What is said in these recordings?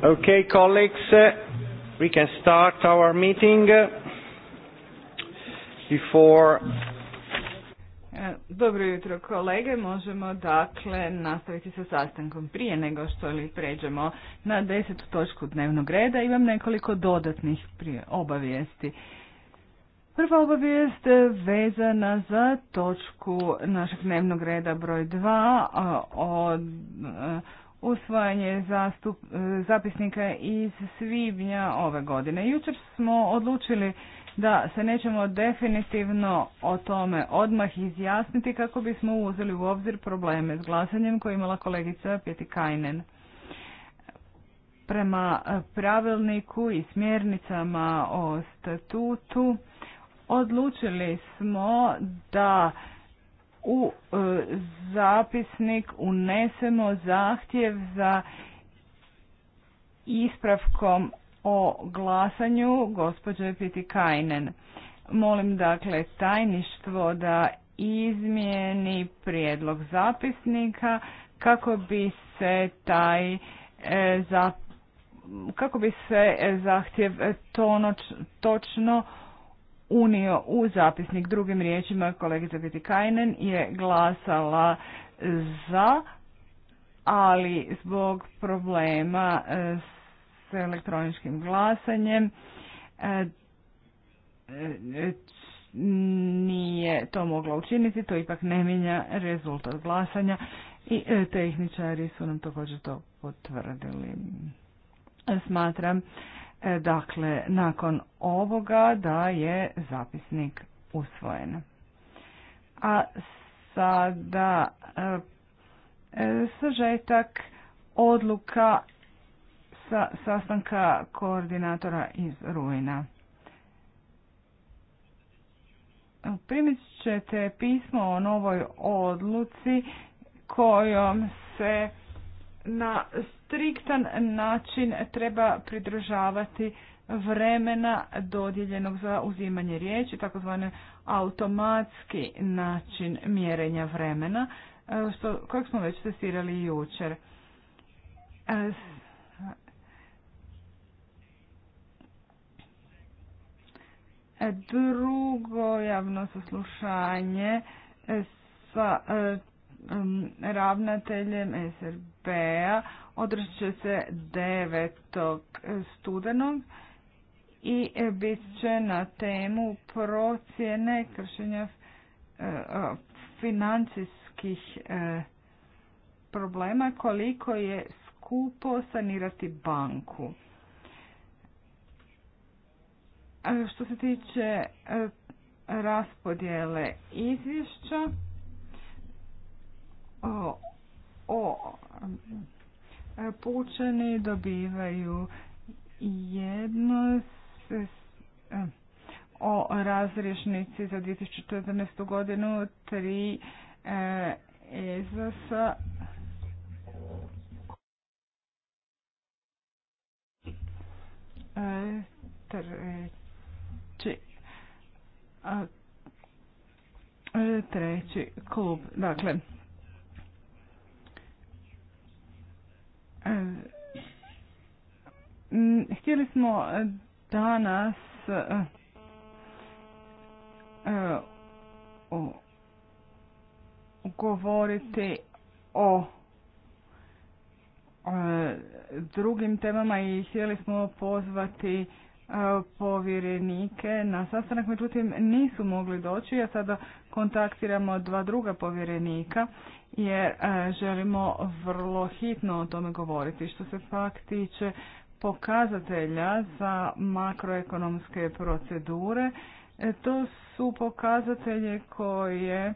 Okay, colleagues, uh, we can start our meeting before... E, dobro jutro kolege, možemo dakle nastaviti sa sastankom prije nego što li pređemo na desetu točku dnevnog reda. Imam nekoliko dodatnih obavijesti. Prva obavijest e, vezana za točku našeg dnevnog reda broj 2 od e, usvajanje zastup, e, zapisnika iz svibnja ove godine. Jučer smo odlučili da se nećemo definitivno o tome odmah izjasniti kako bismo uzeli u obzir probleme s glasanjem koje imala kolegica Pjeti Kajnen. Prema e, pravilniku i smjernicama o statutu odlučili smo da u e, zapisnik unesemo zahtjev za ispravkom o glasanju gospođe Pitikajnen. Molim dakle tajništvo da izmijeni prijedlog zapisnika kako bi se taj e, kako bi se e, zahtjev tonoč, točno unio u zapisnik. Drugim riječima, kolegica Pitikajnen je glasala za, ali zbog problema e, s elektroničkim glasanjem e, e, nije to mogla učiniti, to ipak ne mijenja rezultat glasanja i tehničari su nam također to potvrdili. Smatram E, dakle, nakon ovoga da je zapisnik usvojen. A sada e, e, sažetak odluka sa sastanka koordinatora iz Rujna. Primit ćete pismo o novoj odluci kojom se na striktan način treba pridržavati vremena dodijeljenog za uzimanje riječi, takozvani automatski način mjerenja vremena, e, što, kojeg smo već testirali jučer. E, e, drugo javno saslušanje sa Um, ravnateljem SRB-a održat će se 9. studenog i bit će na temu procjene kršenja uh, financijskih uh, problema koliko je skupo sanirati banku. Što se tiče uh, raspodjele izvješća, o, o e, pučani dobivaju jedno e, o razrješnici za 2014. godinu tri e, EZAS-a e, treći a, treći klub. Dakle, Mm, htjeli smo danas eh, eh, govoriti o eh, drugim temama i htjeli smo pozvati povjerenike na sastanak, međutim nisu mogli doći, a sada kontaktiramo dva druga povjerenika jer e, želimo vrlo hitno o tome govoriti. Što se pak tiče pokazatelja za makroekonomske procedure, e, to su pokazatelje koje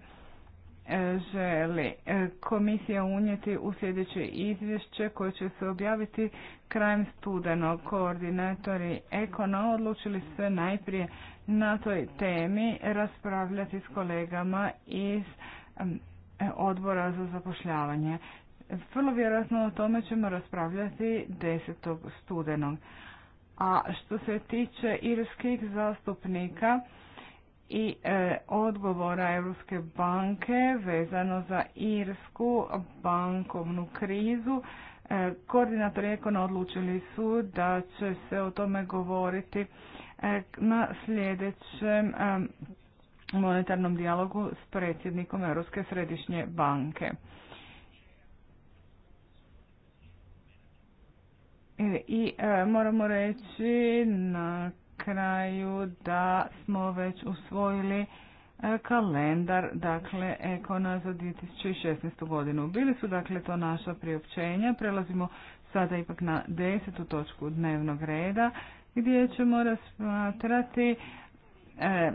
želi e, komisija unijeti u sljedeće izvješće koje će se objaviti krajem studenog. Koordinatori Ekona odlučili se najprije na toj temi raspravljati s kolegama iz odbora za zapošljavanje. Vrlo vjerojatno o tome ćemo raspravljati 10. studenog. A što se tiče irskih zastupnika, i e, odgovora Europske banke vezano za irsku bankovnu krizu. E, koordinatori Ekona odlučili su da će se o tome govoriti e, na sljedećem monetarnom dijalogu s predsjednikom Europske središnje banke. I moramo reći na kraju da smo već usvojili e, kalendar dakle Ekona za 2016. godinu. Bili su dakle to naša priopćenja. Prelazimo sada ipak na desetu točku dnevnog reda gdje ćemo rasmatrati e,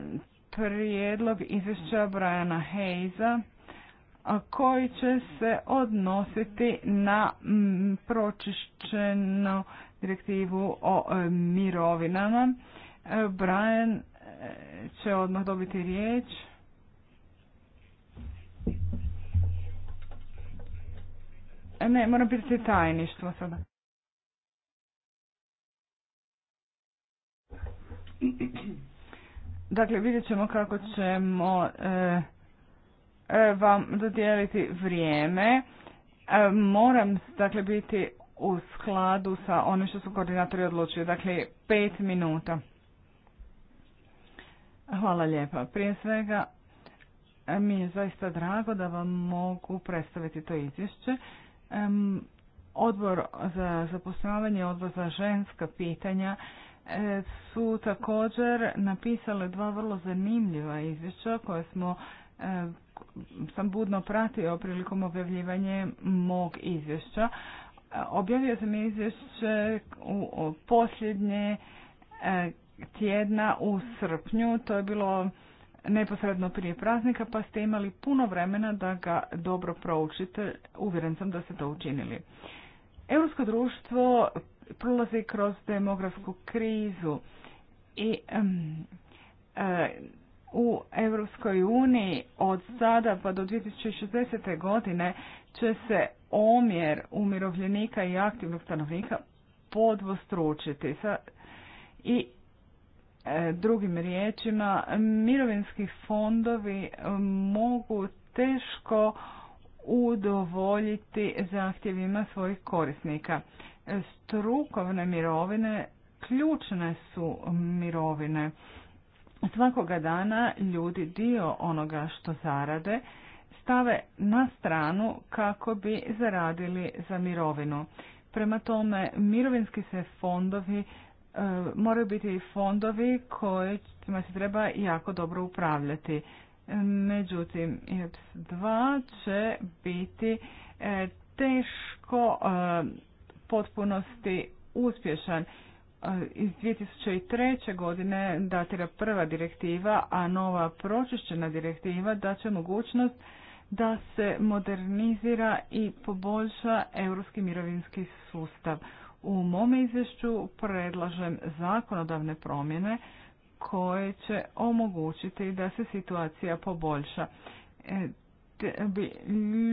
prijedlog izvješća Briana Hayza koji će se odnositi na pročišćeno direktivu o e, mirovinama. E, Brian e, će odmah dobiti riječ. Ne, moram biti tajništvo sada. Dakle, vidjet ćemo kako ćemo vam dodijeliti vrijeme. moram, dakle, biti u skladu sa onim što su koordinatori odlučili. Dakle, pet minuta. Hvala lijepa. Prije svega, mi je zaista drago da vam mogu predstaviti to izvješće. Odbor za zapošljavanje, odbor za ženska pitanja e, su također napisale dva vrlo zanimljiva izvješća koje smo e, sam budno pratio prilikom objavljivanja mog izvješća, Objavio sam izvješće u posljednje e, tjedna u srpnju. To je bilo neposredno prije praznika pa ste imali puno vremena da ga dobro proučite. Uvjeren sam da ste to učinili. Europsko društvo prolazi kroz demografsku krizu i e, u Europskoj uniji od sada pa do 2060. godine će se omjer umirovljenika i aktivnog stanovnika podvostručiti. I e, drugim riječima, mirovinski fondovi e, mogu teško udovoljiti zahtjevima svojih korisnika. E, strukovne mirovine ključne su mirovine. Svakoga dana ljudi dio onoga što zarade stave na stranu kako bi zaradili za mirovinu. Prema tome, mirovinski se fondovi e, moraju biti fondovi kojima se treba jako dobro upravljati. Međutim, IEPS 2 će biti e, teško e, potpunosti uspješan. Iz 2003. godine datira prva direktiva, a nova pročišćena direktiva daće mogućnost da se modernizira i poboljša europski mirovinski sustav. U mom izvješću predlažem zakonodavne promjene koje će omogućiti da se situacija poboljša. E,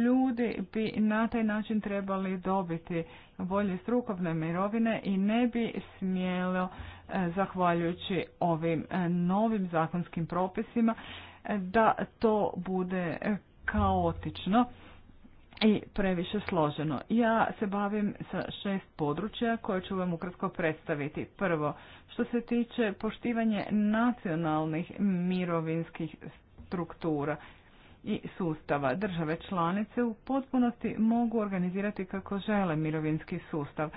ljudi bi na taj način trebali dobiti bolje strukovne mirovine i ne bi smjelo, e, zahvaljujući ovim e, novim zakonskim propisima, da to bude kaotično i previše složeno. Ja se bavim sa šest područja koje ću vam ukratko predstaviti. Prvo, što se tiče poštivanje nacionalnih mirovinskih struktura i sustava. Države članice u potpunosti mogu organizirati kako žele mirovinski sustav.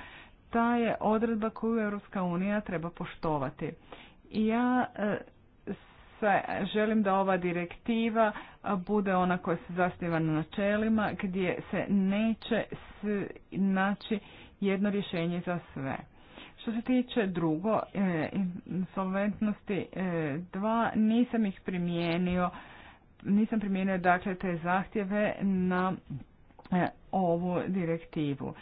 Ta je odredba koju Europska unija treba poštovati. Ja e, se želim da ova direktiva bude ona koja se zasniva na načelima gdje se neće naći jedno rješenje za sve. Što se tiče drugo, e, solventnosti e, dva, nisam ih primijenio, nisam primijenio dakle te zahtjeve na e, ovu direktivu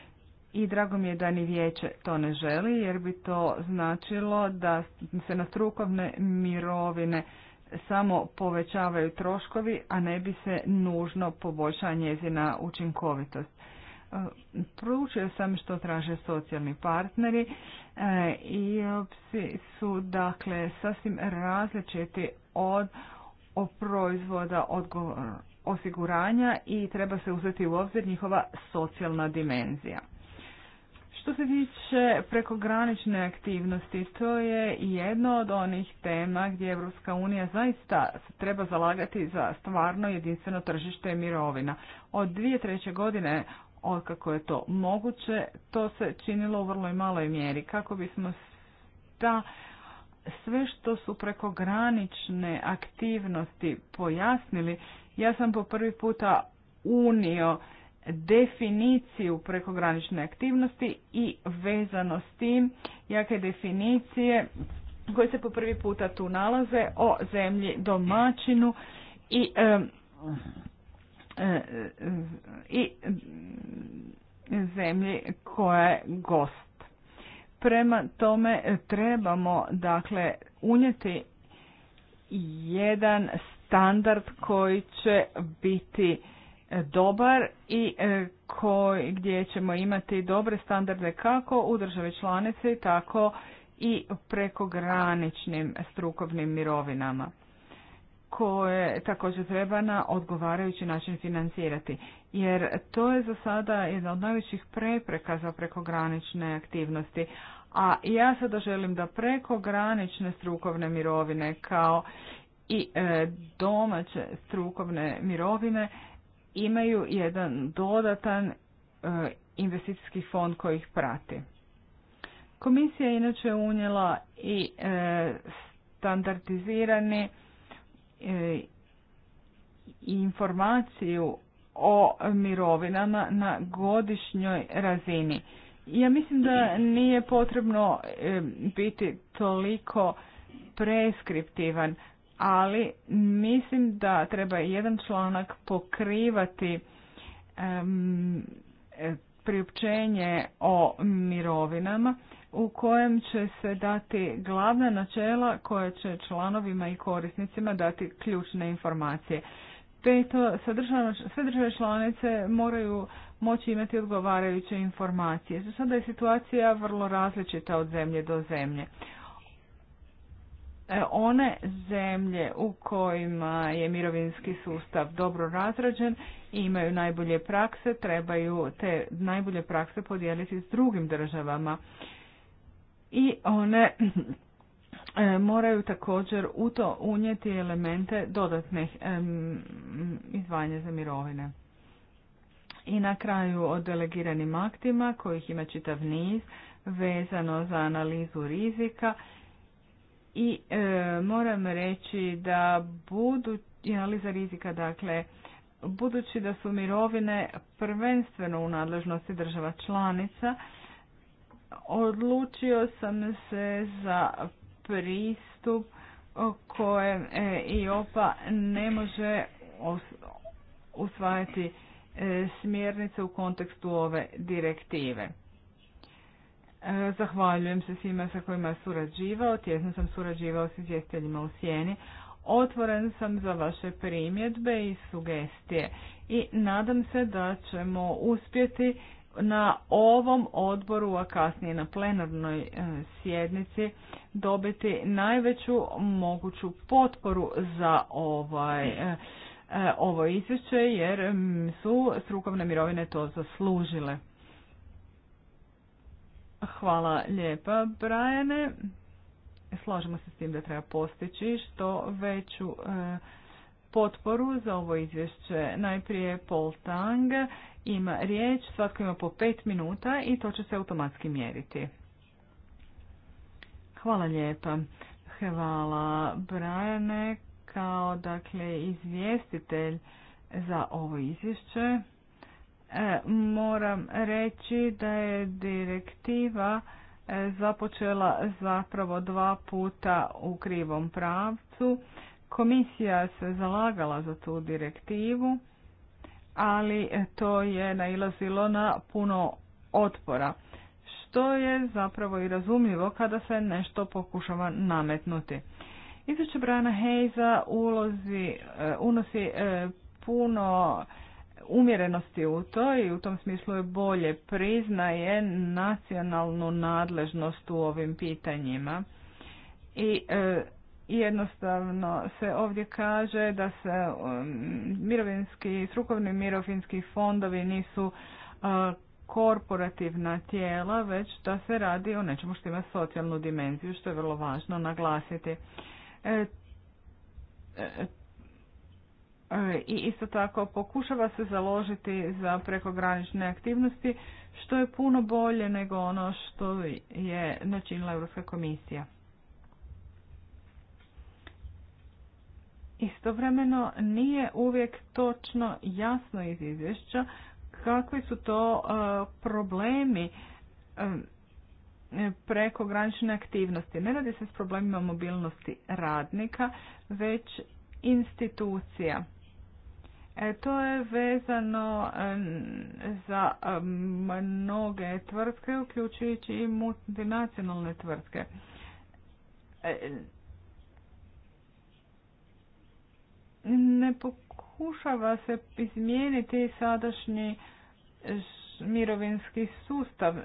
i drago mi je da ni vijeće to ne želi jer bi to značilo da se na strukovne mirovine samo povećavaju troškovi, a ne bi se nužno poboljšala njezina učinkovitost. E, Proučio sam što traže socijalni partneri e, i psi su dakle sasvim različiti od proizvoda osiguranja i treba se uzeti u obzir njihova socijalna dimenzija. Što se tiče prekogranične aktivnosti, to je jedno od onih tema gdje Evropska unija zaista se treba zalagati za stvarno jedinstveno tržište mirovina. Od dvije treće godine od kako je to moguće, to se činilo u vrlo maloj mjeri kako bismo ta sve što su prekogranične aktivnosti pojasnili, ja sam po prvi puta unio definiciju prekogranične aktivnosti i vezano s tim jake definicije koje se po prvi puta tu nalaze o zemlji domaćinu i e, e, i zemlji koja je gost. Prema tome trebamo dakle unijeti jedan standard koji će biti dobar i e, koji, gdje ćemo imati dobre standarde kako u državi članici, tako i prekograničnim strukovnim mirovinama koje također treba na odgovarajući način financirati. Jer to je za sada jedna od najvećih prepreka za prekogranične aktivnosti. A ja sada želim da prekogranične strukovne mirovine kao i e, domaće strukovne mirovine imaju jedan dodatan e, investicijski fond koji ih prati. Komisija je inače unijela i e, standardizirani e, informaciju o mirovinama na godišnjoj razini. Ja mislim da nije potrebno biti toliko preskriptivan ali mislim da treba jedan članak pokrivati um, priopćenje o mirovinama u kojem će se dati glavna načela koja će članovima i korisnicima dati ključne informacije. sve države članice moraju moći imati odgovarajuće informacije. Sada je situacija vrlo različita od zemlje do zemlje. E, one zemlje u kojima je mirovinski sustav dobro razrađen i imaju najbolje prakse, trebaju te najbolje prakse podijeliti s drugim državama. I one e, moraju također u to unijeti elemente dodatnih izdvajanja za mirovine. I na kraju o delegiranim aktima, kojih ima čitav niz, vezano za analizu rizika, i e, moram reći da budući analiza rizika, dakle, budući da su mirovine prvenstveno u nadležnosti država članica, odlučio sam se za pristup kojem e, OPA ne može usvajati e, smjernice u kontekstu ove direktive. E, zahvaljujem se svima sa kojima surađivao, tjesno sam surađivao s izvjestiteljima u sjeni. Otvoren sam za vaše primjedbe i sugestije i nadam se da ćemo uspjeti na ovom odboru, a kasnije na plenarnoj e, sjednici, dobiti najveću moguću potporu za ovaj, e, ovo izvješće jer su strukovne mirovine to zaslužile. Hvala lijepa, Brajane. Slažemo se s tim da treba postići što veću e, potporu za ovo izvješće. Najprije Paul Tang ima riječ, svatko ima po pet minuta i to će se automatski mjeriti. Hvala lijepa. Hvala Brajane kao dakle izvjestitelj za ovo izvješće. E, moram reći da je direktiva e, započela zapravo dva puta u krivom pravcu. Komisija se zalagala za tu direktivu, ali e, to je nailazilo na puno otpora, što je zapravo i razumljivo kada se nešto pokušava nametnuti. Izvješće Brana Hejza ulozi, unosi puno umjerenosti u to i u tom smislu je bolje priznaje nacionalnu nadležnost u ovim pitanjima. I e, jednostavno se ovdje kaže da se mirovinski, strukovni mirovinski fondovi nisu e, korporativna tijela, već da se radi o nečemu što ima socijalnu dimenziju, što je vrlo važno naglasiti. E, E, i isto tako pokušava se založiti za prekogranične aktivnosti što je puno bolje nego ono što je načinila Europska komisija. Istovremeno nije uvijek točno jasno iz izvješća kakvi su to e, problemi e, prekogranične aktivnosti. Ne radi se s problemima mobilnosti radnika, već institucija. E, to je vezano za mnoge tvrtke, uključujući i multinacionalne tvrtke. E, ne pokušava se izmijeniti sadašnji mirovinski sustav.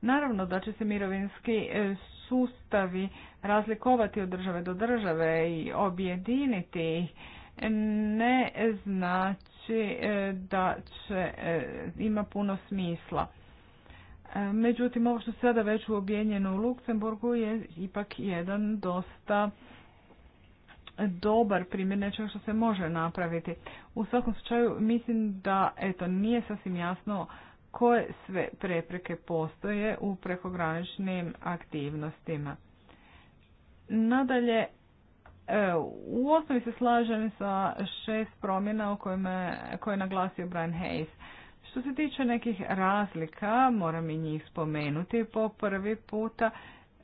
Naravno da će se mirovinski e, sustavi razlikovati od države do države i objediniti ih ne znači e, da će, e, ima puno smisla. E, međutim, ovo što se sada već uobjenjeno u Luksemburgu je ipak jedan dosta dobar primjer nečega što se može napraviti. U svakom slučaju mislim da eto nije sasvim jasno koje sve prepreke postoje u prekograničnim aktivnostima. Nadalje, E, u osnovi se slažem sa šest promjena o kojima, koje je naglasio Brian Hayes. Što se tiče nekih razlika, moram i njih spomenuti, po prvi puta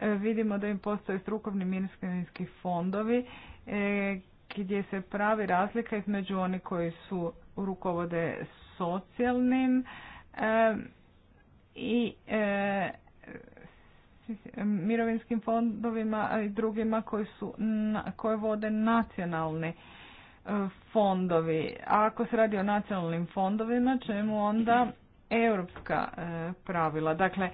e, vidimo da im postoje strukovni mirovinski fondovi e, gdje se pravi razlika između oni koji su rukovode socijalnim i mirovinskim fondovima i drugima koji su, koje vode nacionalni e, fondovi. A ako se radi o nacionalnim fondovima, čemu onda europska e, pravila? Dakle,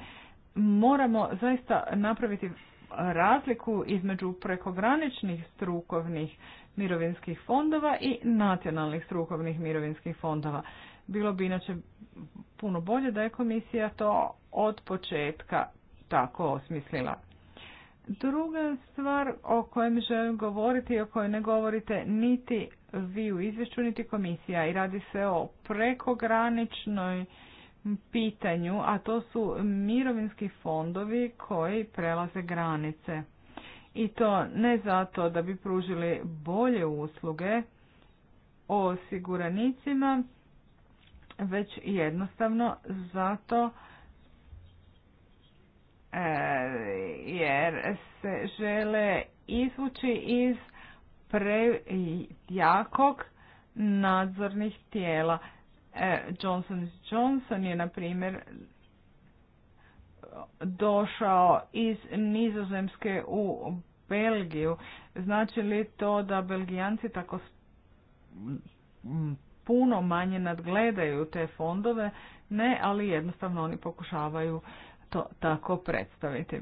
moramo zaista napraviti razliku između prekograničnih strukovnih mirovinskih fondova i nacionalnih strukovnih mirovinskih fondova. Bilo bi inače puno bolje da je komisija to od početka tako osmislila. Druga stvar o kojem želim govoriti i o kojoj ne govorite niti vi u izvješću niti komisija i radi se o prekograničnoj pitanju, a to su mirovinski fondovi koji prelaze granice. I to ne zato da bi pružili bolje usluge osiguranicima, već jednostavno zato E, jer se žele izvući iz prejakog nadzornih tijela. E, Johnson Johnson je, na primjer, došao iz Nizozemske u Belgiju. Znači li to da Belgijanci tako puno manje nadgledaju te fondove? Ne, ali jednostavno oni pokušavaju to tako predstaviti.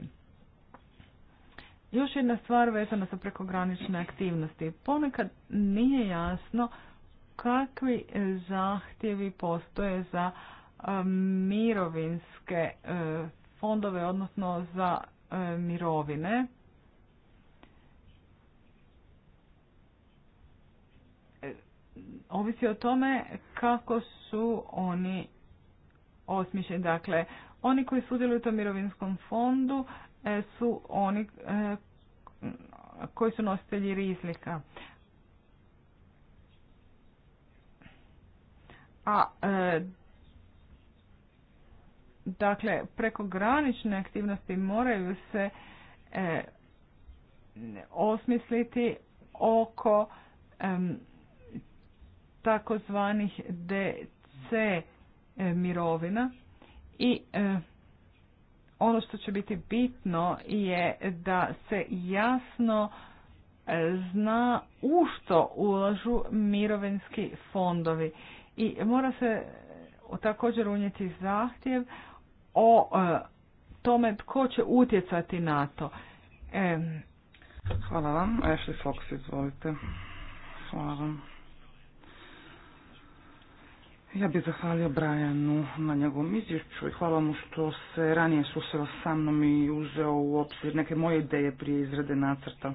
Još jedna stvar vezana za prekogranične aktivnosti. Ponekad nije jasno kakvi zahtjevi postoje za e, mirovinske e, fondove, odnosno za e, mirovine. Ovisi o tome kako su oni osmišljeni. Dakle, oni koji sudjeluju u tom mirovinskom fondu e, su oni e, koji su nositelji rizlika. A e, dakle prekogranične aktivnosti moraju se osmisliti oko takozvanih DC mirovina i e, ono što će biti bitno je da se jasno e, zna u što ulažu mirovinski fondovi. I mora se e, također unijeti zahtjev o e, tome tko će utjecati na to. E... Hvala vam. Ashley Fox, izvolite. Hvala vam. Ja bih zahvalio Brajanu na njegovom izvješću i hvala mu što se ranije susreo sa mnom i uzeo u obzir neke moje ideje prije izrade nacrta.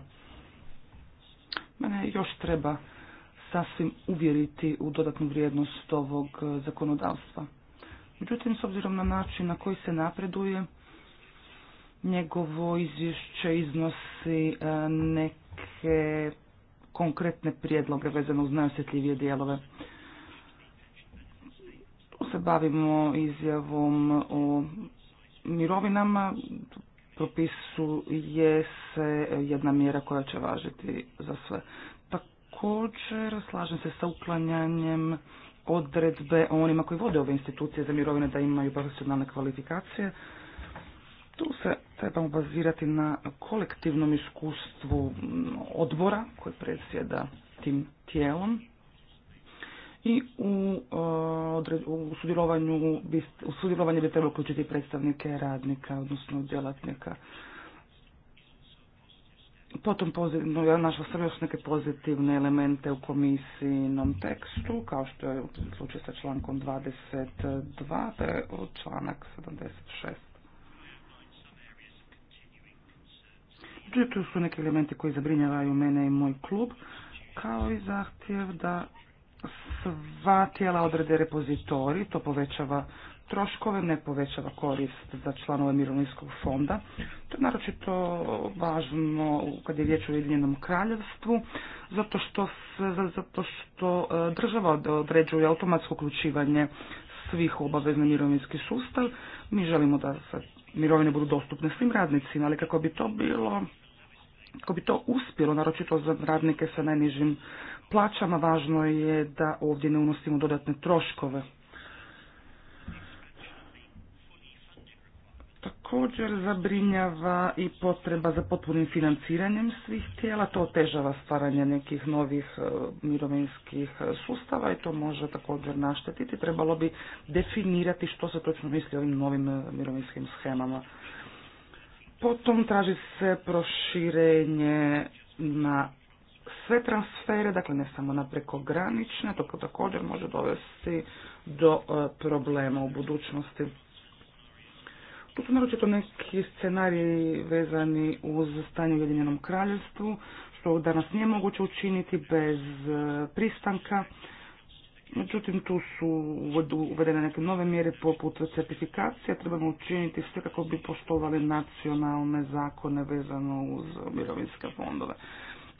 Mene još treba sasvim uvjeriti u dodatnu vrijednost ovog zakonodavstva. Međutim, s obzirom na način na koji se napreduje, njegovo izvješće iznosi e, neke konkretne prijedloge vezano uz najosjetljivije dijelove. Tu se bavimo izjavom o mirovinama, propisuje se jedna mjera koja će važiti za sve. Također, slažem se sa uklanjanjem odredbe o onima koji vode ove institucije za mirovine da imaju profesionalne kvalifikacije. Tu se trebamo bazirati na kolektivnom iskustvu odbora koji predsjeda tim tijelom i u, u sudjelovanju u sudjelovanje bi trebalo uključiti predstavnike radnika, odnosno djelatnika. Potom pozitivno, ja našla sam još neke pozitivne elemente u komisijnom tekstu, kao što je u slučaju sa člankom 22, te članak 76. Znači, tu su neki elementi koji zabrinjavaju mene i moj klub, kao i zahtjev da sva tijela odrede repozitori, to povećava troškove, ne povećava korist za članove mirovinskog fonda. To je naročito važno kad je riječ o Ujedinjenom kraljevstvu, zato što, zato što e, država određuje automatsko uključivanje svih obavezni mirovinski sustav. Mi želimo da se mirovine budu dostupne svim radnicima, ali kako bi to bilo, kako bi to uspjelo, naročito za radnike sa najnižim plaćama, važno je da ovdje ne unosimo dodatne troškove. Također zabrinjava i potreba za potpunim financiranjem svih tijela, to otežava stvaranje nekih novih e, mirovinskih sustava i to može također naštetiti. Trebalo bi definirati što se točno misli ovim novim e, mirovinskim schemama. Potom traži se proširenje na sve transfere, dakle ne samo na prekogranične, to također može dovesti do e, problema u budućnosti. Tu su naročito neki scenariji vezani uz stanje u Ujedinjenom kraljevstvu, što danas nije moguće učiniti bez e, pristanka. Međutim, tu su uvedene neke nove mjere poput certifikacije. Trebamo učiniti sve kako bi poštovali nacionalne zakone vezano uz mirovinske fondove.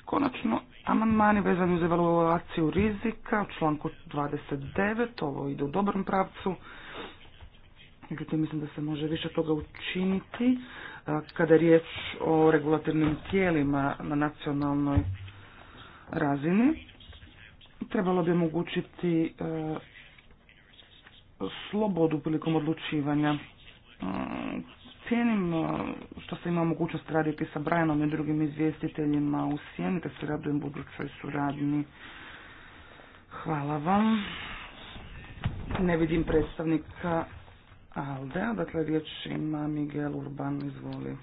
Konačno, amandmani vezani uz evaluaciju rizika u članku 29, ovo ide u dobrom pravcu. Međutim, mislim da se može više toga učiniti e, kada je riječ o regulatornim tijelima na nacionalnoj razini. Trebalo bi omogućiti e, slobodu prilikom odlučivanja Cijenim što sam imao mogućnost raditi sa Brianom i drugim izvjestiteljima u Sijeni, da se radujem budućoj suradnji. Hvala vam. Ne vidim predstavnika Alde, dakle riječ ima Miguel Urban, izvoli.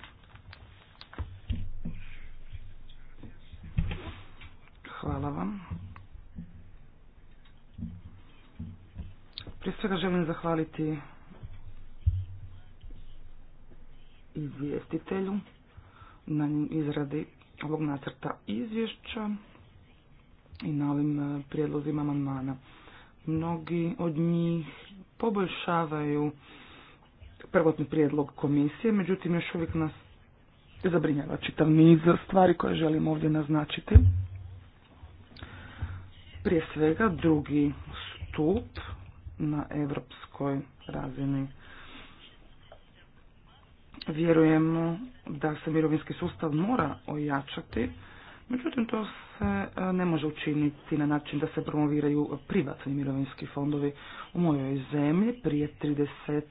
Hvala vam. Prije svega želim zahvaliti izvjestitelju na izradi ovog nacrta izvješća i na ovim e, prijedlozima amandmana. Mnogi od njih poboljšavaju prvotni prijedlog komisije, međutim još uvijek nas zabrinjava čitav niz stvari koje želim ovdje naznačiti. Prije svega drugi stup na evropskoj razini Vjerujemo da se mirovinski sustav mora ojačati, međutim to se e, ne može učiniti na način da se promoviraju privatni mirovinski fondovi u mojoj zemlji prije 30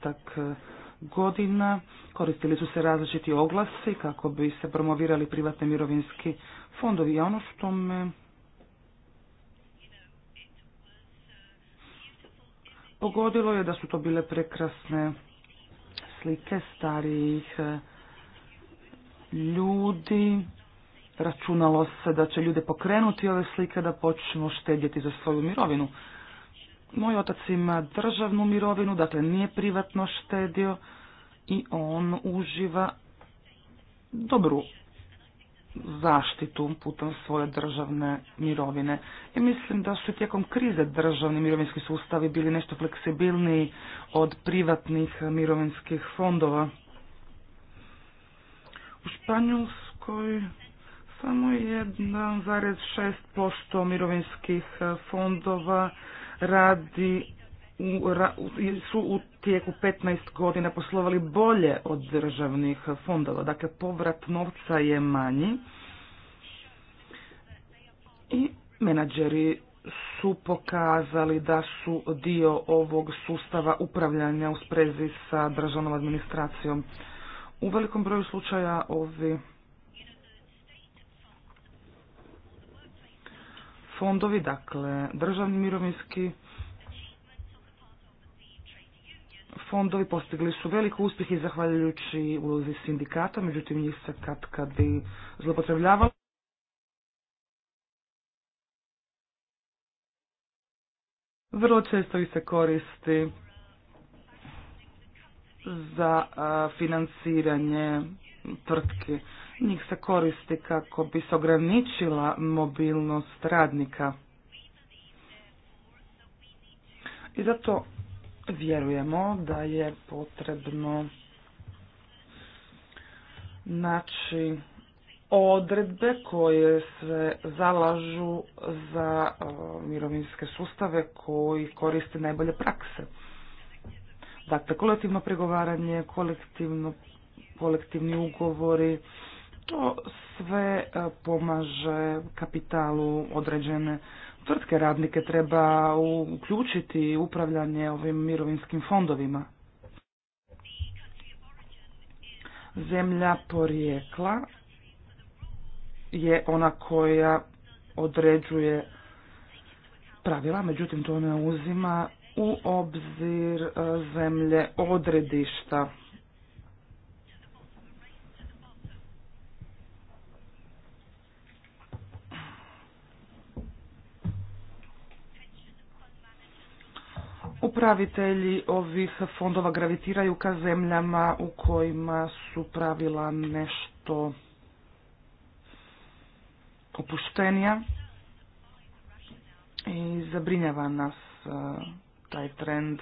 e, godina. Koristili su se različiti oglasi kako bi se promovirali privatni mirovinski fondovi. A ono što me pogodilo je da su to bile prekrasne slike starijih e, ljudi. Računalo se da će ljude pokrenuti ove slike da počnu štedjeti za svoju mirovinu. Moj otac ima državnu mirovinu, dakle nije privatno štedio i on uživa dobru zaštitu putem svoje državne mirovine. I mislim da su tijekom krize državni mirovinski sustavi bili nešto fleksibilniji od privatnih mirovinskih fondova. U Španjolskoj samo 1,6% mirovinskih fondova radi su u tijeku 15 godina poslovali bolje od državnih fondova. Dakle, povrat novca je manji i menadžeri su pokazali da su dio ovog sustava upravljanja u sprezi sa državnom administracijom. U velikom broju slučaja ovi fondovi, dakle državni mirovinski fondovi postigli su velik uspjeh i zahvaljujući ulozi sindikata, međutim njih se kad kad bi zlopotrebljavalo. Vrlo često ih se koristi za financiranje tvrtke. Njih se koristi kako bi se ograničila mobilnost radnika. I zato Vjerujemo da je potrebno naći odredbe koje se zalažu za e, mirovinske sustave koji koriste najbolje prakse. Dakle, kolektivno pregovaranje, kolektivno, kolektivni ugovori, to sve e, pomaže kapitalu određene tvrtke radnike treba uključiti upravljanje ovim mirovinskim fondovima. Zemlja porijekla je ona koja određuje pravila, međutim to ne uzima u obzir e, zemlje odredišta. upravitelji ovih fondova gravitiraju ka zemljama u kojima su pravila nešto opuštenija i zabrinjava nas e, taj trend.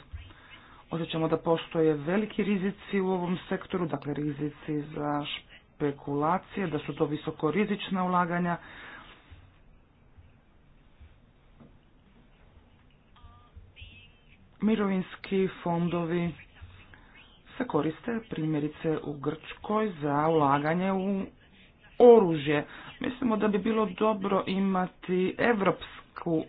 Osjećamo da postoje veliki rizici u ovom sektoru, dakle rizici za špekulacije, da su to visokorizična ulaganja, mirovinski fondovi se koriste primjerice u Grčkoj za ulaganje u oružje. Mislimo da bi bilo dobro imati evropsku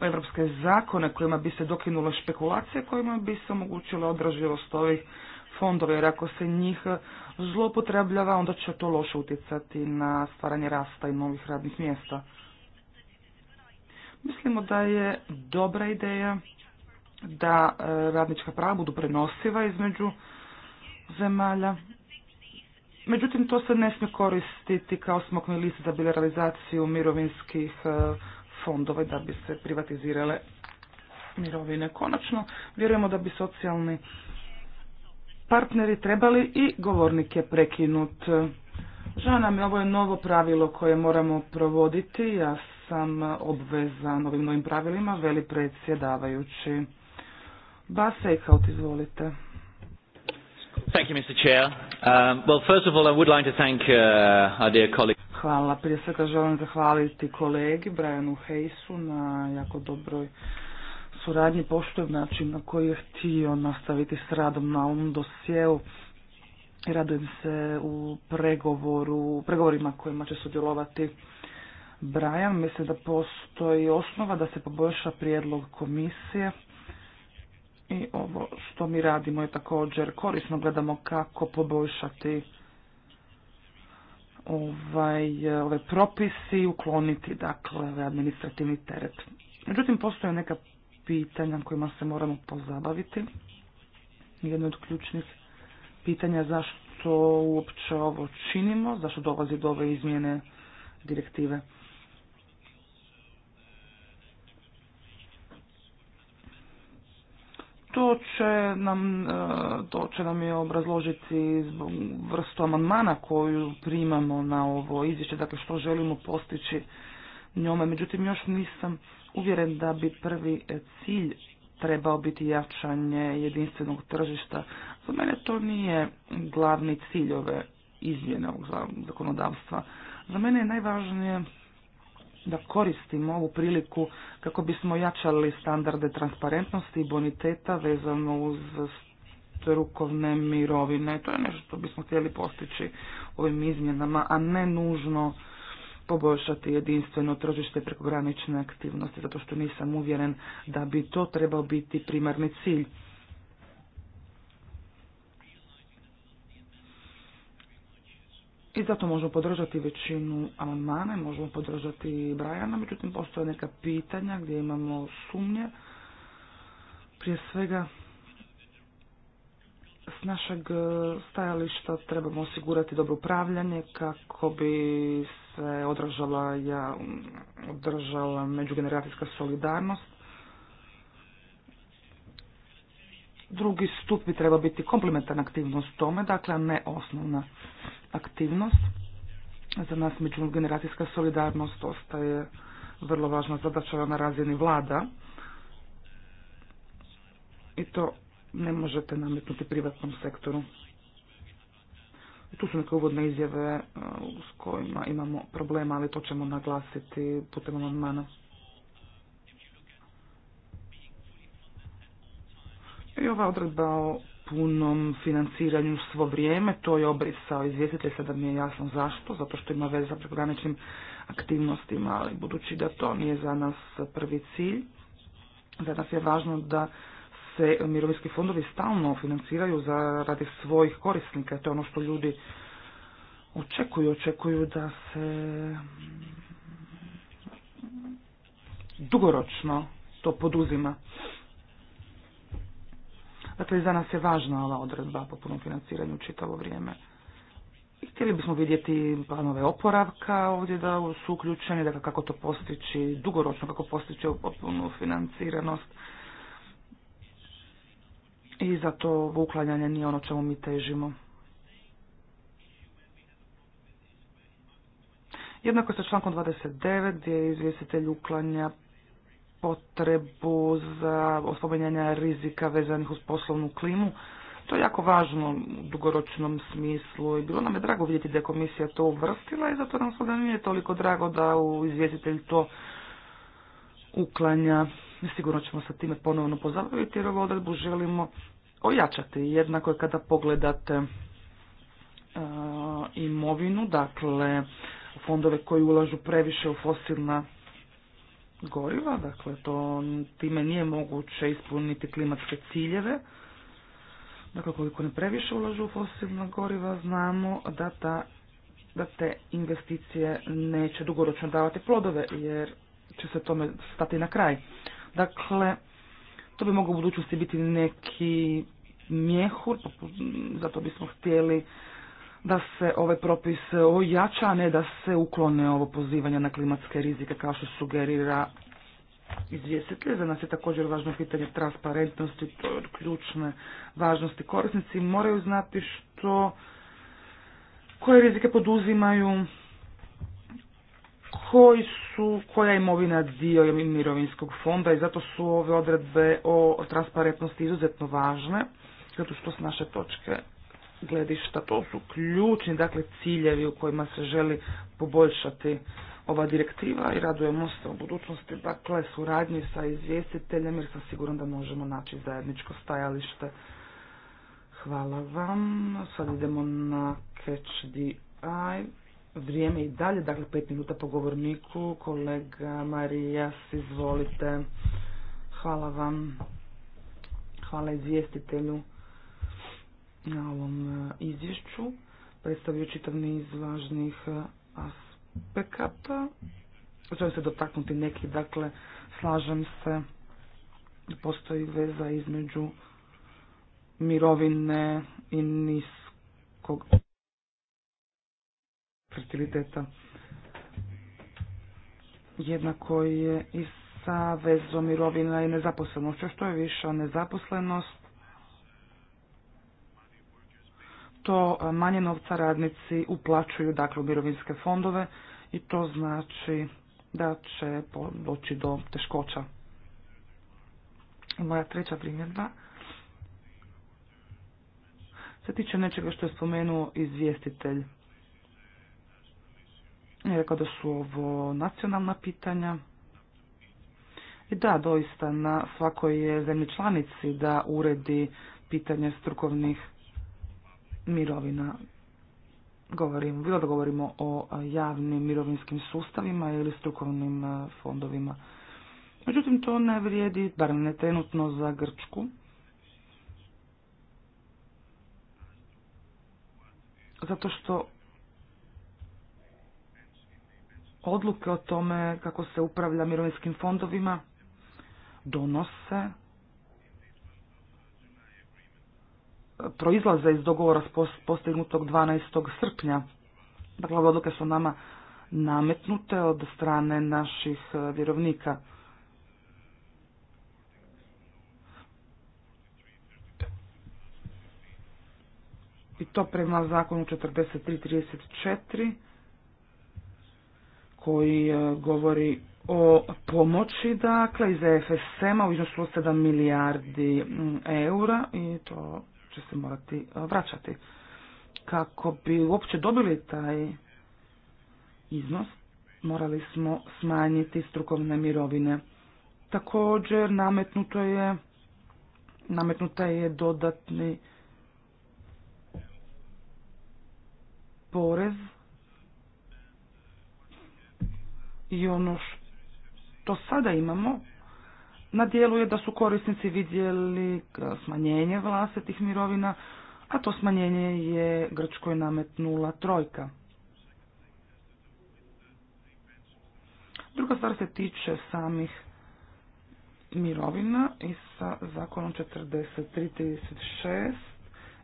evropske zakone kojima bi se dokinula špekulacije, kojima bi se omogućila održivost ovih fondova, jer ako se njih zlopotrebljava onda će to loše utjecati na stvaranje rasta i novih radnih mjesta. Mislimo da je dobra ideja da e, radnička prava budu prenosiva između zemalja. Međutim, to se ne smije koristiti kao smokni list za bilateralizaciju mirovinskih e, fondova da bi se privatizirale mirovine. Konačno, vjerujemo da bi socijalni partneri trebali i govornike prekinut. Žao nam je, ovo je novo pravilo koje moramo provoditi. Ja sam obvezan ovim novim pravilima, veli predsjedavajući. Bas izvolite. I Hvala. Prije svega želim zahvaliti kolegi Brianu hejsu na jako dobroj suradnji. Poštujem način na koji je htio nastaviti s radom na ovom dosjeu. Radujem se u pregovoru, pregovorima kojima će sudjelovati Brian. Mislim da postoji osnova da se poboljša prijedlog komisije i ovo što mi radimo je također korisno, gledamo kako poboljšati ovaj, ove propisi, ukloniti dakle ovaj administrativni teret. Međutim, postoje neka pitanja kojima se moramo pozabaviti. Jedno od ključnih pitanja zašto uopće ovo činimo, zašto dolazi do ove izmjene direktive. To će nam, e, to će nam je obrazložiti vrstu amandmana koju primamo na ovo izvješće, dakle što želimo postići njome. Međutim, još nisam uvjeren da bi prvi cilj trebao biti jačanje jedinstvenog tržišta. Za mene to nije glavni cilj ove izmjene ovog zakonodavstva. Za mene je najvažnije da koristimo ovu priliku kako bismo jačali standarde transparentnosti i boniteta vezano uz strukovne mirovine. To je nešto što bismo htjeli postići ovim izmjenama, a ne nužno poboljšati jedinstveno tržište prekogranične aktivnosti, zato što nisam uvjeren da bi to trebao biti primarni cilj. I zato možemo podržati većinu amandmana, možemo podržati i Brajana, međutim postoje neka pitanja gdje imamo sumnje. Prije svega s našeg e, stajališta trebamo osigurati dobro upravljanje kako bi se ja, održala međugeneracijska solidarnost. Drugi stup bi treba biti komplementarna aktivnost tome, dakle ne osnovna aktivnost. Za nas međugeneracijska solidarnost ostaje vrlo važna zadaća na razini vlada i to ne možete nametnuti privatnom sektoru. tu su neke uvodne izjave e, s kojima imamo problema, ali to ćemo naglasiti putem amandmana. I ova odredba o punom financiranju svo vrijeme. To je obrisao izvjestitelj, sada mi je jasno zašto, zato što ima veze sa prekograničnim aktivnostima, ali budući da to nije za nas prvi cilj, za nas je važno da se mirovinski fondovi stalno financiraju za, radi svojih korisnika. To je ono što ljudi očekuju. Očekuju da se dugoročno to poduzima. Dakle, za nas je važna ova odredba po punom financiranju čitavo vrijeme. I htjeli bismo vidjeti planove oporavka ovdje da su uključeni, dakle kako to postići dugoročno, kako postići potpunu financiranost. I zato uklanjanje nije ono čemu mi težimo. Jednako sa člankom 29 gdje izvjestitelj uklanja potrebu za oslobanjanja rizika vezanih uz poslovnu klimu. To je jako važno u dugoročnom smislu i bilo nam je drago vidjeti da je komisija to uvrstila i zato nam sada nije toliko drago da u izvjestitelj to uklanja. Sigurno ćemo se time ponovno pozabaviti jer ovu odredbu želimo ojačati. Jednako je kada pogledate e, imovinu, dakle fondove koji ulažu previše u fosilna goriva, dakle to time nije moguće ispuniti klimatske ciljeve. Dakle, koliko ne previše ulažu u fosilna goriva, znamo da, ta, da te investicije neće dugoročno davati plodove, jer će se tome stati na kraj. Dakle, to bi moglo u budućnosti biti neki mjehur, zato bismo htjeli da se ovaj propis ojača, a ne da se uklone ovo pozivanje na klimatske rizike kao što sugerira izvjestitelj. Za nas je također važno pitanje transparentnosti, to je od ključne važnosti. Korisnici moraju znati što, koje rizike poduzimaju, koji su, koja imovina dio mirovinskog fonda i zato su ove odredbe o transparentnosti izuzetno važne, zato što s naše točke gledišta. To su ključni dakle, ciljevi u kojima se želi poboljšati ova direktiva i radujemo se u budućnosti dakle, suradnji sa izvjestiteljem jer sam siguran da možemo naći zajedničko stajalište. Hvala vam. Sad idemo na Catch the Eye. Vrijeme i dalje, dakle pet minuta po govorniku. Kolega Marijas, izvolite. Hvala vam. Hvala izvjestitelju na ovom e, izvješću. predstavio čitav niz važnih e, aspekata. Želim se dotaknuti neki, dakle, slažem se, postoji veza između mirovine i niskog fertiliteta. Jednako je i sa vezom mirovina i nezaposlenošću. Što je viša nezaposlenost, to manje novca radnici uplaćuju dakle, u mirovinske fondove i to znači da će doći do teškoća. I moja treća primjedba se tiče nečega što je spomenuo izvjestitelj. Je rekao da su ovo nacionalna pitanja. I da, doista na svakoj je zemlji članici da uredi pitanje strukovnih mirovina govorimo, bilo da govorimo o javnim mirovinskim sustavima ili strukovnim fondovima. Međutim, to ne vrijedi, bar ne trenutno za Grčku. Zato što odluke o tome kako se upravlja mirovinskim fondovima donose proizlaze iz dogovora postignutog 12. srpnja. Dakle, ove odluke su nama nametnute od strane naših e, vjerovnika. I to prema zakonu 43.34 koji e, govori o pomoći dakle iz EFSM-a u iznosu od 7 milijardi eura i to će se morati e, vraćati. Kako bi uopće dobili taj iznos, morali smo smanjiti strukovne mirovine. Također nametnuto je nametnuta je dodatni porez i ono što sada imamo na dijelu je da su korisnici vidjeli smanjenje vlastitih mirovina, a to smanjenje je Grčkoj nametnula trojka. Druga stvar se tiče samih mirovina i sa zakonom 4336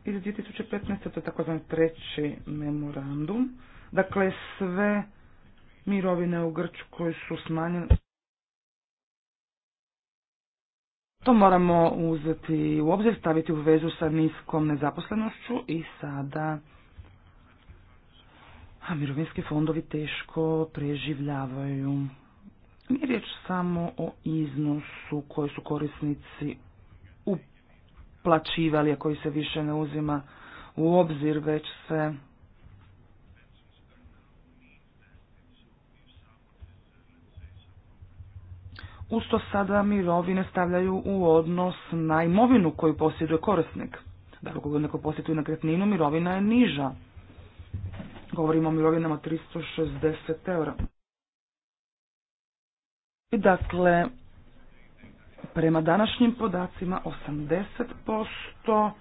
iz 2015. to je takozvani treći memorandum. Dakle, sve mirovine u Grčkoj su smanjene To moramo uzeti u obzir, staviti u vezu sa niskom nezaposlenošću i sada a mirovinski fondovi teško preživljavaju. Nije riječ samo o iznosu koji su korisnici uplaćivali, a koji se više ne uzima u obzir, već se Usto sada mirovine stavljaju u odnos na imovinu koju posjeduje korisnik. Dakle, ako neko posjetuje nekretninu, mirovina je niža. Govorimo o mirovinama 360 eura. I dakle, prema današnjim podacima 80%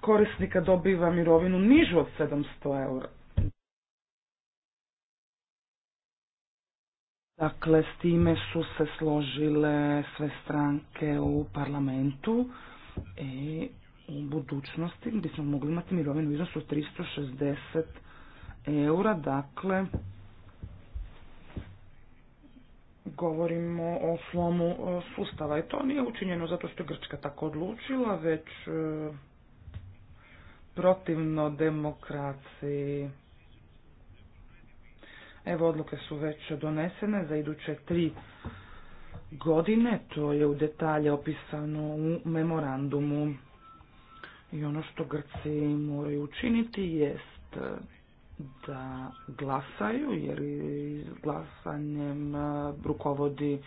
korisnika dobiva mirovinu nižu od 700 eura. Dakle, s time su se složile sve stranke u parlamentu i u budućnosti smo mogli imati mirovinu u iznosu 360 eura, dakle govorimo o slomu e, sustava i to nije učinjeno zato što je Grčka tako odlučila, već e, protivno demokraciji. Evo odluke su već donesene za iduće tri godine, to je u detalje opisano u memorandumu. I ono što Grci moraju učiniti jest e, da glasaju, jer glasanjem e, rukovodi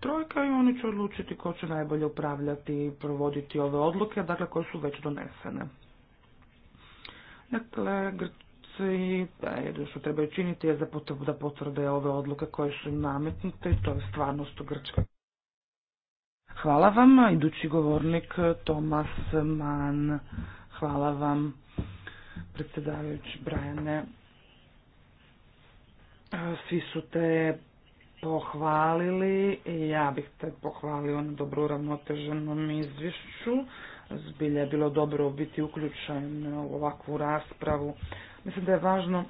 trojka i oni će odlučiti ko će najbolje upravljati i provoditi ove odluke, dakle koje su već donesene. Dakle, i da je što trebaju činiti je za potrebu da potvrde ove odluke koje su im nametnute i to je stvarnost u Grčkoj. Hvala vam, idući govornik Tomas Mann. Hvala vam, predsjedavajući Brajane. Svi su te pohvalili i ja bih te pohvalio na dobro uravnoteženom izvješću. Zbilje je bilo dobro biti uključen u ovakvu raspravu Mislim da je važno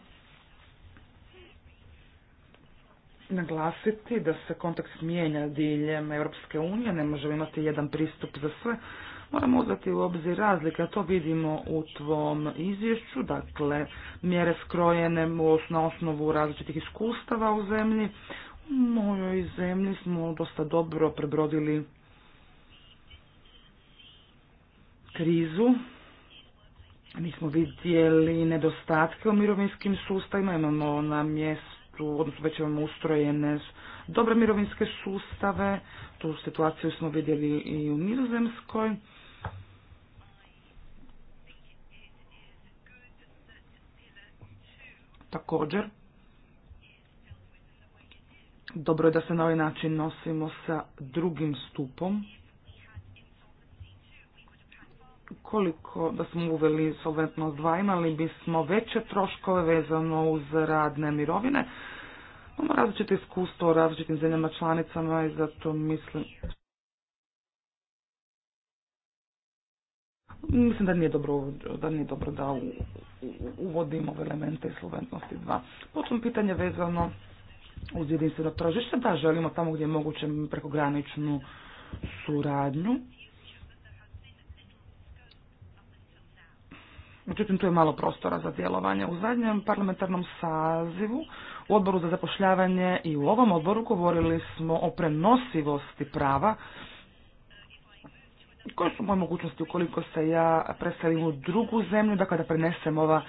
naglasiti da se kontekst mijenja diljem Europske unije, ne možemo imati jedan pristup za sve. Moramo uzeti u obzir razlike, a to vidimo u tvom izvješću, dakle mjere skrojene na osnovu različitih iskustava u zemlji. U mojoj zemlji smo dosta dobro prebrodili krizu, mi smo vidjeli nedostatke u mirovinskim sustavima, imamo na mjestu, odnosno već imamo ustrojene dobre mirovinske sustave, tu situaciju smo vidjeli i u Nizozemskoj. Također, dobro je da se na ovaj način nosimo sa drugim stupom koliko da smo uveli solventnost 2 imali bismo veće troškove vezano uz radne mirovine. Imamo različite iskustvo o različitim zemljama članicama i zato mislim... Mislim da nije dobro da, nije dobro da uvodimo ove elemente solventnosti 2. Potom pitanje vezano uz jedinstveno tržište. Da, želimo tamo gdje je moguće prekograničnu suradnju. Međutim, tu je malo prostora za djelovanje. U zadnjem parlamentarnom sazivu u odboru za zapošljavanje i u ovom odboru govorili smo o prenosivosti prava koje su moje mogućnosti ukoliko se ja predstavim u drugu zemlju, da kada prenesem ova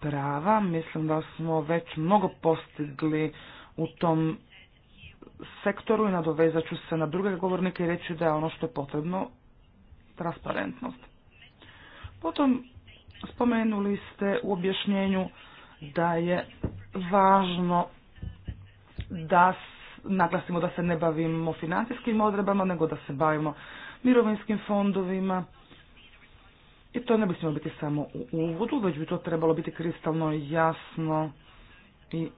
prava, mislim da smo već mnogo postigli u tom sektoru i nadovezat ću se na druge govornike i reći da je ono što je potrebno transparentnost. Potom Spomenuli ste u objašnjenju da je važno da naglasimo da se ne bavimo financijskim odredbama, nego da se bavimo mirovinskim fondovima. I to ne bi smjelo biti samo u uvodu, već bi to trebalo biti kristalno jasno i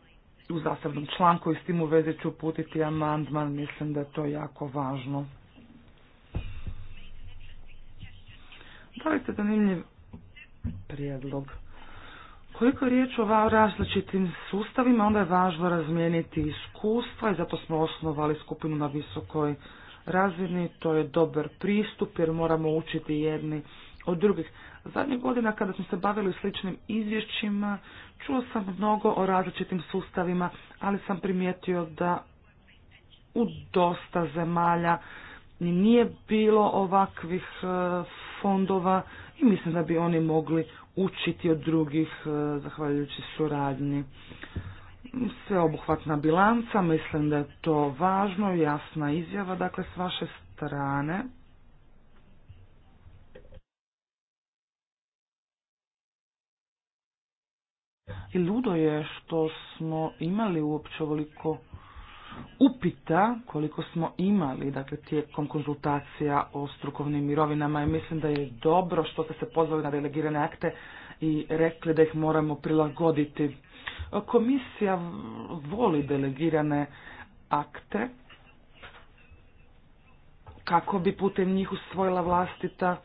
u zasebnom članku i s tim u vezi ću uputiti amandman, mislim da je to jako važno. li ste zanimljiv prijedlog. Koliko je riječ o različitim sustavima, onda je važno razmijeniti iskustva i zato smo osnovali skupinu na visokoj razini. To je dobar pristup jer moramo učiti jedni od drugih. Zadnjih godina kada smo se bavili sličnim izvješćima, čuo sam mnogo o različitim sustavima, ali sam primijetio da u dosta zemalja nije bilo ovakvih eh, fondova i mislim da bi oni mogli učiti od drugih e, zahvaljujući suradnji. Sveobuhvatna bilanca, mislim da je to važno, jasna izjava, dakle s vaše strane. I ludo je što smo imali uopće ovoliko upita koliko smo imali dakle, tijekom konzultacija o strukovnim mirovinama i mislim da je dobro što ste se pozvali na delegirane akte i rekli da ih moramo prilagoditi. Komisija voli delegirane akte kako bi putem njih usvojila vlastita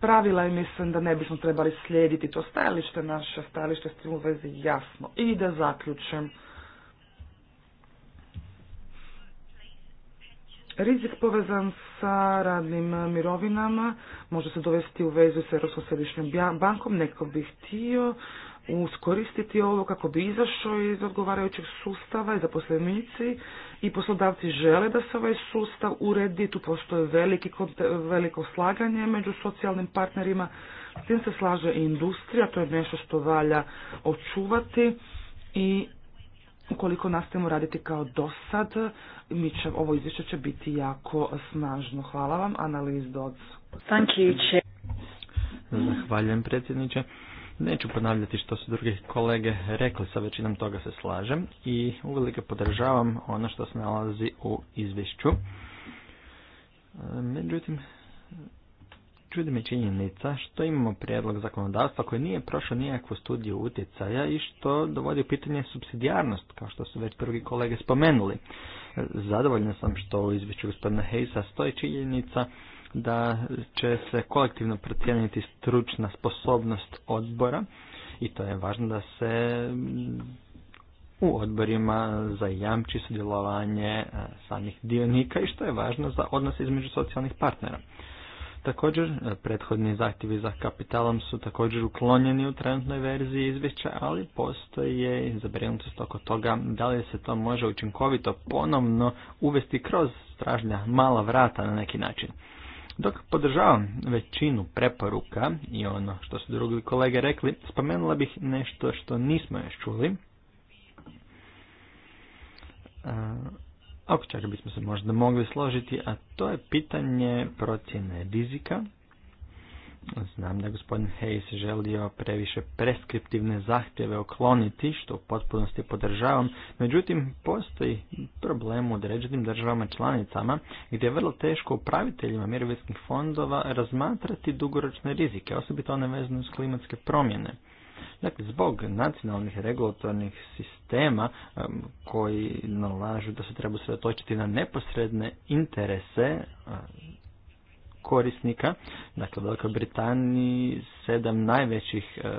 pravila i mislim da ne bismo trebali slijediti to stajalište, naše stajalište s tim u vezi jasno. I da zaključem. Rizik povezan sa radnim mirovinama može se dovesti u vezu sa Europskom središnjom bankom. Neko bi htio uskoristiti ovo kako bi izašao iz odgovarajućeg sustava i zaposlenici i poslodavci žele da se ovaj sustav uredi. Tu postoje veliko slaganje među socijalnim partnerima. S tim se slaže i industrija, to je nešto što valja očuvati i ukoliko nastavimo raditi kao do sad, mi će, ovo izvješće će biti jako snažno. Hvala vam, Analiz Dodds. Thank you, Zahvaljujem predsjedniče. Neću ponavljati što su drugi kolege rekli, sa većinom toga se slažem i uvelike podržavam ono što se nalazi u izvješću. Međutim, Čudi me činjenica što imamo prijedlog zakonodavstva koji nije prošao nijakvu studiju utjecaja i što dovodi u pitanje subsidijarnost, kao što su već drugi kolege spomenuli. Zadovoljna sam što u izvješću gospodina Hejsa stoji činjenica da će se kolektivno procijeniti stručna sposobnost odbora i to je važno da se u odborima zajamči sudjelovanje eh, samih dionika i što je važno za odnos između socijalnih partnera. Također, e, prethodni zahtjevi za kapitalom su također uklonjeni u trenutnoj verziji izvješća, ali postoje zabrinutost oko toga da li se to može učinkovito ponovno uvesti kroz stražnja mala vrata na neki način. Dok podržavam većinu preporuka i ono što su drugi kolege rekli, spomenula bih nešto što nismo još čuli. E, oko čega bismo se možda mogli složiti, a to je pitanje procjene rizika. Znam da je gospodin Hayes želio previše preskriptivne zahtjeve okloniti, što u potpunosti podržavam, međutim postoji problem u određenim državama članicama gdje je vrlo teško upraviteljima mirovinskih fondova razmatrati dugoročne rizike, osobito one vezane s klimatske promjene. Dakle, zbog nacionalnih regulatornih sistema koji nalažu da se treba otočiti na neposredne interese korisnika, dakle u Velikoj Britaniji sedam najvećih e,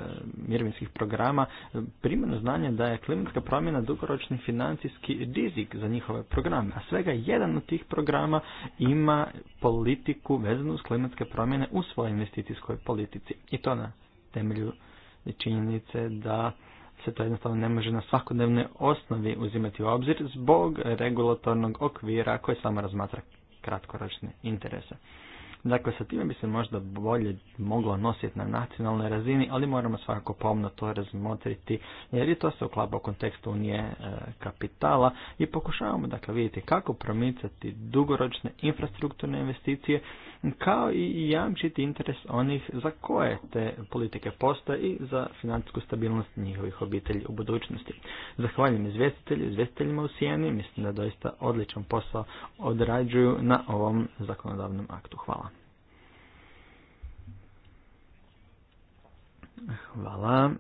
mirovinskih programa e, primjeno znanje da je klimatska promjena dugoročni financijski rizik za njihove programe, a svega jedan od tih programa ima politiku vezanu s klimatske promjene u svojoj investicijskoj politici i to na temelju činjenice da se to jednostavno ne može na svakodnevnoj osnovi uzimati u obzir zbog regulatornog okvira koji samo razmatra kratkoročne interese. Dakle, sa time bi se možda bolje moglo nositi na nacionalnoj razini, ali moramo svakako pomno to razmotriti, jer i to se uklapa u kontekstu unije e, kapitala i pokušavamo dakle vidjeti kako promicati dugoročne infrastrukturne investicije kao i jamčiti interes onih za koje te politike postoje i za financijsku stabilnost njihovih obitelji u budućnosti. Zahvaljujem izvjestitelju, izvjestiteljima u Sijeni, mislim da doista odličan posao odrađuju na ovom zakonodavnom aktu. Hvala. Hvala.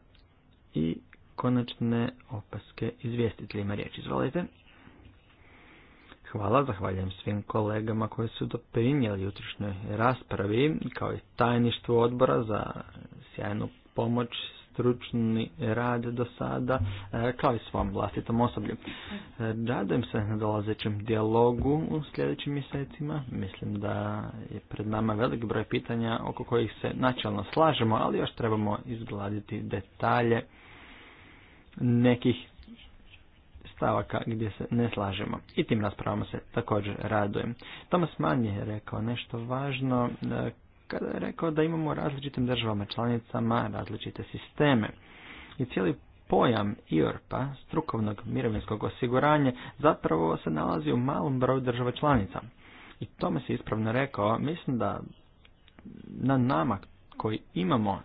I konačne opaske izvjestiteljima riječ. Izvolite. Hvala, zahvaljujem svim kolegama koji su doprinijeli jutrišnjoj raspravi, kao i tajništvu odbora za sjajnu pomoć, stručni rad do sada, e, kao i svom vlastitom osoblju. E, radujem se na dolazećem dijalogu u sljedećim mjesecima. Mislim da je pred nama velik broj pitanja oko kojih se načelno slažemo, ali još trebamo izgladiti detalje nekih stavaka gdje se ne slažemo. I tim raspravama se također radujem. Thomas Mann je rekao nešto važno e, kada je rekao da imamo različitim državama članicama različite sisteme. I cijeli pojam IORPA, strukovnog mirovinskog osiguranja, zapravo se nalazi u malom broju država članica. I tome se ispravno rekao, mislim da na nama koji imamo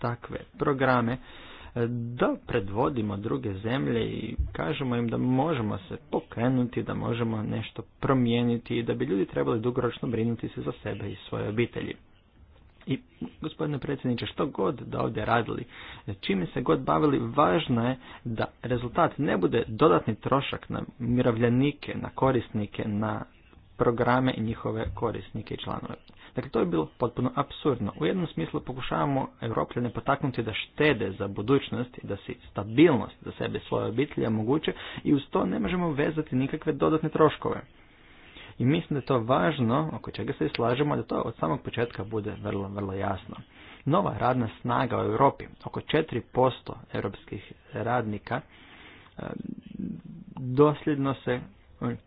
takve programe, da predvodimo druge zemlje i kažemo im da možemo se pokrenuti, da možemo nešto promijeniti i da bi ljudi trebali dugoročno brinuti se za sebe i svoje obitelji. I gospodine predsjedniče, što god da ovdje radili, čime se god bavili, važno je da rezultat ne bude dodatni trošak na miravljanike, na korisnike, na programe i njihove korisnike i članove. Dakle, to je bilo potpuno absurdno. U jednom smislu pokušavamo Europljane potaknuti da štede za budućnost i da si stabilnost za sebe i svoje obitelje omoguće i uz to ne možemo vezati nikakve dodatne troškove. I mislim da je to važno, oko čega se i slažemo, da to od samog početka bude vrlo, vrlo jasno. Nova radna snaga u Europi, oko 4% europskih radnika, eh, dosljedno se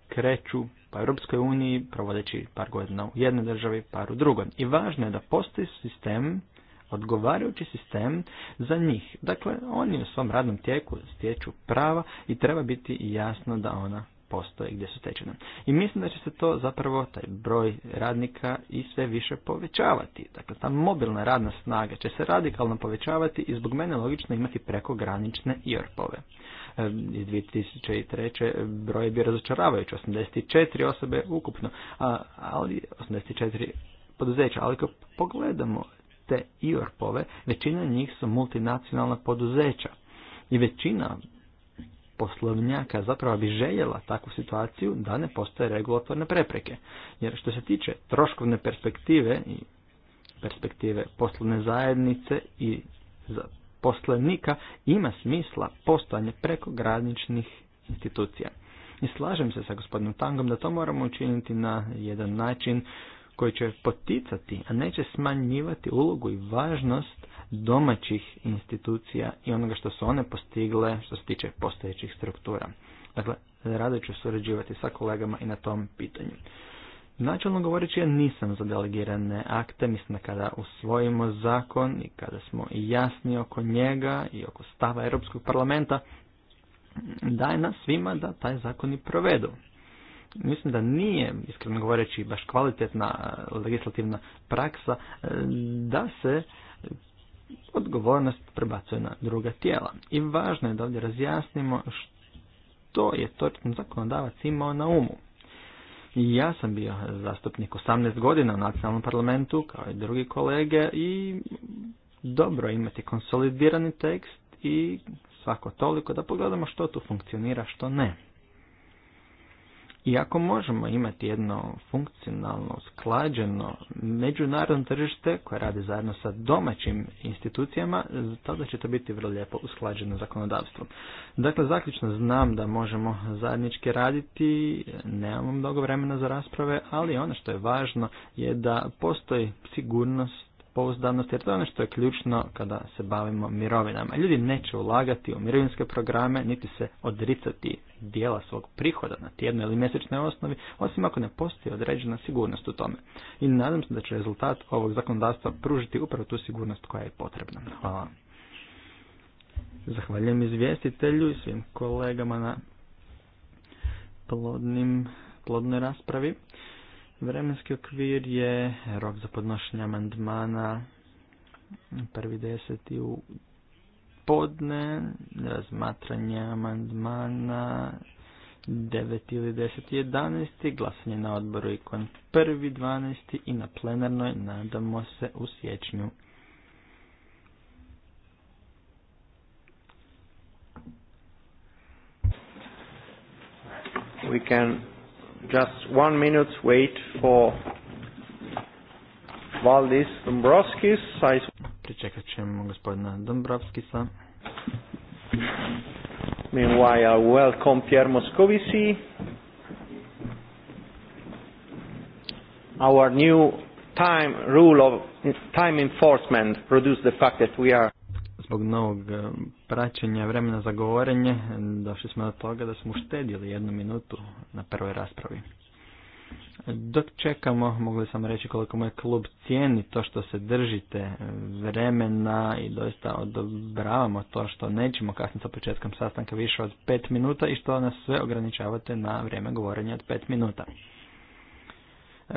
kreću pa Europskoj uniji, provodeći par godina u jednoj državi, par u drugoj. I važno je da postoji sistem, odgovarajući sistem za njih. Dakle, oni u svom radnom tijeku stječu prava i treba biti jasno da ona postoje gdje su tečene. I mislim da će se to zapravo, taj broj radnika i sve više povećavati. Dakle, ta mobilna radna snaga će se radikalno povećavati i zbog mene logično imati prekogranične IRP-ove iz 2003. broj je bio razočaravajući, 84 osobe ukupno, ali 84 poduzeća, ali ako pogledamo te IORP-ove, većina njih su multinacionalna poduzeća i većina poslovnjaka zapravo bi željela takvu situaciju da ne postoje regulatorne prepreke. Jer što se tiče troškovne perspektive i perspektive poslovne zajednice i za poslanika ima smisla postojanje prekograničnih institucija. I slažem se sa gospodinom Tangom da to moramo učiniti na jedan način koji će poticati, a neće smanjivati ulogu i važnost domaćih institucija i onoga što su one postigle što se tiče postojećih struktura. Dakle, rado ću surađivati sa kolegama i na tom pitanju. Načelno govoreći ja nisam za delegirane akte, mislim da kada usvojimo zakon i kada smo jasni oko njega i oko stava Europskog parlamenta, daje nas svima da taj zakon i provedu. Mislim da nije, iskreno govoreći, baš kvalitetna e, legislativna praksa e, da se odgovornost prebacuje na druga tijela. I važno je da ovdje razjasnimo što je točno zakonodavac imao na umu ja sam bio zastupnik 18 godina u nacionalnom parlamentu, kao i drugi kolege, i dobro imati konsolidirani tekst i svako toliko da pogledamo što tu funkcionira, što ne. I ako možemo imati jedno funkcionalno, sklađeno međunarodno tržište koje radi zajedno sa domaćim institucijama, tada će to biti vrlo lijepo usklađeno zakonodavstvo. Dakle, zaključno znam da možemo zajednički raditi, nemamo mnogo vremena za rasprave, ali ono što je važno je da postoji sigurnost pouzdanost, jer to je ono što je ključno kada se bavimo mirovinama. Ljudi neće ulagati u mirovinske programe, niti se odricati dijela svog prihoda na tjednoj ili mjesečnoj osnovi, osim ako ne postoji određena sigurnost u tome. I nadam se da će rezultat ovog zakonodavstva pružiti upravo tu sigurnost koja je potrebna. Hvala. Zahvaljujem izvjestitelju i svim kolegama na plodnim, plodnoj raspravi. Vremenski okvir je rok za podnošenje amandmana prvi deseti u podne, razmatranje amandmana 9 ili 10 i glasanje na odboru ikon prvi, dvanesti i na plenarnoj nadamo se u sjećnju. We can just one minute wait for Valdis Dombrovskis. Pričekat ćemo gospodina Dombrovskisa. Meanwhile, I welcome Pierre Moscovici, our new time rule of time enforcement produced the fact that we are zbog novog e, praćenja vremena za govorenje došli smo do toga da smo uštedili jednu minutu na prvoj raspravi. Dok čekamo, mogli sam reći koliko moj klub cijeni to što se držite e, vremena i doista odobravamo to što nećemo kasniti sa početkom sastanka više od pet minuta i što nas sve ograničavate na vrijeme govorenja od pet minuta.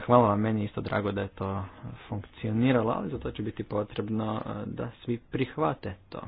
Hvala vam, meni isto drago da je to funkcioniralo, ali zato će biti potrebno e, da svi prihvate to.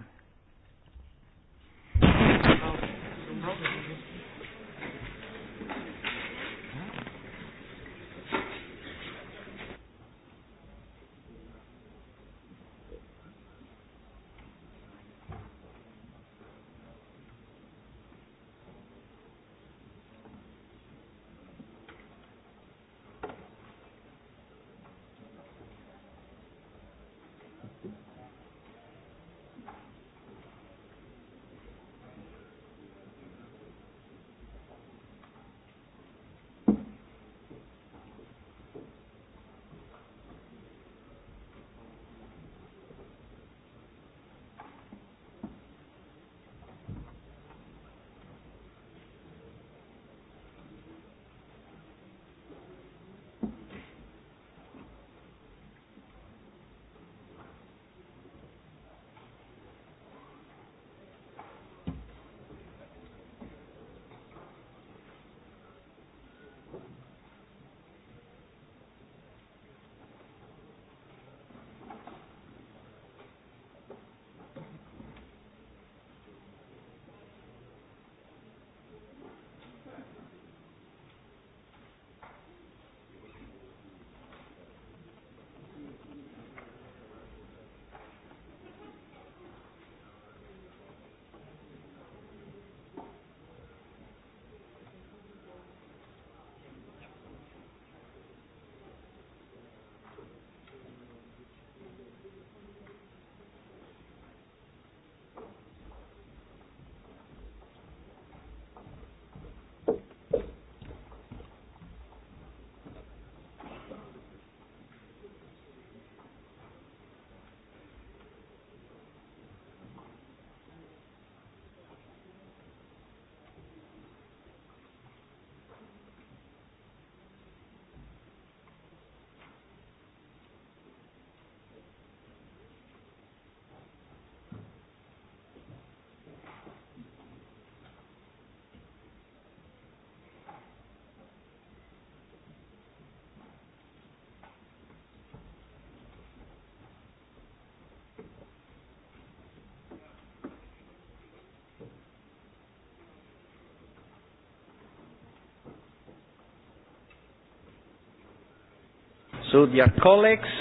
So, dear colleagues,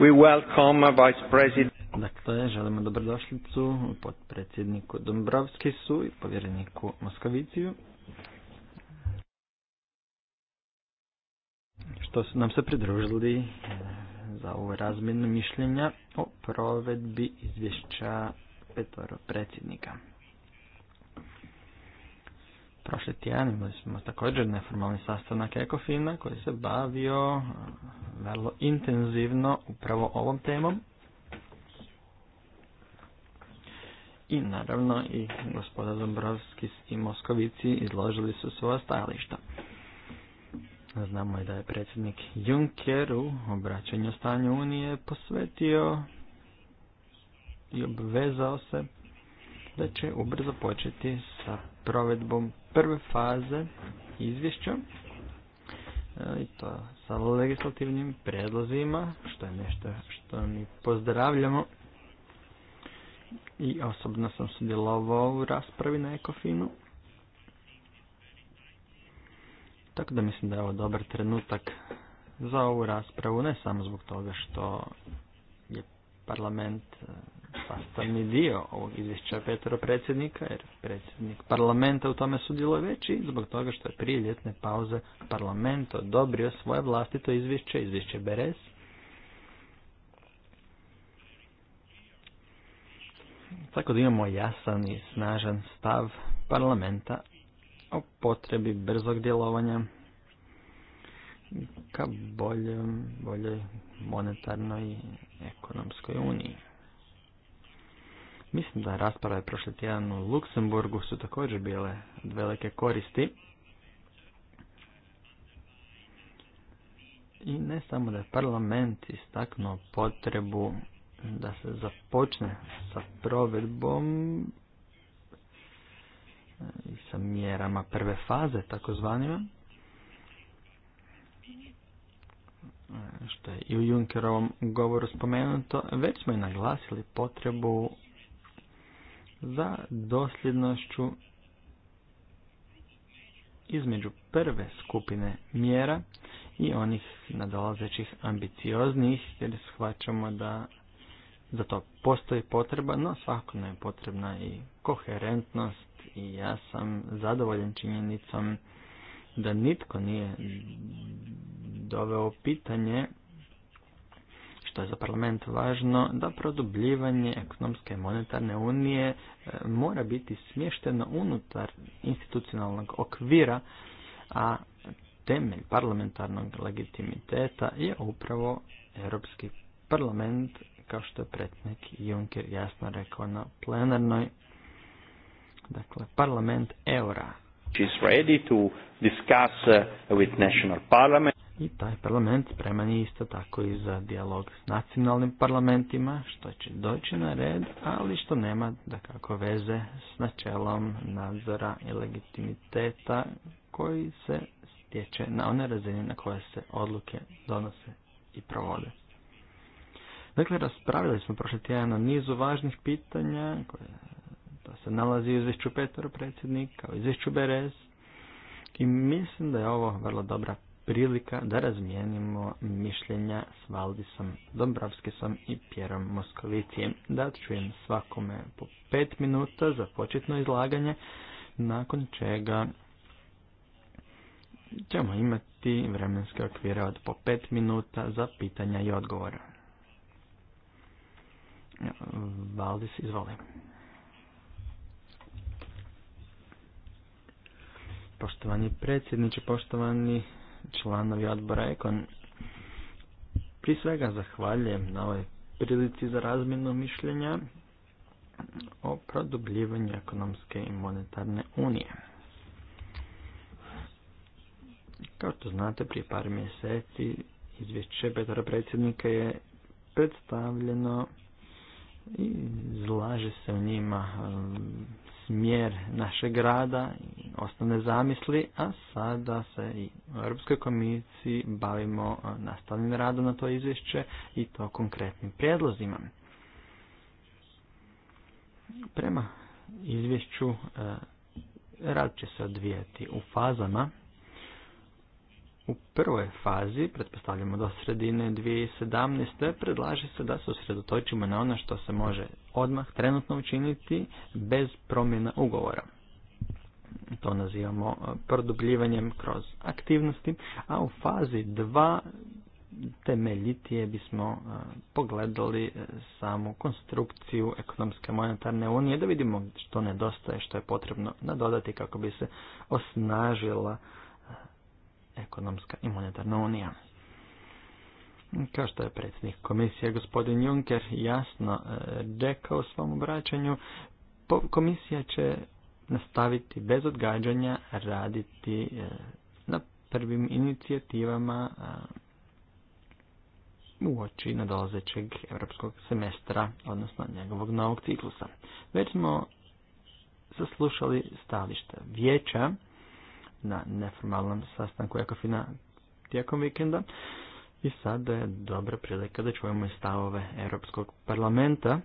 we welcome Vice President. Dakle, želimo dobrodošlicu potpredsjedniku Dombrovskisu i povjereniku Moskoviciju. Što su nam se pridružili eh, za ovo razmjeno mišljenja o provedbi izvješća petoro predsjednika. Prošli tjedan imali smo također neformalni sastanak Ekofina koji se bavio eh, vrlo intenzivno upravo ovom temom. I naravno i gospoda Zombrovski i Moskovici izložili su svoja stajališta. Znamo i da je predsjednik Juncker u obraćanju stanju Unije posvetio i obvezao se da će ubrzo početi sa provedbom prve faze izvješća e, i to sa legislativnim predlozima, što je nešto što mi pozdravljamo. I osobno sam sudjelovao u raspravi na Ekofinu. Tako da mislim da je ovo dobar trenutak za ovu raspravu, ne samo zbog toga što je parlament e, pa sastavni dio ovog izvješća petero predsjednika, jer predsjednik parlamenta u tome sudjeluje već veći zbog toga što je prije ljetne pauze parlament odobrio svoje vlastito izvješće, izvješće Beres. Tako da imamo jasan i snažan stav parlamenta o potrebi brzog djelovanja ka boljoj bolje monetarnoj i ekonomskoj uniji. Mislim da rasprave prošli tjedan u Luksemburgu su također bile od velike koristi. I ne samo da je parlament istaknuo potrebu da se započne sa provedbom eh, i sa mjerama prve faze, takozvanima, eh, što je i u Junkerovom govoru spomenuto, već smo i naglasili potrebu za dosljednošću između prve skupine mjera i onih nadolazećih ambicioznih jer shvaćamo da za to postoji potreba, no svakako je potrebna i koherentnost i ja sam zadovoljen činjenicom da nitko nije doveo pitanje što je za parlament važno, da produbljivanje ekonomske i monetarne unije e, mora biti smješteno unutar institucionalnog okvira, a temelj parlamentarnog legitimiteta je upravo Europski parlament, kao što je pretnik Juncker jasno rekao na plenarnoj, dakle parlament eura. ready to discuss uh, with national parliament. I taj parlament spreman je isto tako i za dijalog s nacionalnim parlamentima, što će doći na red, ali što nema da kako veze s načelom nadzora i legitimiteta koji se stječe na one razine na koje se odluke donose i provode. Dakle, raspravili smo prošli tjedan nizu važnih pitanja, koje, to se nalazi u izvješću Petora predsjednika, u izvješću Berez, i mislim da je ovo vrlo dobra prilika da razmijenimo mišljenja s Valdisom Dombravskisom i Pjerom Moskovicijem. Da čujem svakome po pet minuta za početno izlaganje, nakon čega ćemo imati vremenske okvire od po pet minuta za pitanja i odgovore. Valdis, izvoli. Poštovani predsjedniče, poštovani članovi odbora Ekon. pri svega zahvaljujem na ovoj prilici za razmjenu mišljenja o produbljivanju ekonomske i monetarne unije. Kao što znate, prije par mjeseci izvješće Petra predsjednika je predstavljeno i zlaže se u njima Mjer našeg rada i osnovne zamisli, a sada se i u Europskoj komisiji bavimo nastavnim radom na to izvješće i to konkretnim prijedlozima. Prema izvješću e, rad će se odvijati u fazama u prvoj fazi, pretpostavljamo do sredine 2017. predlaže se da se usredotočimo na ono što se može odmah trenutno učiniti bez promjena ugovora. To nazivamo e, produbljivanjem kroz aktivnosti, a u fazi 2 temeljitije bismo e, pogledali e, samu konstrukciju ekonomske monetarne unije da vidimo što nedostaje, što je potrebno nadodati kako bi se osnažila ekonomska i monetarna unija. Kao što je predsjednik komisije gospodin Juncker jasno e, rekao u svom obraćanju, komisija će nastaviti bez odgađanja raditi e, na prvim inicijativama u oči nadolazećeg europskog semestra, odnosno njegovog novog ciklusa. Već smo saslušali stavišta vijeća na neformalnom sastanku Ekofina tijekom vikenda. I sada je dobra prilika da čujemo i stavove Europskog parlamenta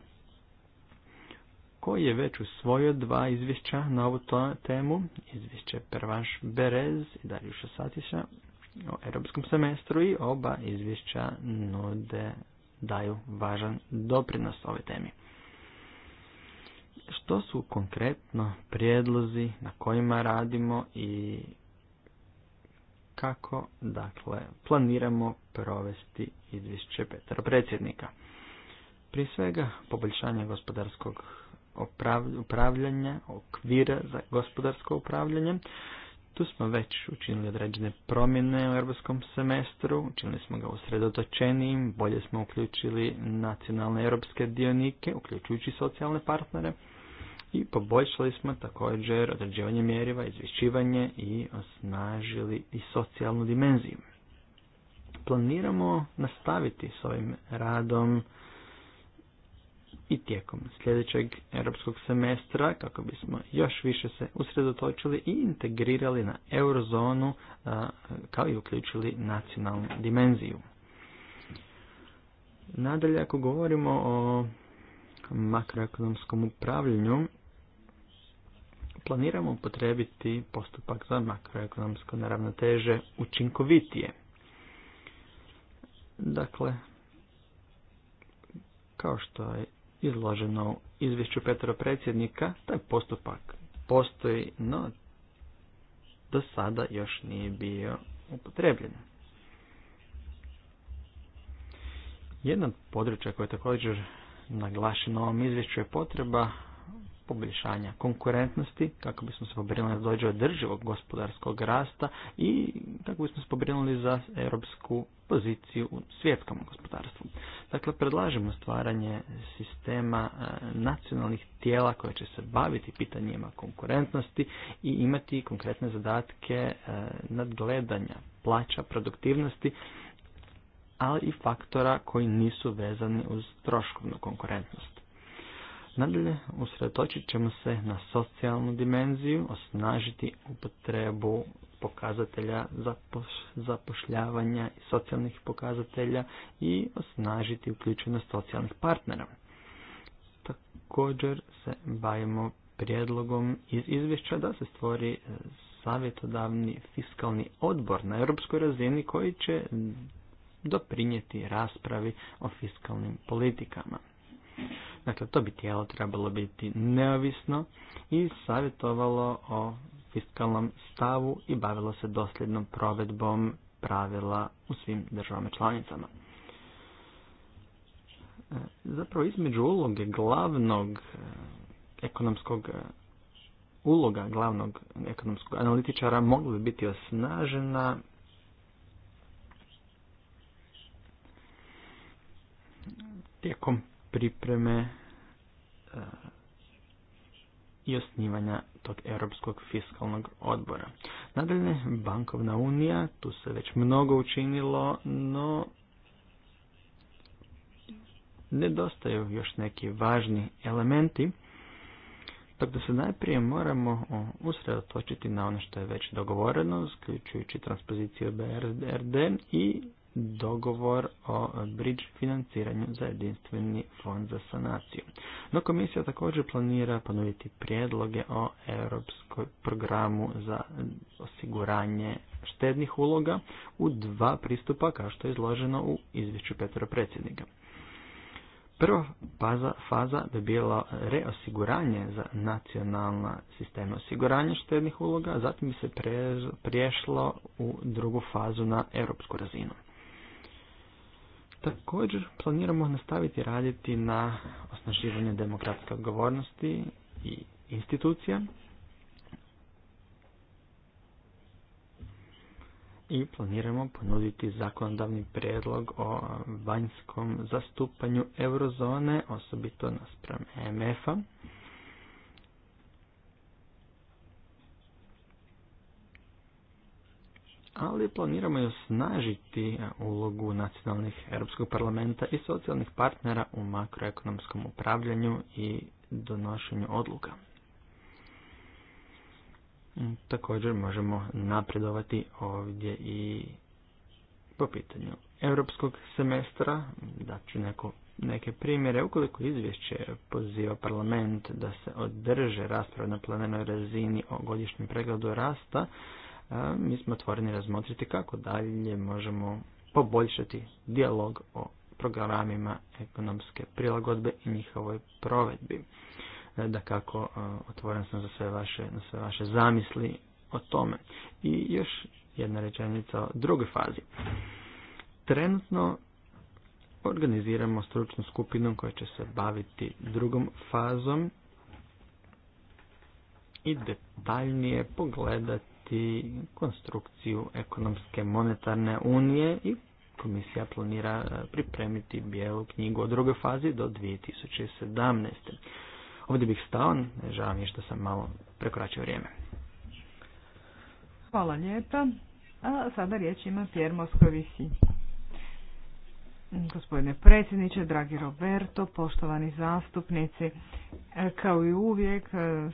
koji je već usvojio dva izvješća na ovu temu, izvješće Pervanš Berez i Darjuša Satiša o europskom semestru i oba izvješća nude daju važan doprinos ove temi što su konkretno prijedlozi na kojima radimo i kako dakle planiramo provesti izvješće Petra predsjednika. Prije svega poboljšanje gospodarskog upravljanja, okvira za gospodarsko upravljanje. Tu smo već učinili određene promjene u europskom semestru, učinili smo ga usredotočenijim, bolje smo uključili nacionalne europske dionike, uključujući socijalne partnere i poboljšali smo također određivanje mjeriva, izvješćivanje i osnažili i socijalnu dimenziju. Planiramo nastaviti s ovim radom i tijekom sljedećeg europskog semestra kako bismo još više se usredotočili i integrirali na eurozonu kao i uključili nacionalnu dimenziju. Nadalje, ako govorimo o makroekonomskom upravljanju, planiramo upotrebiti postupak za makroekonomsko neravnoteže učinkovitije. Dakle, kao što je izloženo u izvješću Petra predsjednika, taj postupak postoji, no do sada još nije bio upotrebljen. Jedna područja koja je također naglašeno u ovom izvješću je potreba poboljšanja konkurentnosti, kako bismo se pobrinuli da dođe održivog gospodarskog rasta i kako bismo se pobrinuli za europsku poziciju u svjetskom gospodarstvu. Dakle, predlažemo stvaranje sistema e, nacionalnih tijela koje će se baviti pitanjima konkurentnosti i imati konkretne zadatke e, nadgledanja plaća, produktivnosti, ali i faktora koji nisu vezani uz troškovnu konkurentnost. Nadalje, usredotočit ćemo se na socijalnu dimenziju, osnažiti upotrebu pokazatelja zapošljavanja i socijalnih pokazatelja i osnažiti uključenost socijalnih partnera. Također se bavimo prijedlogom iz izvješća da se stvori e, savjetodavni fiskalni odbor na europskoj razini koji će doprinijeti raspravi o fiskalnim politikama. Dakle, to bi tijelo trebalo biti neovisno i savjetovalo o fiskalnom stavu i bavilo se dosljednom provedbom pravila u svim državama članicama. E, zapravo između uloge glavnog e, ekonomskog e, uloga glavnog ekonomskog analitičara mogla bi biti osnažena tijekom pripreme e, i osnivanja tog Europskog fiskalnog odbora. Nadalje, bankovna unija, tu se već mnogo učinilo, no nedostaju još neki važni elementi, tako da se najprije moramo usredotočiti na ono što je već dogovoreno, uključujući transpoziciju BRD i dogovor o bridge financiranju za jedinstveni fond za sanaciju. No komisija također planira ponuditi prijedloge o europskoj programu za osiguranje štednih uloga u dva pristupa kao što je izloženo u izvješću Petra predsjednika. Prva faza, bi bila reosiguranje za nacionalna sistema osiguranja štednih uloga, zatim bi se prešlo u drugu fazu na europsku razinu. Također planiramo nastaviti raditi na osnaživanju demokratske odgovornosti i institucija i planiramo ponuditi zakonodavni prijedlog o vanjskom zastupanju eurozone, osobito naspram EMF-a. ali planiramo i osnažiti e, ulogu nacionalnih Europskog parlamenta i socijalnih partnera u makroekonomskom upravljanju i donošenju odluka. Mm, također možemo napredovati ovdje i po pitanju europskog semestra, daću neko, neke primjere, ukoliko izvješće poziva parlament da se održe rasprave na plenarnoj razini o godišnjem pregledu rasta, mi smo otvoreni razmotriti kako dalje možemo poboljšati dijalog o programima ekonomske prilagodbe i njihovoj provedbi. E, da kako e, otvoren sam za sve vaše, na sve vaše zamisli o tome. I još jedna rečenica o drugoj fazi. Trenutno organiziramo stručnu skupinu koja će se baviti drugom fazom i detaljnije pogledati pratiti konstrukciju ekonomske monetarne unije i komisija planira e, pripremiti bijelu knjigu o drugoj fazi do 2017. Ovdje bih stao, žao mi je što sam malo prekoračio vrijeme. Hvala lijepa. A sada riječ ima Pierre Moscovici. Gospodine predsjedniče, dragi Roberto, poštovani zastupnici, e, kao i uvijek e,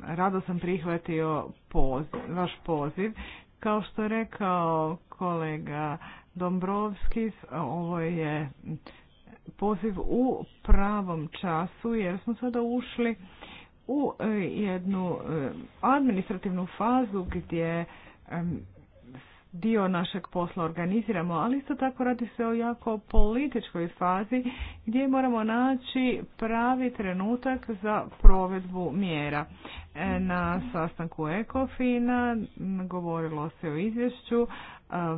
rado sam prihvatio poz, vaš poziv. Kao što je rekao kolega Dombrovski, ovo je poziv u pravom času jer smo sada ušli u e, jednu e, administrativnu fazu gdje dio našeg posla organiziramo, ali isto tako radi se o jako političkoj fazi gdje moramo naći pravi trenutak za provedbu mjera. E, na sastanku Ekofina govorilo se o izvješću e,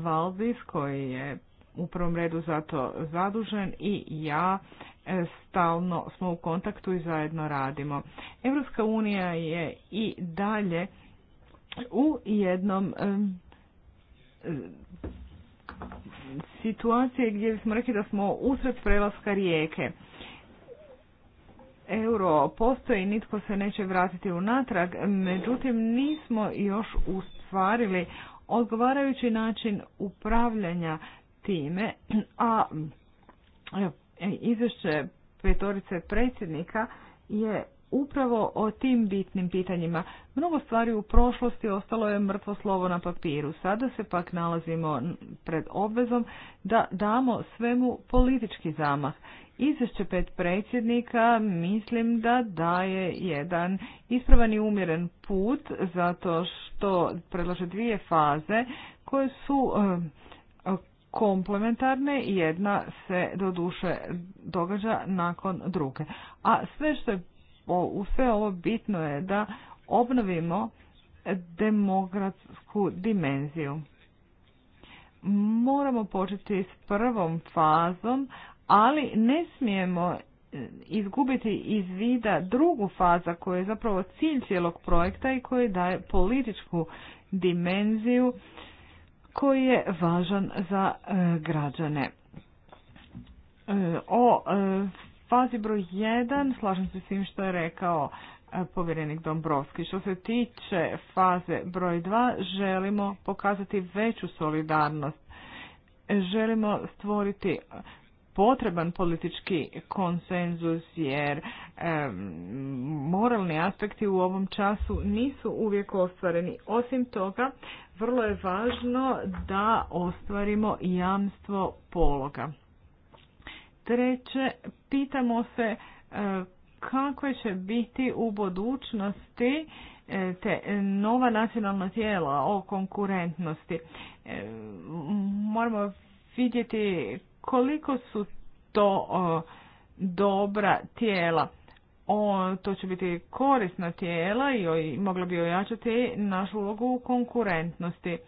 Valdis koji je u prvom redu zato zadužen i ja e, stalno smo u kontaktu i zajedno radimo. Europska unija je i dalje u jednom situacije gdje smo rekli da smo usred prelaska rijeke. Euro postoji, nitko se neće vratiti unatrag, međutim nismo još ustvarili odgovarajući način upravljanja time, a izvješće petorice predsjednika je upravo o tim bitnim pitanjima. Mnogo stvari u prošlosti ostalo je mrtvo slovo na papiru. Sada se pak nalazimo pred obvezom da damo svemu politički zamah. Izvješće pet predsjednika mislim da daje jedan ispravan i umjeren put zato što predlaže dvije faze koje su eh, komplementarne i jedna se duše događa nakon druge. A sve što je u sve ovo bitno je da obnovimo demografsku dimenziju. Moramo početi s prvom fazom, ali ne smijemo e, izgubiti iz vida drugu faza koja je zapravo cilj cijelog projekta i koji daje političku dimenziju koji je važan za e, građane. E, o fazi broj 1, slažem se s tim što je rekao e, povjerenik Dombrovski. Što se tiče faze broj 2, želimo pokazati veću solidarnost. Želimo stvoriti potreban politički konsenzus jer moralni aspekti u ovom času nisu uvijek ostvareni. Osim toga, vrlo je važno da ostvarimo jamstvo pologa. Treće, pitamo se e, kako će biti u budućnosti e, te nova nacionalna tijela o konkurentnosti. E, moramo vidjeti koliko su to dobra tijela. O, to će biti korisna tijela i mogla bi ojačati našu ulogu u konkurentnosti.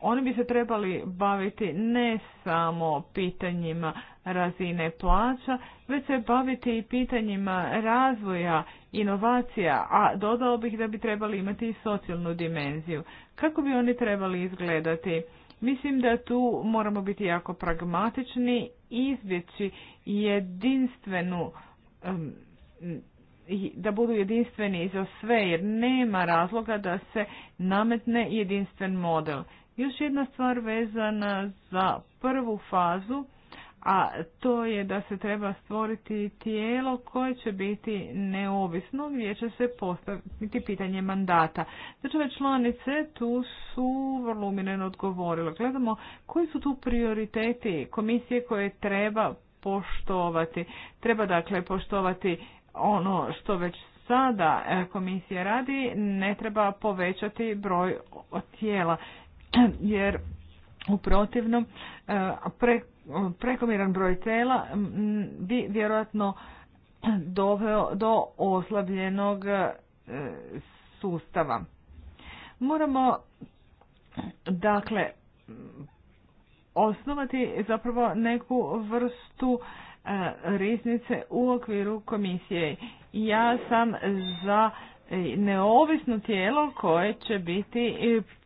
Oni bi se trebali baviti ne samo pitanjima razine plaća, već se baviti i pitanjima razvoja, inovacija, a dodao bih da bi trebali imati i socijalnu dimenziju. Kako bi oni trebali izgledati? Mislim da tu moramo biti jako pragmatični, izbjeći jedinstvenu da budu jedinstveni za sve, jer nema razloga da se nametne jedinstven model. Još jedna stvar vezana za prvu fazu, a to je da se treba stvoriti tijelo koje će biti neovisno gdje će se postaviti pitanje mandata. Države članice tu su vrlo umjereno odgovorile. Gledamo koji su tu prioriteti komisije koje treba poštovati. Treba dakle poštovati ono što već sada e, komisija radi, ne treba povećati broj tijela. jer u protivnom e, pre, prekomjeran broj tela bi vjerojatno doveo do oslabljenog e, sustava. Moramo dakle osnovati zapravo neku vrstu e, riznice u okviru komisije. Ja sam za neovisno tijelo koje će biti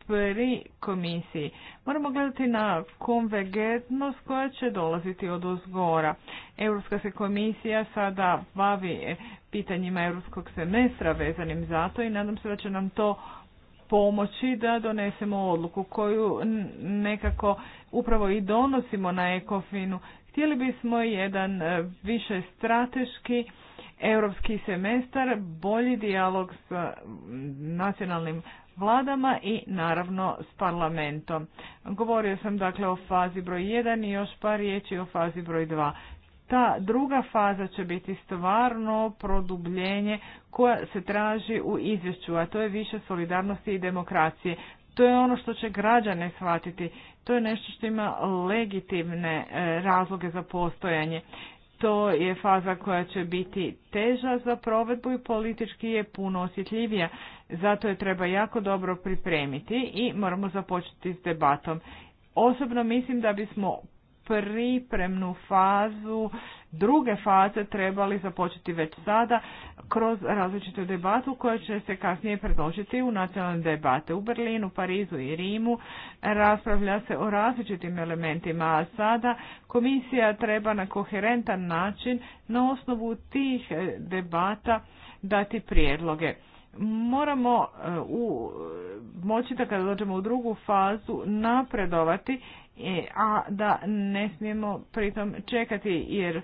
pri komisiji. Moramo gledati na konvergentnost koja će dolaziti od ozgora. Europska se komisija sada bavi pitanjima europskog semestra vezanim za to i nadam se da će nam to pomoći da donesemo odluku koju nekako upravo i donosimo na ekofinu. Htjeli bismo jedan e, više strateški europski semestar, bolji dijalog s nacionalnim vladama i naravno s parlamentom. Govorio sam dakle o fazi broj 1 i još par riječi o fazi broj 2. Ta druga faza će biti stvarno produbljenje koja se traži u izvješću, a to je više solidarnosti i demokracije. To je ono što će građane shvatiti. To je nešto što ima legitimne e, razloge za postojanje to je faza koja će biti teža za provedbu i politički je puno osjetljivija. Zato je treba jako dobro pripremiti i moramo započeti s debatom. Osobno mislim da bismo pripremnu fazu druge faze trebali započeti već sada kroz različitu debatu koja će se kasnije predložiti u nacionalne debate. U Berlinu, Parizu i Rimu raspravlja se o različitim elementima, a sada komisija treba na koherentan način na osnovu tih e, debata dati prijedloge. Moramo e, u, moći da kada dođemo u drugu fazu napredovati E, a da ne smijemo pritom čekati jer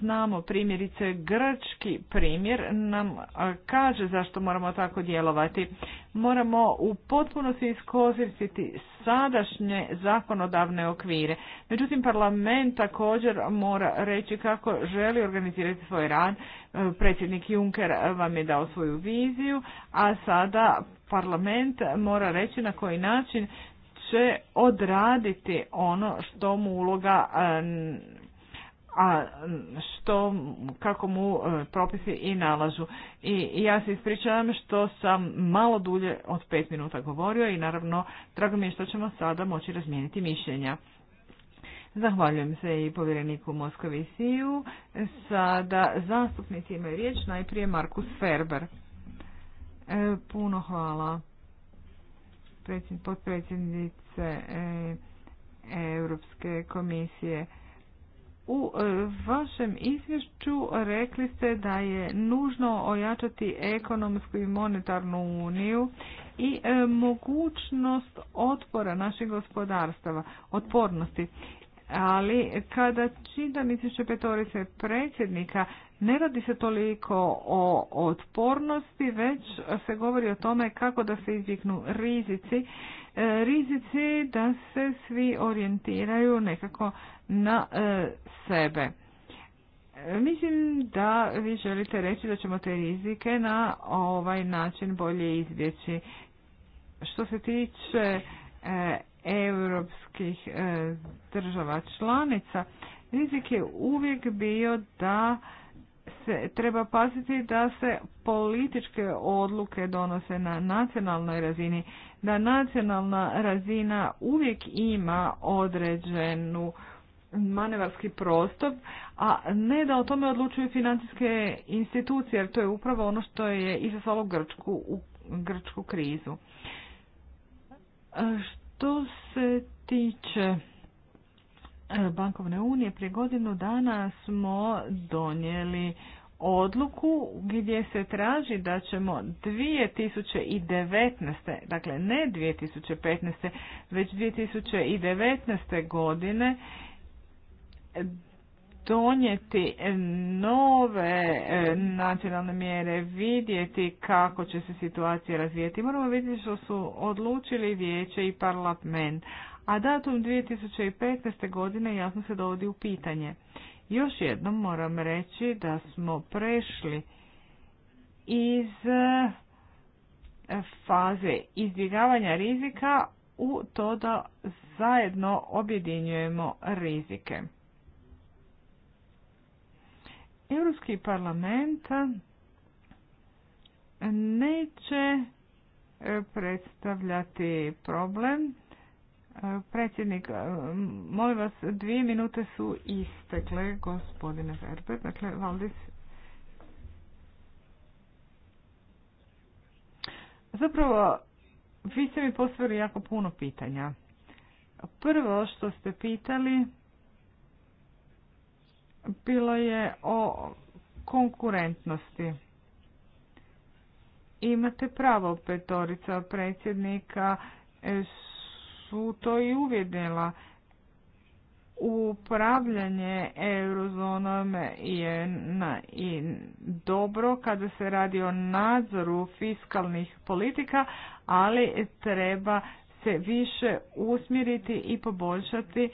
znamo primjerice grčki primjer nam kaže zašto moramo tako djelovati. Moramo u potpunosti iskoristiti sadašnje zakonodavne okvire. Međutim, parlament također mora reći kako želi organizirati svoj rad. E, predsjednik Juncker vam je dao svoju viziju, a sada parlament mora reći na koji način će odraditi ono što mu uloga e, a što kako mu e, propisi i nalažu. I ja se ispričavam što sam malo dulje od pet minuta govorio i naravno drago mi je što ćemo sada moći razmijeniti mišljenja. Zahvaljujem se i povjereniku Siju. Sada zastupnici imaju riječ, najprije Markus Ferber. E, puno hvala potpredsjednice e, Europske komisije. U e, vašem izvješću rekli ste da je nužno ojačati ekonomsku i monetarnu uniju i e, mogućnost otpora naših gospodarstava, otpornosti ali kada čitam izvješće petorice predsjednika, ne radi se toliko o otpornosti, već se govori o tome kako da se izviknu rizici. E, rizici da se svi orijentiraju nekako na e, sebe. Mislim da vi želite reći da ćemo te rizike na ovaj način bolje izbjeći. Što se tiče e, europskih e, država članica, rizik je uvijek bio da se treba paziti da se političke odluke donose na nacionalnoj razini, da nacionalna razina uvijek ima određenu manevarski prostor, a ne da o tome odlučuju financijske institucije, jer to je upravo ono što je izazvalo Grčku u Grčku krizu. E, to se tiče e, bankovne unije, prije godinu dana smo donijeli odluku gdje se traži da ćemo 2019. dakle ne 2015. već 2019. godine donijeti nove e, nacionalne mjere, vidjeti kako će se situacija razvijeti. Moramo vidjeti što su odlučili vijeće i parlament. A datum 2015. godine jasno se dovodi u pitanje. Još jednom moram reći da smo prešli iz e, faze izbjegavanja rizika u to da zajedno objedinjujemo rizike. Europski parlament neće e, predstavljati problem. E, predsjednik, e, molim vas, dvije minute su istekle, gospodine Verber. Dakle, Valdis. Zapravo, vi ste mi postavili jako puno pitanja. Prvo što ste pitali bilo je o konkurentnosti. Imate pravo, petorica predsjednika su to i uvjedila. Upravljanje eurozonom je na, i dobro kada se radi o nadzoru fiskalnih politika, ali treba se više usmjeriti i poboljšati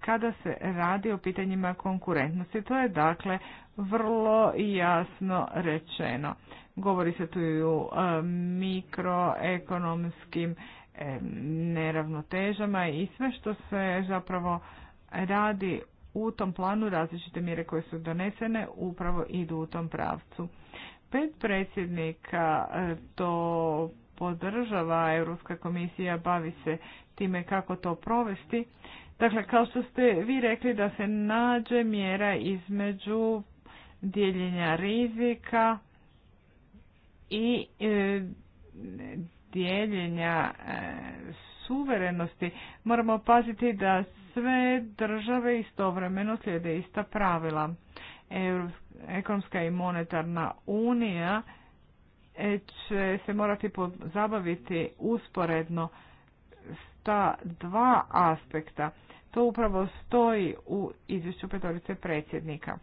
kada se radi o pitanjima konkurentnosti. To je dakle vrlo jasno rečeno. Govori se tu i o e, mikroekonomskim e, neravnotežama i sve što se zapravo radi u tom planu različite mjere koje su donesene upravo idu u tom pravcu. Pet predsjednika e, to podržava, Europska komisija bavi se time kako to provesti, Dakle, kao što ste vi rekli da se nađe mjera između dijeljenja rizika i e, dijeljenja e, suverenosti. Moramo paziti da sve države istovremeno slijede ista pravila. Ekonomska i monetarna unija e, će se morati zabaviti usporedno ta dva aspekta. To upravo stoji u izvješću petorice predsjednika.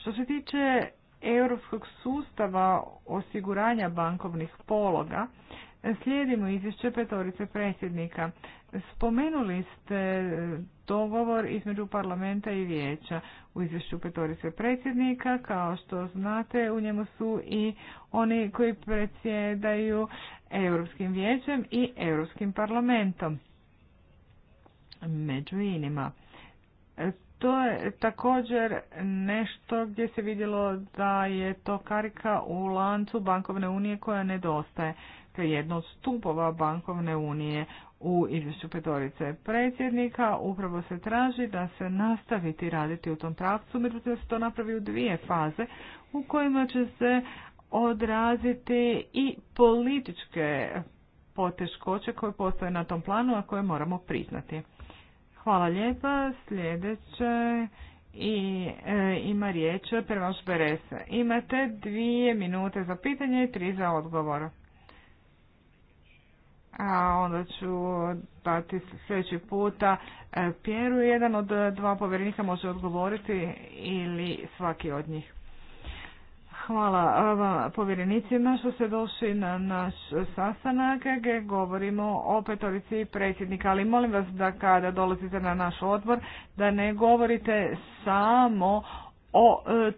Što se tiče europskog sustava osiguranja bankovnih pologa, Slijedimo izvješće petorice predsjednika. Spomenuli ste e, dogovor između parlamenta i vijeća u izvješću petorice predsjednika. Kao što znate, u njemu su i oni koji predsjedaju Europskim vijećem i Europskim parlamentom. Među inima. E, to je također nešto gdje se vidjelo da je to karika u lancu bankovne unije koja nedostaje te jedno od stupova bankovne unije. U izvješću petorice predsjednika upravo se traži da se nastaviti raditi u tom pravcu, međutim da se to napravi u dvije faze u kojima će se odraziti i političke poteškoće koje postoje na tom planu, a koje moramo priznati. Hvala lijepa. Sljedeće i e, ima riječ Pervanš Beresa. Imate dvije minute za pitanje i tri za odgovor a onda ću dati sljedeći puta e, Pjeru. Jedan od e, dva povjerenika može odgovoriti ili svaki od njih. Hvala povjerenicima što ste došli na naš sastanak gdje govorimo o petorici predsjednika, ali molim vas da kada dolazite na naš odbor da ne govorite samo o e,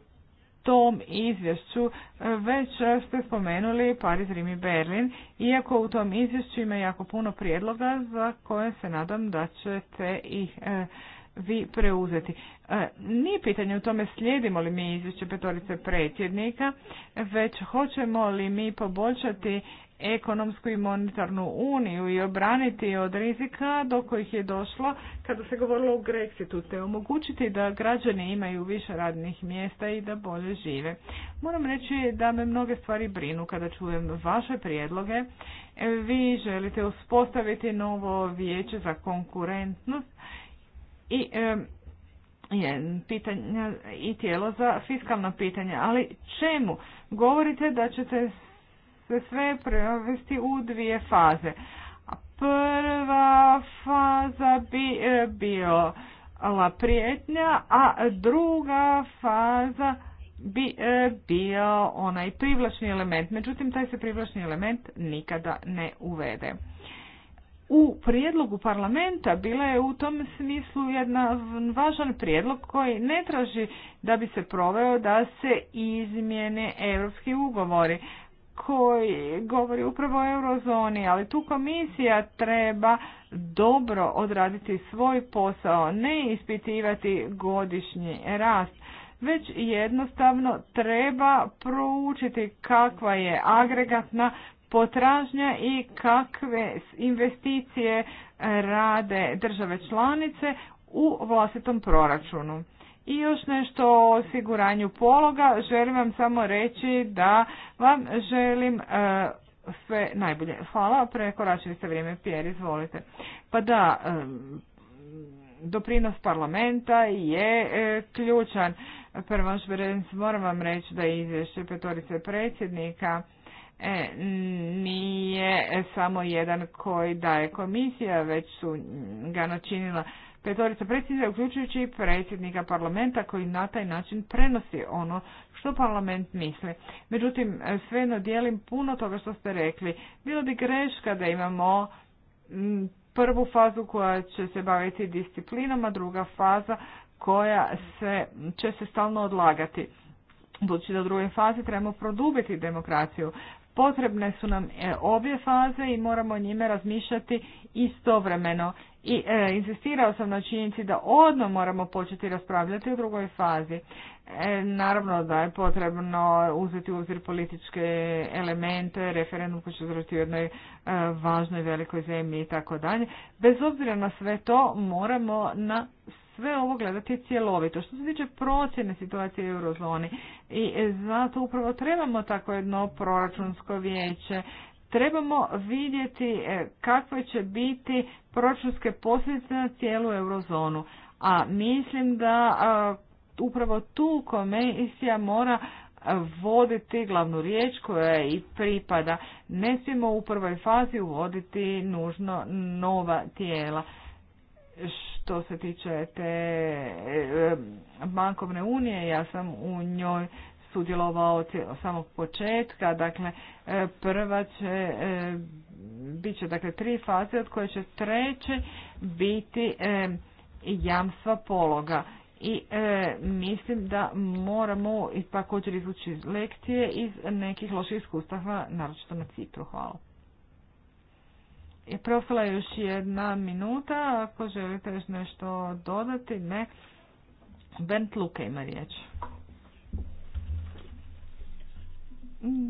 tom izvješću e, već ste spomenuli paris Rim i Berlin, iako u tom izvješću ima jako puno prijedloga za koje se nadam da ćete ih e, vi preuzeti. E, nije pitanje u tome slijedimo li mi izvješće petorice predsjednika, već hoćemo li mi poboljšati ekonomsku i monetarnu uniju i obraniti od rizika do kojih je došlo kada se govorilo o Grexitu, te omogućiti da građani imaju više radnih mjesta i da bolje žive. Moram reći da me mnoge stvari brinu kada čujem vaše prijedloge. E, vi želite uspostaviti novo vijeće za konkurentnost i e, pitanja i tijelo za fiskalna pitanja. Ali čemu? Govorite da ćete sve prevesti u dvije faze. Prva faza bi e, bila prijetnja, a druga faza bi e, bio onaj privlačni element. Međutim, taj se privlačni element nikada ne uvede. U prijedlogu parlamenta bila je u tom smislu jedan važan prijedlog koji ne traži da bi se proveo da se izmijene europski ugovori, koji govori upravo o eurozoni, ali tu komisija treba dobro odraditi svoj posao, ne ispitivati godišnji rast, već jednostavno treba proučiti kakva je agregatna potražnja i kakve investicije rade države članice u vlastitom proračunu. I još nešto o osiguranju pologa. Želim vam samo reći da vam želim e, sve najbolje. Hvala, prekoračili ste vrijeme. pjer, izvolite. Pa da, e, doprinos parlamenta je e, ključan. Prvo, moram vam reći da je izvješće petorice predsjednika nije samo jedan koji daje komisija, već su ga načinila petorica predsjednika, uključujući i predsjednika parlamenta koji na taj način prenosi ono što parlament misli. Međutim, svejedno dijelim puno toga što ste rekli. Bilo bi greška da imamo mm, prvu fazu koja će se baviti disciplinom, a druga faza koja se, će se stalno odlagati. Budući da u drugoj fazi trebamo produbiti demokraciju. Potrebne su nam e, obje faze i moramo o njime razmišljati istovremeno. I e, insistirao sam na činjenici da odno moramo početi raspravljati u drugoj fazi. E, naravno da je potrebno uzeti u obzir političke elemente, referendum koji će zvrati u jednoj e, važnoj velikoj zemlji i tako dalje. Bez obzira na sve to moramo na sve ovo gledati cjelovito. Što se tiče procjene situacije u eurozoni i zato upravo trebamo tako jedno proračunsko vijeće, trebamo vidjeti e, kakve će biti proračunske posljedice na cijelu eurozonu. A mislim da upravo tu komisija mora voditi glavnu riječ koja i pripada. Ne smijemo u prvoj fazi uvoditi nužno nova tijela što se tiče te bankovne unije, ja sam u njoj sudjelovao od samog početka, dakle e, prva će e, bit će dakle tri faze od koje će treće biti e, jamstva pologa i mislim da moramo također izvući lekcije iz nekih loših iskustava, naročito na Cipru. Hvala i profila još jedna minuta, ako želite još nešto dodati, ne. Bent Luke ima riječ.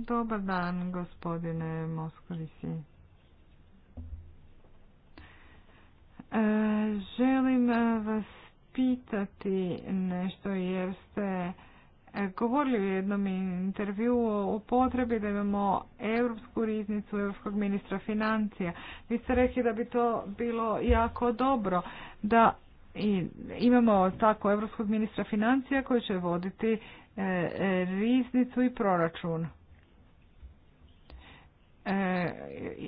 Dobar dan, gospodine Moskovici. E, želim vas pitati nešto jer ste E, govorili u jednom intervju o potrebi da imamo europsku riznicu europskog ministra financija. Vi ste rekli da bi to bilo jako dobro da imamo tako europskog ministra financija koji će voditi e, riznicu i proračun. E,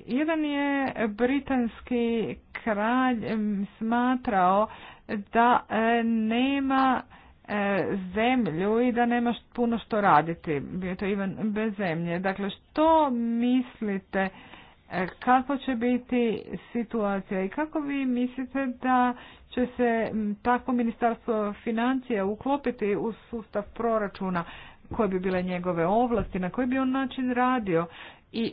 jedan je britanski kralj smatrao da nema E, zemlju i da nemaš puno što raditi. Bio to Ivan bez zemlje. Dakle, što mislite e, kako će biti situacija i kako vi mislite da će se tako ministarstvo financija uklopiti u sustav proračuna koje bi bile njegove ovlasti, na koji bi on način radio i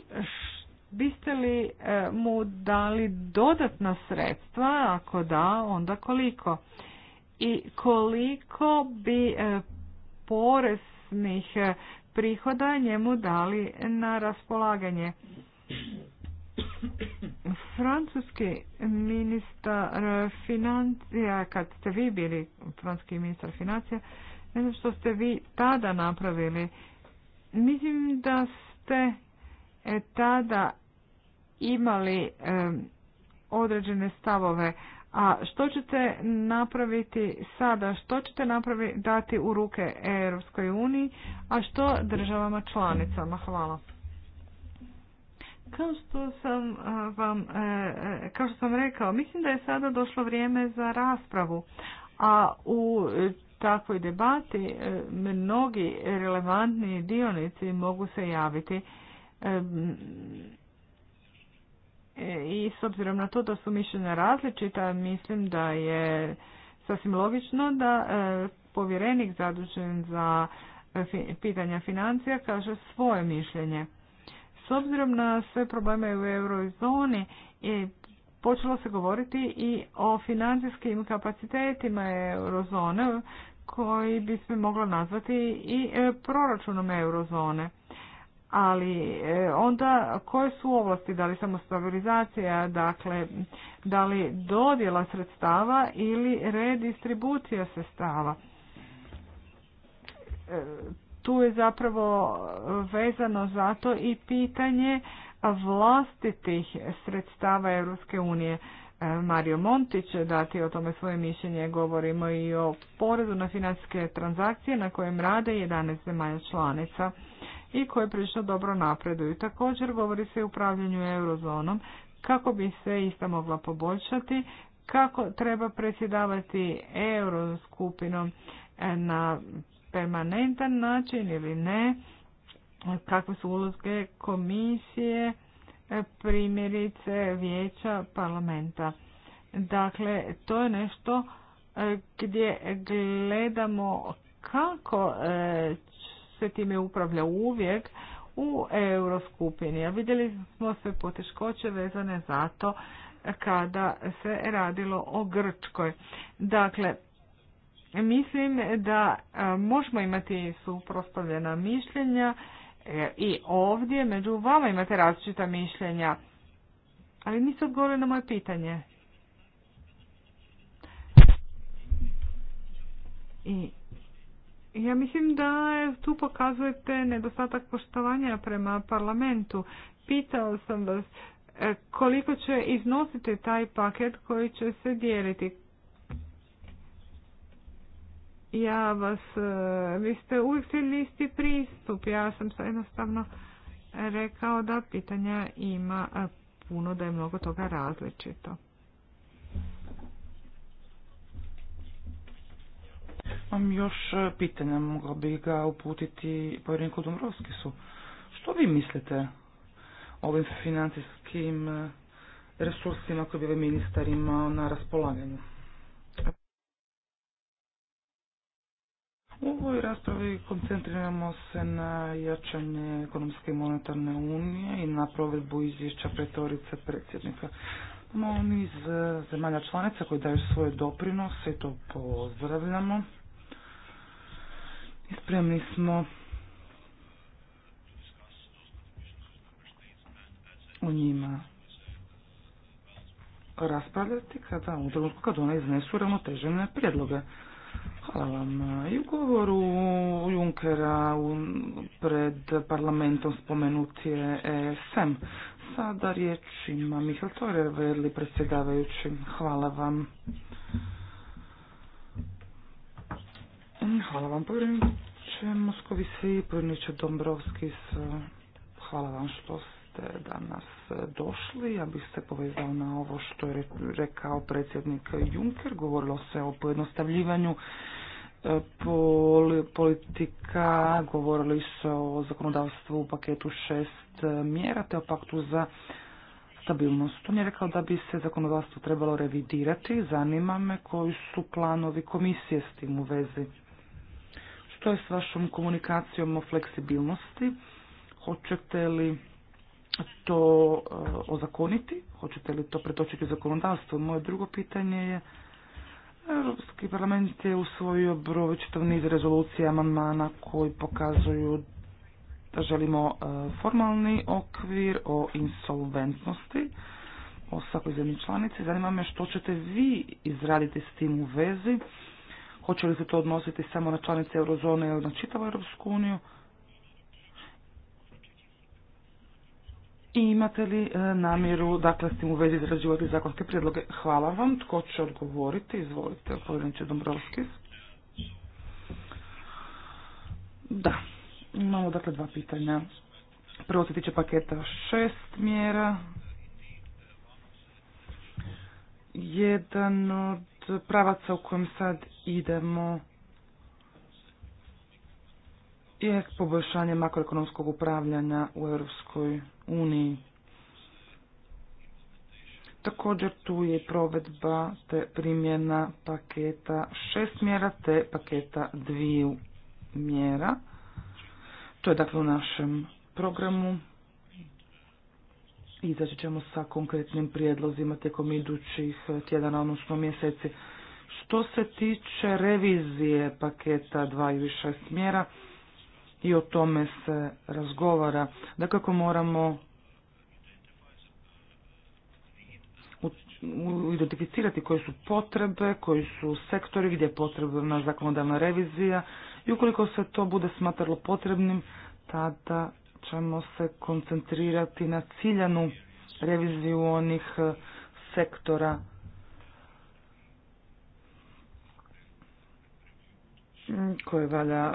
biste li e, mu dali dodatna sredstva, ako da, onda koliko? i koliko bi e, poreznih e, prihoda njemu dali na raspolaganje. Francuski ministar financija, kad ste vi bili francuski ministar financija, ne znam što ste vi tada napravili. Mislim da ste e, tada imali određene stavove, a što ćete napraviti sada? Što ćete napraviti dati u ruke Europskoj uniji, a što državama članicama? Hvala. Kao što sam eh, vam eh, eh, kao što sam rekao, mislim da je sada došlo vrijeme za raspravu. A u takvoj debati mnogi relevantni dionici mogu se javiti E, i s obzirom na to da su mišljenja različita, mislim da je sasvim logično da e, povjerenik zadužen za e, pitanja financija kaže svoje mišljenje. S obzirom na sve probleme u eurozoni, počelo se govoriti i o financijskim kapacitetima eurozone koji bi se moglo nazvati i proračunom eurozone ali e, onda koje su ovlasti, da li samo stabilizacija, dakle, da li dodjela sredstava ili redistribucija sredstava. E, tu je zapravo vezano zato i pitanje vlastitih sredstava Europske unije. E, Mario Montić dati o tome svoje mišljenje. Govorimo i o porezu na financijske transakcije na kojem rade 11 zemalja članica i koje prilično dobro napreduju. Također govori se i upravljanju eurozonom kako bi se ista mogla poboljšati, kako treba predsjedavati euroskupinom e, na permanentan način ili ne, kakve su uloge komisije, e, primjerice vijeća parlamenta. Dakle, to je nešto e, gdje gledamo kako se time upravlja uvijek u euroskupini. A vidjeli smo sve poteškoće vezane za to kada se radilo o Grčkoj. Dakle, mislim da e, možemo imati suprostavljena mišljenja e, i ovdje među vama imate različita mišljenja. Ali niste odgovorili na moje pitanje. I ja mislim da tu pokazujete nedostatak poštovanja prema parlamentu. Pitao sam vas e, koliko će iznositi taj paket koji će se dijeliti. Ja vas, e, vi ste uvijek svi isti pristup. Ja sam se jednostavno rekao da pitanja ima e, puno, da je mnogo toga različito. Imam još e, pitanja, mogao bi ga uputiti povjereniku Dombrovskisu. Što vi mislite o ovim financijskim e, resursima koje bi ovaj ministar imao na raspolaganju? U ovoj raspravi koncentriramo se na jačanje ekonomske i monetarne unije i na provedbu izvješća pretorice predsjednika. Imamo iz e, zemalja članica koji daju svoje doprinose i to pozdravljamo. Ispremni smo o njima raspravljati kada u kad ona iznesu ravnotežene prijedloge. Hvala vam. I u govoru Junkera pred parlamentom spomenut je ESM. Sada riječ ima Mihael Torer, veli predsjedavajući. Hvala vam. Hvala vam, povjereniče Moskovici i Dombrovski. Hvala vam što ste danas došli. Ja bih se povezala na ovo što je rekao predsjednik Juncker. Govorilo se o pojednostavljivanju e, politika, govorili se o zakonodavstvu u paketu šest e, mjera te o paktu za stabilnost. On je rekao da bi se zakonodavstvo trebalo revidirati. Zanima me koji su planovi komisije s tim u vezi. Što je s vašom komunikacijom o fleksibilnosti? Hoćete li to eh, ozakoniti? Hoćete li to pretočiti u zakonodavstvo? Moje drugo pitanje je Europski parlament je usvojio broj čitav niz rezolucija amandmana koji pokazuju da želimo eh, formalni okvir o insolventnosti o svakoj zemlji članici. Zanima me što ćete vi izraditi s tim u vezi hoće li se to odnositi samo na članice eurozone ili na čitavu Europsku uniju? I imate li e, namjeru, dakle, s tim u vezi izrađivati zakonske prijedloge? Hvala vam. Tko će odgovoriti? Izvolite, povjereniče Dombrovski. Da, imamo dakle dva pitanja. Prvo se tiče paketa šest mjera. Jedan od pravaca u kojem sad idemo je poboljšanje makroekonomskog upravljanja u Europskoj uniji. Također tu je provedba te primjena paketa šest mjera te paketa dviju mjera. To je dakle u našem programu. I Izaći ćemo sa konkretnim prijedlozima tijekom idućih tjedana, odnosno mjeseci. Što se tiče revizije paketa dva i više smjera i o tome se razgovara, da kako moramo identificirati koje su potrebe, koji su sektori gdje je potrebna zakonodavna revizija i ukoliko se to bude smatralo potrebnim, tada ćemo se koncentrirati na ciljanu reviziju onih eh, sektora Mm, koje valja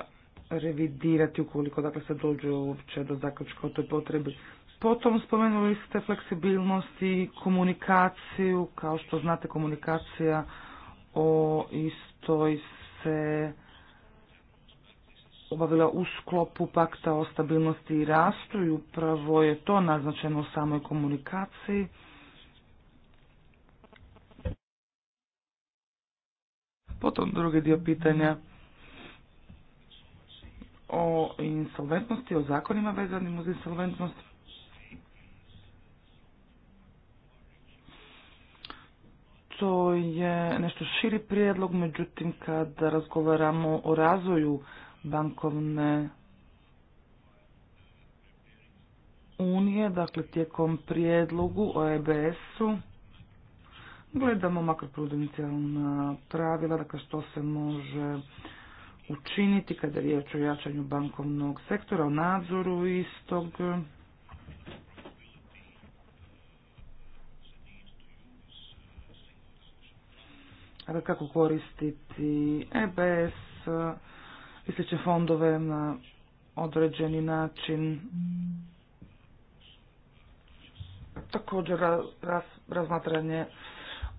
revidirati ukoliko dakle se dođe uopće do zaključka o toj potrebi. Potom spomenuli ste fleksibilnost i komunikaciju. Kao što znate komunikacija o istoj se obavila u sklopu pakta o stabilnosti i rastu i upravo je to naznačeno u samoj komunikaciji. Potom drugi dio pitanja o insolventnosti, o zakonima vezanim uz insolventnost. To je nešto širi prijedlog, međutim kad razgovaramo o razvoju bankovne unije, dakle tijekom prijedlogu o EBS-u, gledamo makroprudencijalna pravila, dakle što se može učiniti kada je riječ o jačanju bankovnog sektora, o nadzoru istog. Ali kako koristiti EBS i fondove na određeni način. Također razmatranje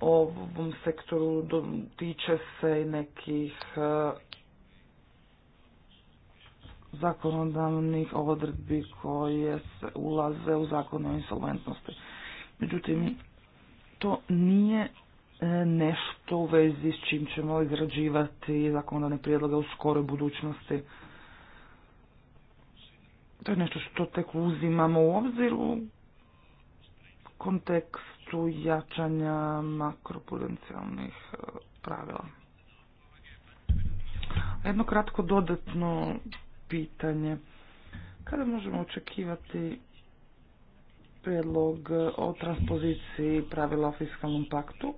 o ovom sektoru tiče se nekih zakonodavnih odredbi koje se ulaze u zakon o insolventnosti. Međutim, to nije e, nešto u vezi s čim ćemo izrađivati zakonodavne prijedloge u skoroj budućnosti. To je nešto što tek uzimamo u obzir u kontekstu jačanja makropudencijalnih e, pravila. Jedno kratko dodatno pitanje. Kada možemo očekivati prijedlog o transpoziciji pravila o fiskalnom paktu?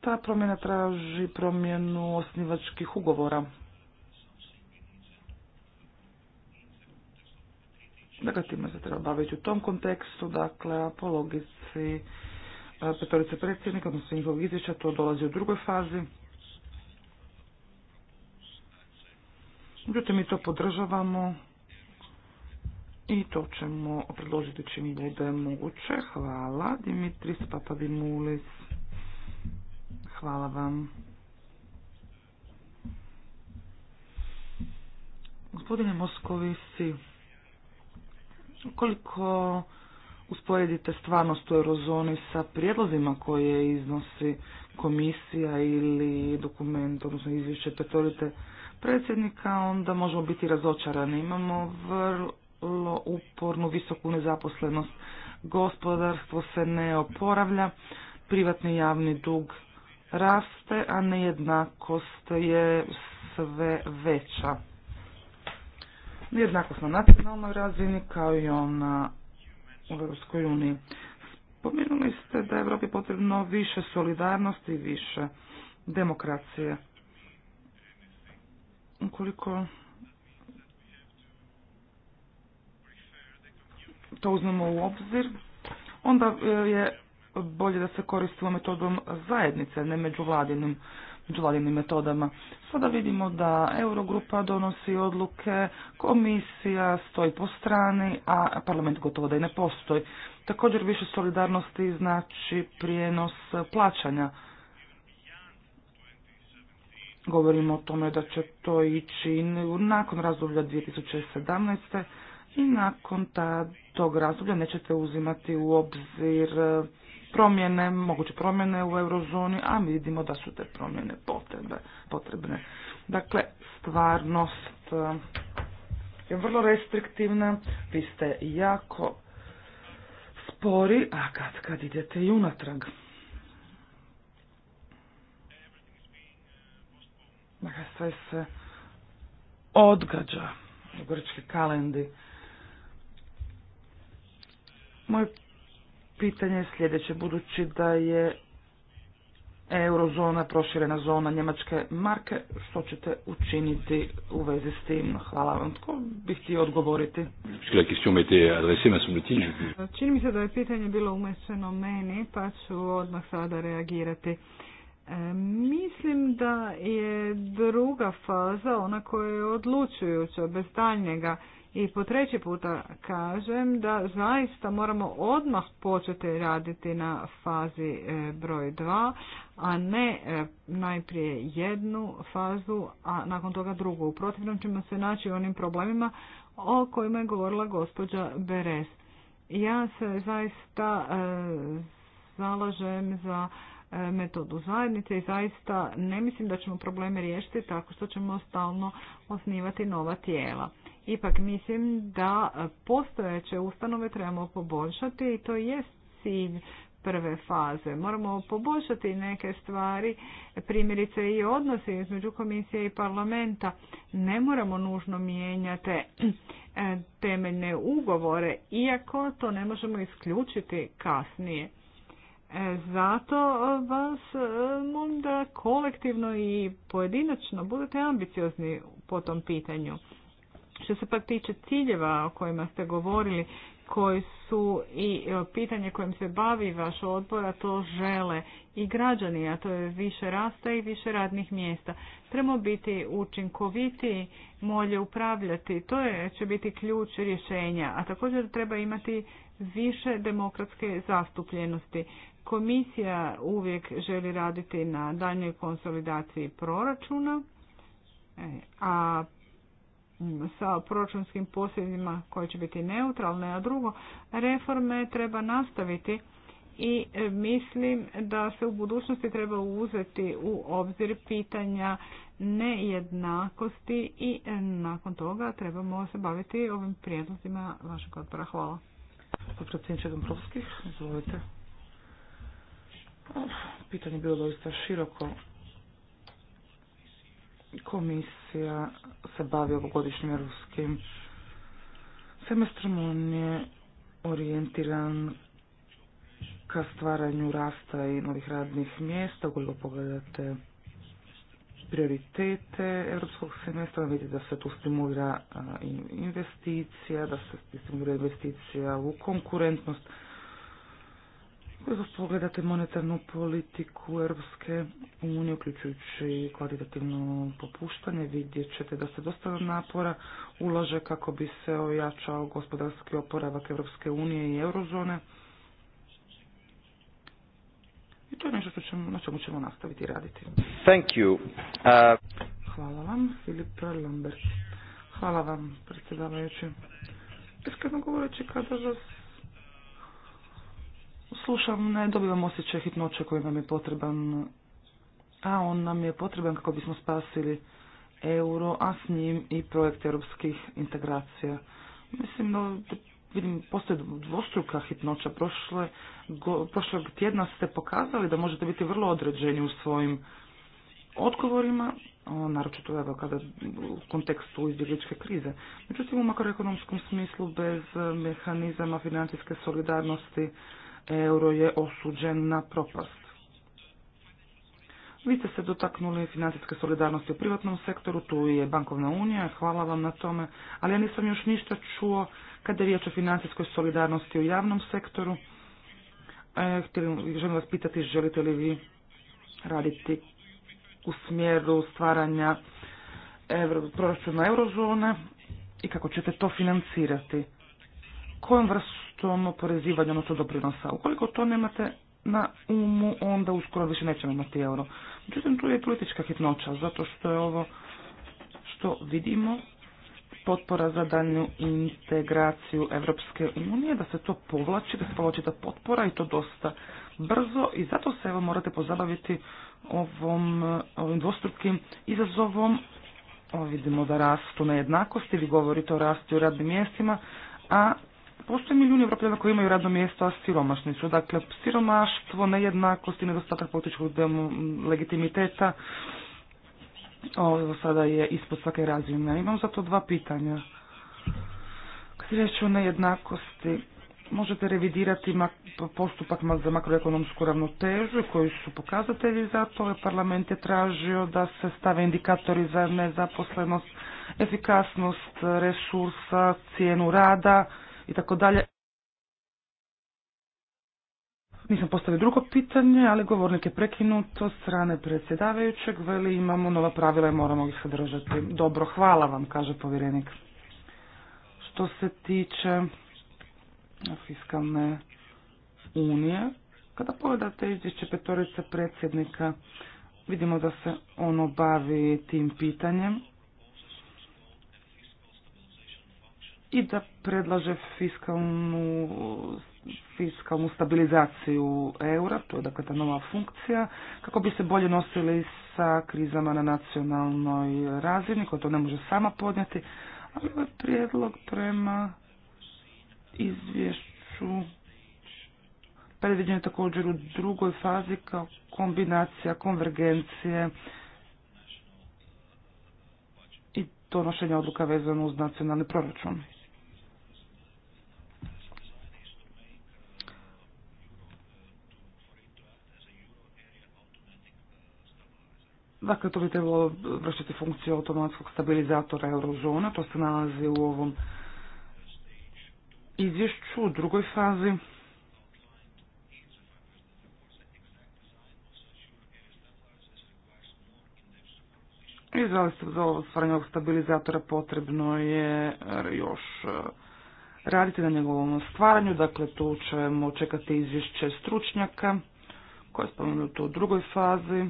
Ta promjena traži promjenu osnivačkih ugovora. Dakle, time se treba baviti u tom kontekstu, dakle, po logici petorice predsjednika, odnosno njihovog izvješća, to dolazi u drugoj fazi. Međutim, mi to podržavamo i to ćemo predložiti čim je moguće. Hvala. Dimitris Papadimulis. Hvala vam. Gospodine Moskovici, koliko usporedite stvarnost u eurozoni sa prijedlozima koje iznosi komisija ili dokument, odnosno izvješće petorite predsjednika, onda možemo biti razočarani. Imamo vrlo upornu, visoku nezaposlenost. Gospodarstvo se ne oporavlja, privatni javni dug raste, a nejednakost je sve veća. Nejednakost na nacionalnoj razini kao i ona u Europskoj uniji. Spomenuli ste da je Europi potrebno više solidarnosti i više demokracije ukoliko to uzmemo u obzir, onda e, je bolje da se koristimo metodom zajednice, ne međuvladinim, međuvladinim metodama. Sada vidimo da Eurogrupa donosi odluke, komisija stoji po strani, a parlament gotovo da i ne postoji. Također više solidarnosti znači prijenos plaćanja Govorimo o tome da će to ići nakon razdoblja 2017. i nakon tog razdoblja nećete uzimati u obzir e, promjene, moguće promjene u eurozoni, a mi vidimo da su te promjene potrebne. Dakle, stvarnost e, je vrlo restriktivna, vi ste jako spori, a kad kad idete i unatrag. Dakle, sve se odgađa u grčki kalendi. Moje pitanje je sljedeće, budući da je eurozona proširena zona njemačke marke, što ćete učiniti u vezi s tim? Hvala vam. Tko bih htio odgovoriti? Čini mi se da je pitanje bilo umešeno meni, pa ću odmah sada reagirati. Mislim da je druga faza ona koja je odlučujuća, bez daljnjega. I po treći puta kažem da zaista moramo odmah početi raditi na fazi e, broj 2, a ne e, najprije jednu fazu, a nakon toga drugu. U protivnom ćemo se naći onim problemima o kojima je govorila gospođa Beres. Ja se zaista e, zalažem za E, metodu zajednice i zaista ne mislim da ćemo probleme riješiti tako što ćemo stalno osnivati nova tijela. Ipak mislim da postojeće ustanove trebamo poboljšati i to jest cilj prve faze. Moramo poboljšati neke stvari, primjerice i odnose između komisije i parlamenta. Ne moramo nužno mijenjati e, temeljne ugovore, iako to ne možemo isključiti kasnije. E, zato e, vas e, molim da kolektivno i pojedinačno budete ambiciozni po tom pitanju. Što se pak tiče ciljeva o kojima ste govorili, koji su i pitanje kojim se bavi vaš odbor, a to žele i građani, a to je više rasta i više radnih mjesta. Trebamo biti učinkoviti, molje upravljati, to je, će biti ključ rješenja, a također treba imati više demokratske zastupljenosti. Komisija uvijek želi raditi na daljnjoj konsolidaciji proračuna, e, a sa proračunskim posljednjima koje će biti neutralne, a drugo, reforme treba nastaviti i e, mislim da se u budućnosti treba uzeti u obzir pitanja nejednakosti i e, nakon toga trebamo se baviti ovim prijedlozima vašeg odbora. Hvala. Pitanje je bilo doista široko. Komisija se bavi ovogodišnjim europskim semestrom. On je orijentiran ka stvaranju rasta i novih radnih mjesta. Ukoliko pogledate prioritete europskog semestra, vidite da se tu stimulira investicija, da se stimulira investicija u konkurentnost, kako pogledate monetarnu politiku Europske unije, uključujući kvalitativno popuštanje, vidjet ćete da se dosta napora ulaže kako bi se ojačao gospodarski oporavak Europske unije i eurozone. I to je nešto što ćemo, na čemu ćemo nastaviti raditi. Thank you. Uh, Hvala vam, Filip Lambert. Hvala vam, predsjedavajući. Iskreno govoreći, kada vas slušam, ne dobivam osjećaj hitnoće koji nam je potreban, a on nam je potreban kako bismo spasili euro, a s njim i projekt europskih integracija. Mislim da vidim, postoje dvostruka hitnoća. Prošle, go, prošlog tjedna ste pokazali da možete biti vrlo određeni u svojim odgovorima, naročito evo kada u kontekstu izbjegličke krize. Međutim, u makroekonomskom smislu bez mehanizama financijske solidarnosti euro je osuđen na propast. Vi ste se dotaknuli financijske solidarnosti u privatnom sektoru, tu je bankovna unija, hvala vam na tome, ali ja nisam još ništa čuo kada je riječ o financijskoj solidarnosti u javnom sektoru. E, želim vas pitati želite li vi raditi u smjeru stvaranja proračuna eurozone i kako ćete to financirati. Kojom vrstu tom oporezivanju, to doprinosa. Ukoliko to nemate na umu, onda uskoro više nećemo imati euro. Međutim, tu je politička hitnoća, zato što je ovo što vidimo potpora za daljnju integraciju Evropske unije, da se to povlači, da se povlači ta potpora i to dosta brzo i zato se evo morate pozabaviti ovom, ovim dvostrukim izazovom. o vidimo da rastu nejednakosti, vi govorite o rastu u radnim mjestima, a Postoje milijuni Evropljana koji imaju radno mjesto, a siromašni su. Dakle, siromaštvo, nejednakost i nedostatak političkog legitimiteta ovo sada je ispod svake razine. Imam zato dva pitanja. Kad je o nejednakosti, možete revidirati postupak za makroekonomsku ravnotežu koji su pokazatelji za to. Ovaj parlament je tražio da se stave indikatori za nezaposlenost, efikasnost resursa, cijenu rada, i tako dalje. Nisam postavio drugo pitanje, ali govornik je prekinuto strane predsjedavajućeg, veli imamo nova pravila i moramo ih sadržati. Dobro, hvala vam, kaže povjerenik. Što se tiče fiskalne unije, kada pogledate izvješće petorice predsjednika, vidimo da se ono bavi tim pitanjem. i da predlaže fiskalnu, fiskalnu stabilizaciju eura, to je dakle ta nova funkcija, kako bi se bolje nosili sa krizama na nacionalnoj razini, koja to ne može sama podnijeti, ali ovaj prijedlog prema izvješću predviđen je također u drugoj fazi kao kombinacija konvergencije i donošenja odluka vezano uz nacionalni proračun. Dakle, to bi trebalo vršiti funkciju automatskog stabilizatora eurozona, to se nalazi u ovom izvješću u drugoj fazi. I za stvaranje ovog stabilizatora potrebno je još e, raditi na njegovom stvaranju, dakle tu ćemo čekati izvješće stručnjaka koje je spomenuto u drugoj fazi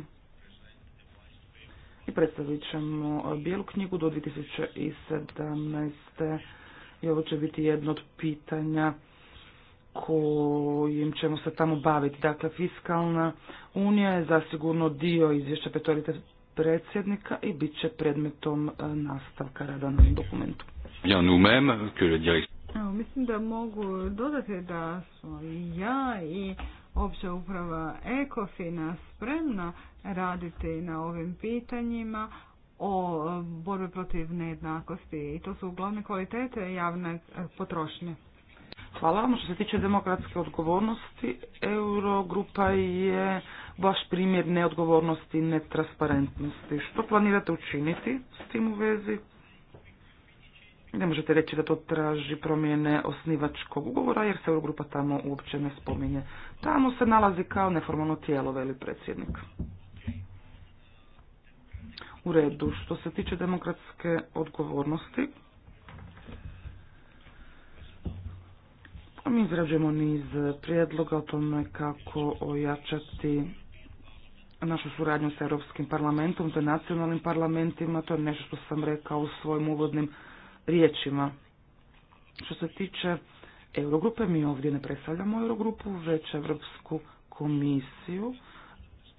i predstavit ćemo e, bijelu knjigu do 2017. I ovo će biti jedno od pitanja kojim ćemo se tamo baviti. Dakle, fiskalna unija je zasigurno dio izvješća petorite predsjednika i bit će predmetom e, nastavka rada na dokumentu. Ja mislim da mogu dodati da smo i ja i opća uprava Ekofina spremna raditi na ovim pitanjima o e, borbi protiv nejednakosti i to su uglavne kvalitete javne e, potrošnje. Hvala vam. Ono što se tiče demokratske odgovornosti, Eurogrupa je vaš primjer neodgovornosti i netransparentnosti. Što planirate učiniti s tim u vezi? Ne možete reći da to traži promjene osnivačkog ugovora jer se Eurogrupa tamo uopće ne spominje. Tamo se nalazi kao neformalno tijelo, veli predsjednik. U redu, što se tiče demokratske odgovornosti, pa mi izrađujemo niz prijedloga o tome kako ojačati našu suradnju sa Europskim parlamentom, za nacionalnim parlamentima, to je nešto što sam rekao u svojim uvodnim riječima. Što se tiče Eurogrupe, mi ovdje ne predstavljamo Eurogrupu, već Europsku komisiju,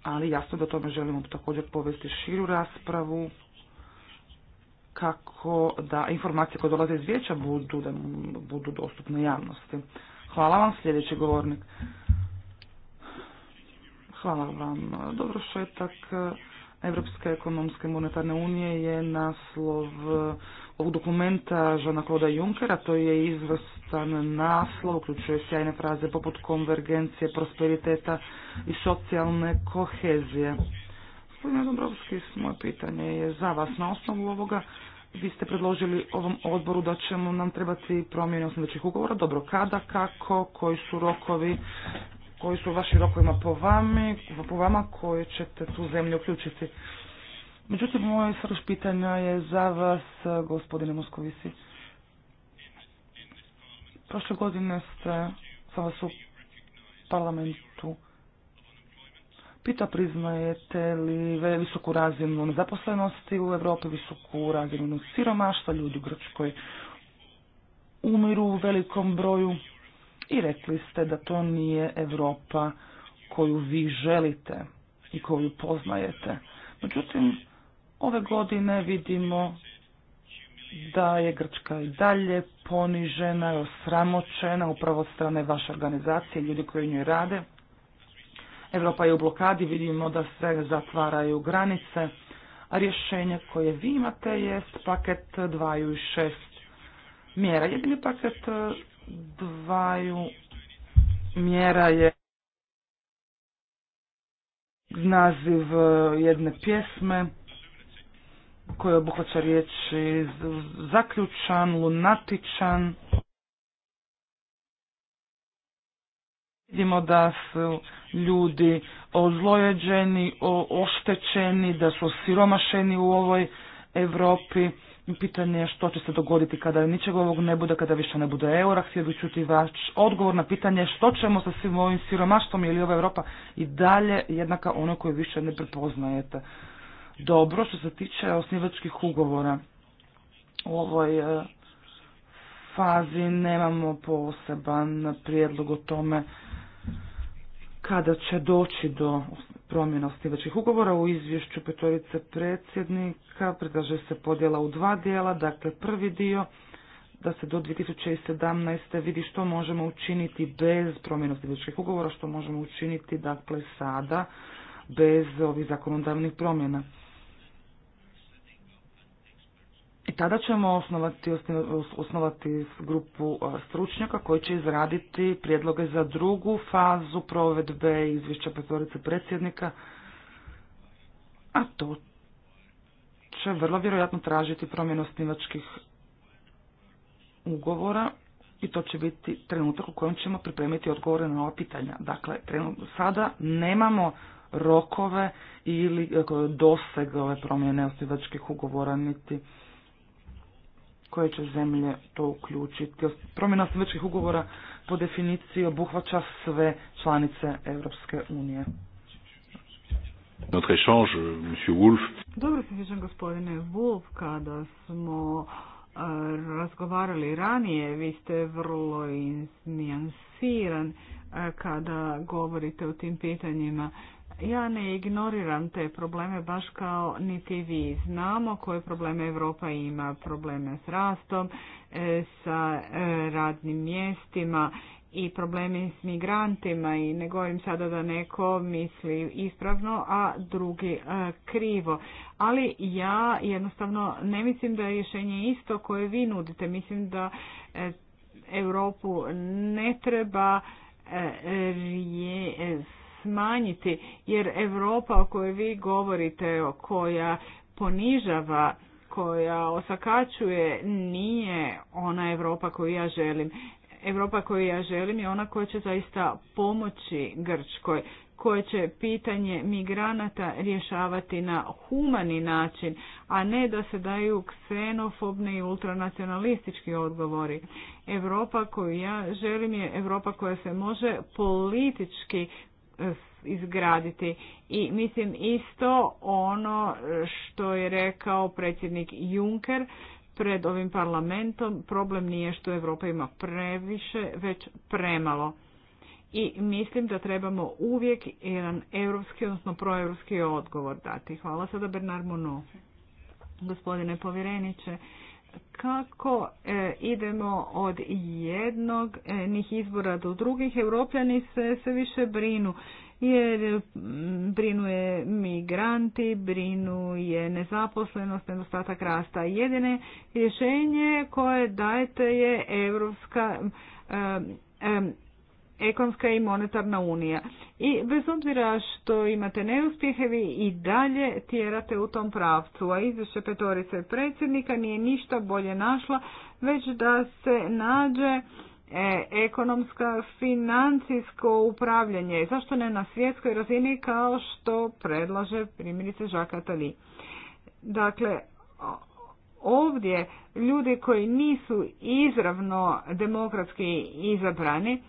ali jasno da tome želimo također povesti širu raspravu, kako da informacije koje dolaze iz vijeća budu, da budu dostupne javnosti. Hvala vam, sljedeći govornik. Hvala vam. Dobro šetak Evropske ekonomske monetarne unije je naslov ovog dokumenta Žana Kloda Junkera, to je izvrstan naslov, uključuje sjajne fraze poput konvergencije, prosperiteta i socijalne kohezije. Gospodine Dobrovski, moje pitanje je za vas. Na osnovu ovoga vi ste predložili ovom odboru da ćemo nam trebati promjene osnovnih ugovora. Dobro, kada, kako, koji su rokovi, koji su vaši rokovima po, vami, po vama, koje ćete tu zemlju uključiti. Međutim, moje srž pitanja je za vas, eh, gospodine Moskovici. Prošle godine ste, sa vas u parlamentu pita priznajete li visoku razinu nezaposlenosti u Europi, visoku razinu siromaštva, ljudi u Grčkoj umiru u velikom broju i rekli ste da to nije Europa koju vi želite i koju poznajete. Međutim, Ove godine vidimo da je Grčka i dalje ponižena osramočena, osramoćena upravo od strane vaše organizacije, ljudi koji u njoj rade. Evropa je u blokadi, vidimo da se zatvaraju granice, a rješenje koje vi imate je paket 2 i šest mjera. Jedini paket 2 mjera je naziv jedne pjesme, koje obuhvaća riječi zaključan, lunatičan. Vidimo da su ljudi ozlojeđeni, oštećeni, da su siromašeni u ovoj Europi. Pitanje je što će se dogoditi kada ničeg ovog ne bude, kada više ne bude eura. Htio bih čuti vaš odgovor na pitanje što ćemo sa svim ovim siromaštvom, ili ova Europa i dalje jednaka ono koju više ne prepoznajete dobro što se tiče osnivačkih ugovora. U ovoj e, fazi nemamo poseban prijedlog o tome kada će doći do promjena osnivačkih ugovora. U izvješću petorice predsjednika predlaže se podjela u dva dijela, dakle prvi dio da se do 2017. vidi što možemo učiniti bez promjena osnivačkih ugovora, što možemo učiniti dakle sada bez ovih zakonodavnih promjena. I tada ćemo osnovati, osnovati grupu e, stručnjaka koji će izraditi prijedloge za drugu fazu provedbe izvješća petorice predsjednika, a to će vrlo vjerojatno tražiti promjenu osnivačkih ugovora i to će biti trenutak u kojem ćemo pripremiti odgovore na ova pitanja. Dakle, sada nemamo rokove ili e, doseg ove promjene osnivačkih ugovora niti koje će zemlje to uključiti. Promjena većih ugovora po definiciji obuhvaća sve članice Europske unije. Notre échange, monsieur Wolf. Dobro se sjećam gospodine Wolf, kada smo eh, razgovarali ranije, vi ste vrlo nijansiran eh, kada govorite o tim pitanjima. Ja ne ignoriram te probleme baš kao niti vi. Znamo koje probleme Europa ima, probleme s rastom, e, sa e, radnim mjestima i problemi s migrantima i ne govorim sada da neko misli ispravno, a drugi e, krivo. Ali ja jednostavno ne mislim da je rješenje isto koje vi nudite. Mislim da Europu ne treba smanjiti jer Europa o kojoj vi govorite, o koja ponižava, koja osakačuje nije ona Europa koju ja želim. Europa koju ja želim je ona koja će zaista pomoći Grčkoj, koja će pitanje migranata rješavati na humani način, a ne da se daju ksenofobni i ultranacionalistički odgovori. Europa koju ja želim je Europa koja se može politički izgraditi. I mislim isto ono što je rekao predsjednik Juncker pred ovim parlamentom, problem nije što Europa ima previše, već premalo. I mislim da trebamo uvijek jedan europski, odnosno proevropski odgovor dati. Hvala sada Bernard Monod. Gospodine povjereniče, kako e, idemo od jednog e, njih izbora do drugih, europljani se sve više brinu jer brinuje migranti, brinu je nezaposlenost, nedostatak rasta. Jedine rješenje koje dajete je Europska ekonska i monetarna unija. I bez obzira što imate neuspjehe, vi i dalje tjerate u tom pravcu, a izvješće petorice predsjednika nije ništa bolje našla, već da se nađe e, ekonomska financijsko upravljanje. Zašto ne na svjetskoj razini kao što predlaže primjerice Žaka Tali. Dakle, ovdje ljudi koji nisu izravno demokratski izabrani,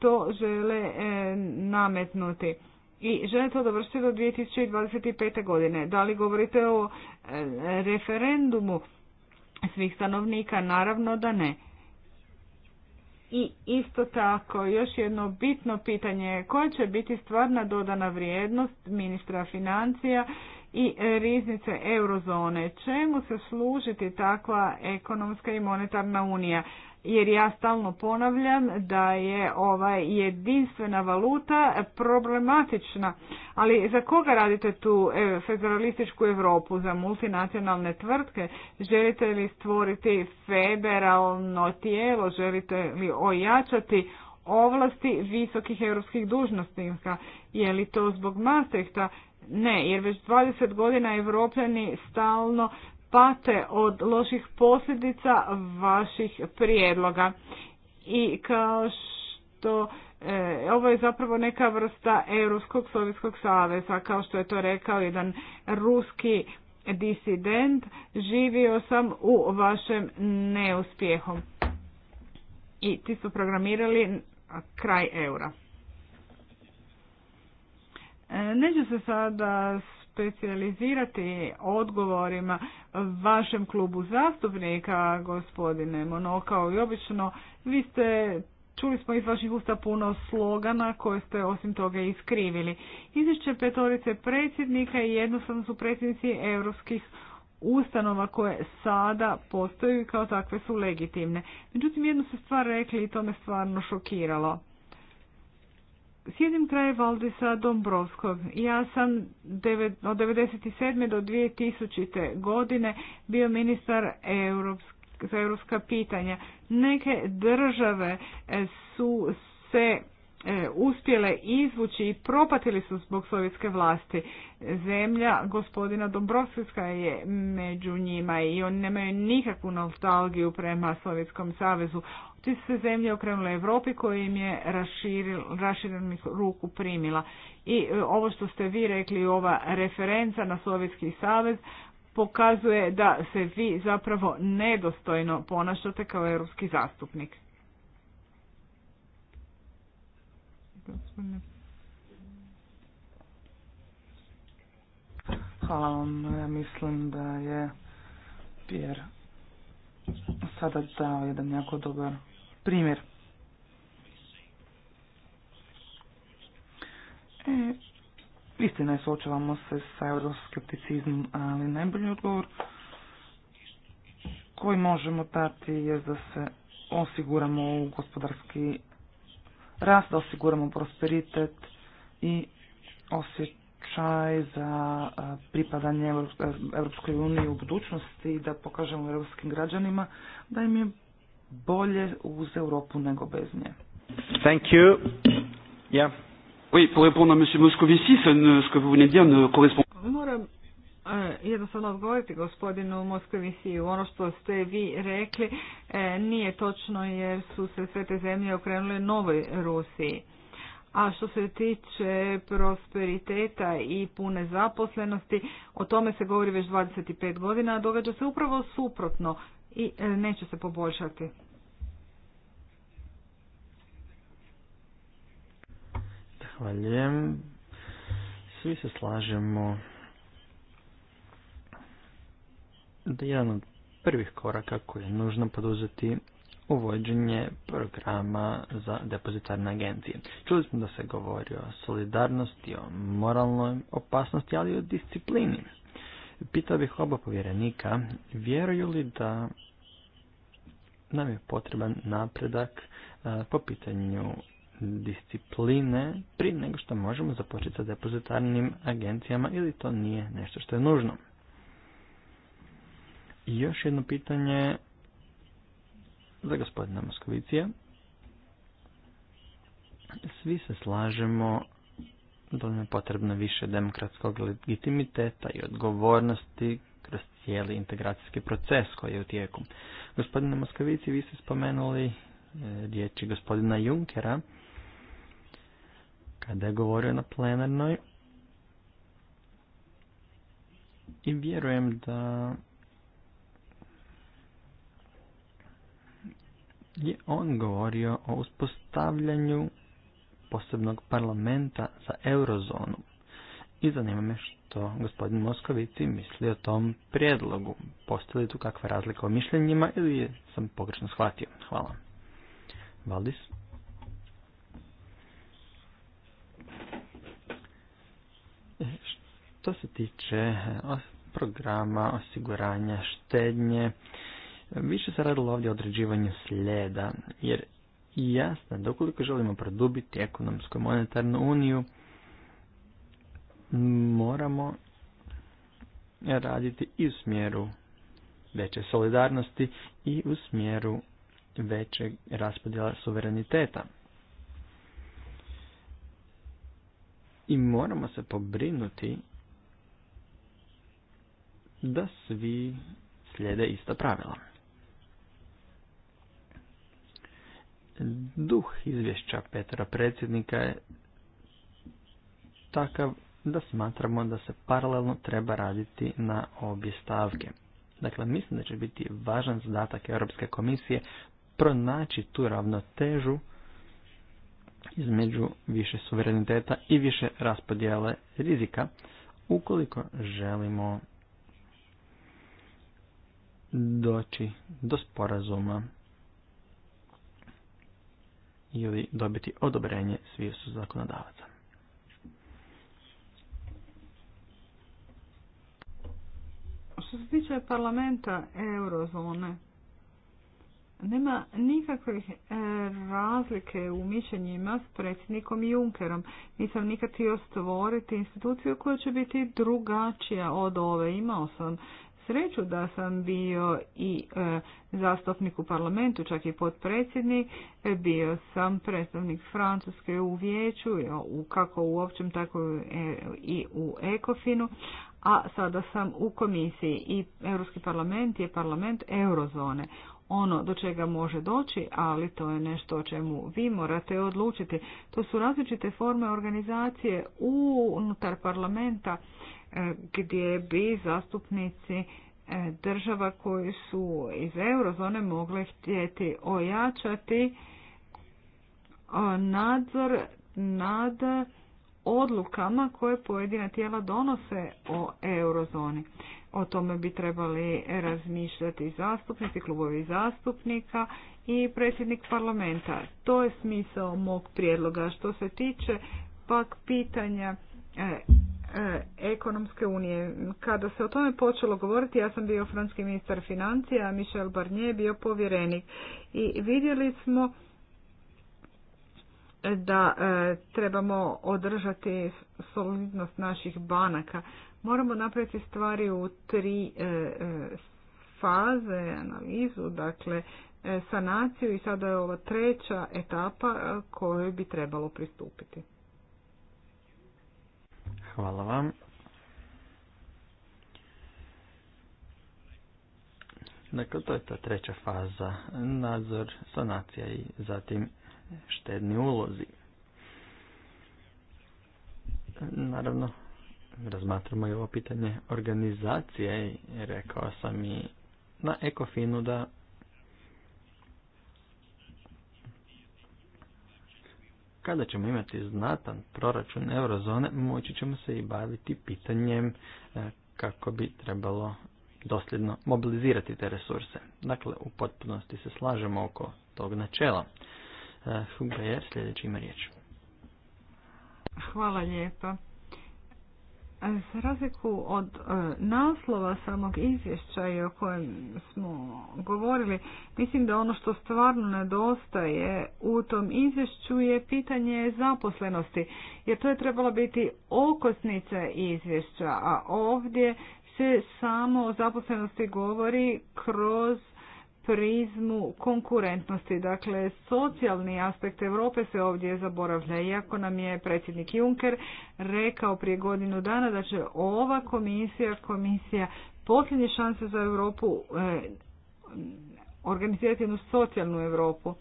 to žele e, nametnuti i žele to dovršiti do 2025. godine. Da li govorite o e, referendumu svih stanovnika? Naravno da ne. I isto tako, još jedno bitno pitanje koja će biti stvarna dodana vrijednost ministra financija i riznice eurozone. Čemu se služiti takva ekonomska i monetarna unija? jer ja stalno ponavljam da je ova jedinstvena valuta problematična. Ali za koga radite tu e, federalističku Europu? Za multinacionalne tvrtke? Želite li stvoriti federalno tijelo? Želite li ojačati ovlasti visokih europskih dužnostnika? Je li to zbog Maastrichta? Ne, jer već 20 godina evropljani stalno pate od loših posljedica vaših prijedloga. I kao što e, ovo je zapravo neka vrsta Europskog sovjetskog saveza, kao što je to rekao jedan ruski disident, živio sam u vašem neuspjehom. I ti su programirali kraj eura. E, neću se sada specijalizirati odgovorima vašem klubu zastupnika, gospodine Monokao i obično. Vi ste, čuli smo iz vaših usta puno slogana koje ste osim toga iskrivili. Izvješće petorice predsjednika i jednostavno su predsjednici europskih ustanova koje sada postoju i kao takve su legitimne. Međutim, jednu se stvar rekli i to me stvarno šokiralo. Sjedim kraj Valdisa Dombrovskog. Ja sam od 1997. do 2000. godine bio ministar za europska pitanja. Neke države e, su se E, uspjele izvući i propatili su zbog sovjetske vlasti. Zemlja gospodina Dombrovska je među njima i oni nemaju nikakvu nostalgiju prema Sovjetskom savezu. Ti su se zemlje okrenule Europi koja im je raširenu ruku primila. I e, ovo što ste vi rekli, ova referenca na Sovjetski savez, pokazuje da se vi zapravo nedostojno ponašate kao europski zastupnik. Hvala vam. Ja mislim da je Pierre sada dao jedan jako dobar primjer. E, istina je, suočavamo se sa euroskepticizmom, ali najbolji odgovor koji možemo dati je da se osiguramo u gospodarski rast, da osiguramo prosperitet i osjećaj za pripadanje Europskoj uniji u budućnosti i da pokažemo europskim građanima da im je bolje uz Europu nego bez nje. Thank you. Yeah. Oui, pour répondre à monsieur Moscovici, ce, ce que vous venez de dire ne correspond Moram jednostavno odgovoriti gospodinu u Ono što ste vi rekli e, nije točno jer su se sve te zemlje okrenule novoj Rusiji. A što se tiče prosperiteta i pune zaposlenosti, o tome se govori već 25 godina, a događa se upravo suprotno i e, neće se poboljšati. Hvala. Svi se slažemo da jedan od prvih koraka koje je nužno poduzeti uvođenje programa za depozitarne agencije. Čuli smo da se govori o solidarnosti, o moralnoj opasnosti, ali i o disciplini. Pitao bih oba povjerenika, vjeruju li da nam je potreban napredak e, po pitanju discipline prije nego što možemo započeti sa depozitarnim agencijama ili to nije nešto što je nužno još jedno pitanje za gospodina Moskovicija. Svi se slažemo da nam je potrebno više demokratskog legitimiteta i odgovornosti kroz cijeli integracijski proces koji je u tijeku. Gospodine Moskovici, vi ste spomenuli e, riječi gospodina Junkera kada je govorio na plenarnoj i vjerujem da je on govorio o uspostavljanju posebnog parlamenta za eurozonu. I zanima me što gospodin Moskovici misli o tom prijedlogu. Postoji li tu kakva razlika o mišljenjima ili sam pogrešno shvatio? Hvala. Valdis? E, što se tiče e, programa osiguranja štednje, Više se radilo ovdje o određivanju slijeda, jer jasno, dokoliko želimo produbiti ekonomsku monetarnu uniju, moramo raditi i u smjeru veće solidarnosti i u smjeru većeg raspodjela suvereniteta. I moramo se pobrinuti da svi slijede ista pravila. Duh izvješća Petra predsjednika je takav da smatramo da se paralelno treba raditi na obje stavke. Dakle, mislim da će biti važan zadatak Europske komisije pronaći tu ravnotežu između više suvereniteta i više raspodjele rizika, ukoliko želimo doći do sporazuma ili dobiti odobrenje svih su zakonodavaca. Što se tiče parlamenta eurozone, nema nikakvih e, razlike u mišljenjima s predsjednikom Junkerom. Nisam nikad htio stvoriti instituciju koja će biti drugačija od ove. Imao sam sreću da sam bio i e, zastupnik u parlamentu, čak i potpredsjednik, e, bio sam predstavnik Francuske u vijeću, e, kako u općem, tako i u Ekofinu, a sada sam u komisiji i Europski parlament je parlament eurozone. Ono do čega može doći, ali to je nešto o čemu vi morate odlučiti. To su različite forme organizacije unutar parlamenta gdje bi zastupnici e, država koji su iz eurozone mogli htjeti ojačati e, nadzor nad odlukama koje pojedina tijela donose o eurozoni. O tome bi trebali razmišljati zastupnici, klubovi zastupnika i predsjednik parlamenta. To je smisao mog prijedloga. Što se tiče pak pitanja e, E, ekonomske unije. Kada se o tome počelo govoriti, ja sam bio franski ministar financija, a Michel Barnier je bio povjerenik. I vidjeli smo da e, trebamo održati solidnost naših banaka. Moramo napraviti stvari u tri e, e faze, analizu, dakle sanaciju i sada je ova treća etapa kojoj bi trebalo pristupiti. Hvala vam. Dakle, to je ta treća faza, nadzor, sanacija i zatim štedni ulozi. Naravno, razmatramo i ovo pitanje organizacije rekao sam i na ekofinu da Kada ćemo imati znatan proračun eurozone, moći ćemo se i baviti pitanjem e, kako bi trebalo dosljedno mobilizirati te resurse. Dakle, u potpunosti se slažemo oko tog načela. je sljedeći ima riječ. Hvala lijepa. E, za razliku od e, naslova samog izvješća i o kojem smo govorili, mislim da ono što stvarno nedostaje u tom izvješću je pitanje zaposlenosti, jer to je trebalo biti okosnica izvješća, a ovdje se samo o zaposlenosti govori kroz prizmu konkurentnosti. Dakle, socijalni aspekt Europe se ovdje zaboravlja. Iako nam je predsjednik Juncker rekao prije godinu dana da će ova komisija, komisija posljednje šanse za Europu, eh, organizirati jednu socijalnu Europu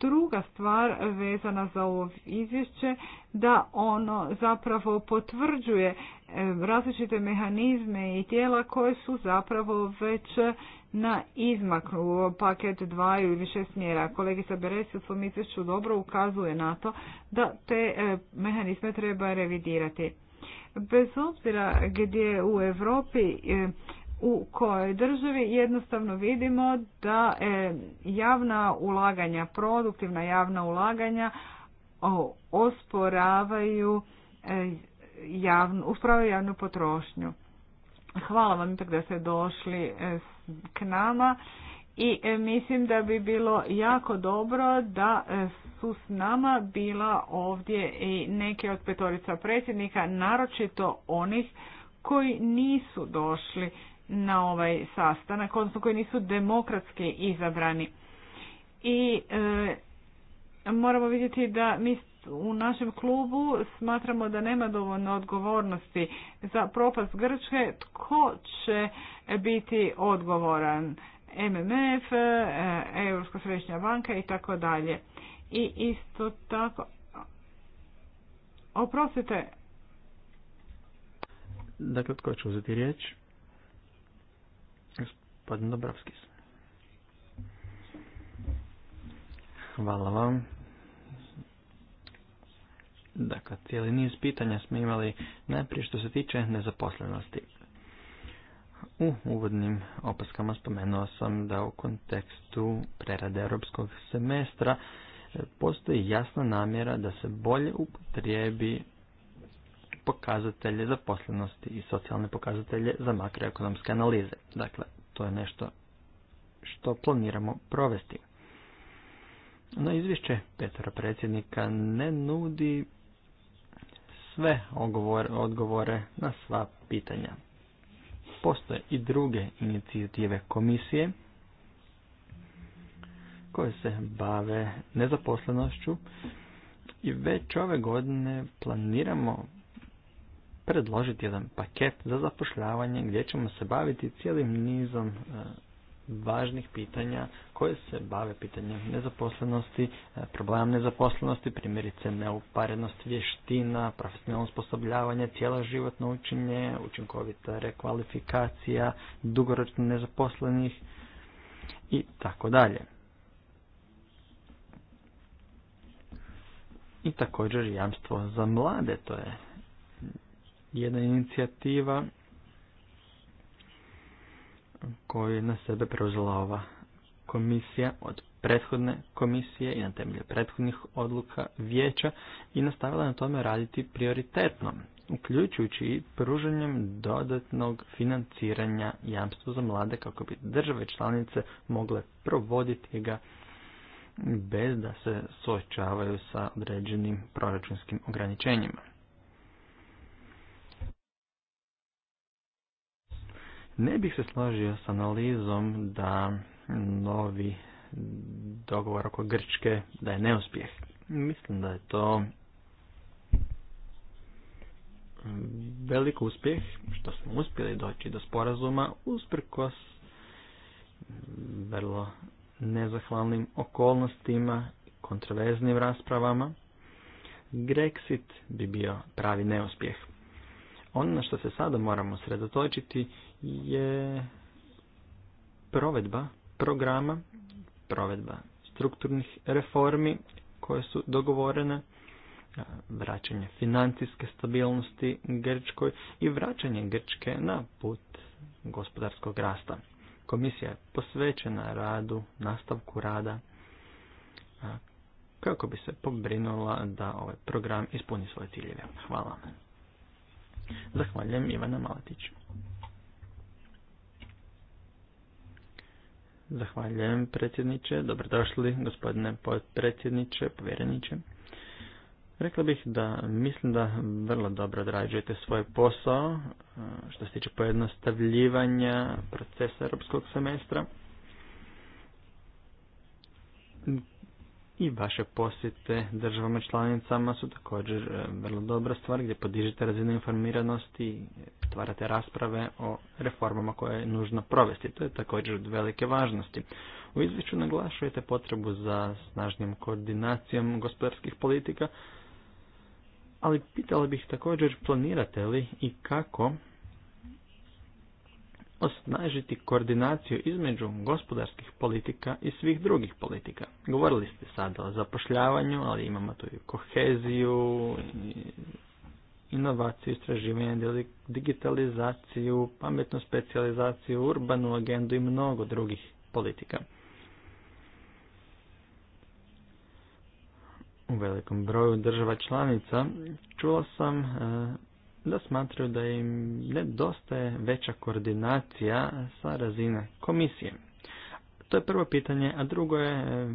druga stvar vezana za ovo izvješće da ono zapravo potvrđuje e, različite mehanizme i tijela koje su zapravo već na izmaknu u paket dvaju ili šest mjera. Kolegica Beres u svom izvješću dobro ukazuje na to da te e, mehanizme treba revidirati. Bez obzira gdje u Europi e, u kojoj državi jednostavno vidimo da e, javna ulaganja, produktivna javna ulaganja osporavaju e, javnu, uspravaju javnu potrošnju. Hvala vam ipak da ste došli e, k nama i mislim da bi bilo jako dobro da su s nama bila ovdje i neke od petorica predsjednika, naročito onih koji nisu došli na ovaj sastanak, odnosno koji nisu demokratski izabrani. I e, moramo vidjeti da mi u našem klubu smatramo da nema dovoljno odgovornosti za propast Grčke. Tko će biti odgovoran? MMF, e, Europska središnja banka i tako dalje. I isto tako... Oprostite. Dakle, tko će uzeti riječ? gospodin Dobrovski. Hvala vam. Dakle, cijeli niz pitanja smo imali najprije što se tiče nezaposlenosti. U uvodnim opaskama spomenuo sam da u kontekstu prerade europskog semestra e, postoji jasna namjera da se bolje upotrijebi pokazatelje zaposlenosti i socijalne pokazatelje za makroekonomske analize. Dakle, to je nešto što planiramo provesti. No izvješće Petra predsjednika ne nudi sve odgovore na sva pitanja. Postoje i druge inicijative komisije koje se bave nezaposlenošću i već ove godine planiramo predložiti jedan paket za zapošljavanje gdje ćemo se baviti cijelim nizom e, važnih pitanja koje se bave pitanjem nezaposlenosti, e, problem nezaposlenosti, primjerice neuparenost vještina, profesionalno osposobljavanje, cijela životno učenje, učinkovita rekvalifikacija, dugoročno nezaposlenih i tako dalje. I također jamstvo za mlade, to je jedna inicijativa koju je na sebe preuzela ova komisija od prethodne komisije i na temelju prethodnih odluka vijeća i nastavila na tome raditi prioritetno, uključujući i pruženjem dodatnog financiranja jamstva za mlade kako bi države članice mogle provoditi ga bez da se suočavaju sa određenim proračunskim ograničenjima. Ne bih se složio s analizom da novi dogovor oko Grčke da je neuspjeh. Mislim da je to velik uspjeh što smo uspjeli doći do sporazuma usprkos vrlo nezahvalnim okolnostima, i kontroverznim raspravama. Grexit bi bio pravi neuspjeh. Ono na što se sada moramo sredotočiti je provedba programa, provedba strukturnih reformi koje su dogovorene, vraćanje financijske stabilnosti Grčkoj i vraćanje Grčke na put gospodarskog rasta. Komisija je posvećena radu, nastavku rada, kako bi se pobrinula da ovaj program ispuni svoje ciljeve. Hvala. vam. Zahvaljujem Ivana Malatiću. Zahvaljujem predsjedniče, dobrodošli gospodine predsjedniče, povjereniče. Rekla bih da mislim da vrlo dobro odrađujete svoj posao e, što se tiče pojednostavljivanja procesa europskog semestra i vaše posjete državama članicama su također e, vrlo dobra stvar gdje podižete razinu informiranosti i stvarate rasprave o reformama koje je nužno provesti. To je također od velike važnosti. U izvješću naglašujete potrebu za snažnijom koordinacijom gospodarskih politika, ali pitala bih također planirate li i kako osnažiti koordinaciju između gospodarskih politika i svih drugih politika. Govorili ste sada o zapošljavanju, ali imamo tu i koheziju, inovaciju, istraživanje, digitalizaciju, pametnu specijalizaciju, urbanu agendu i mnogo drugih politika. U velikom broju država članica čuo sam e, da smatraju da im nedostaje veća koordinacija sa razine komisije. To je prvo pitanje, a drugo je e,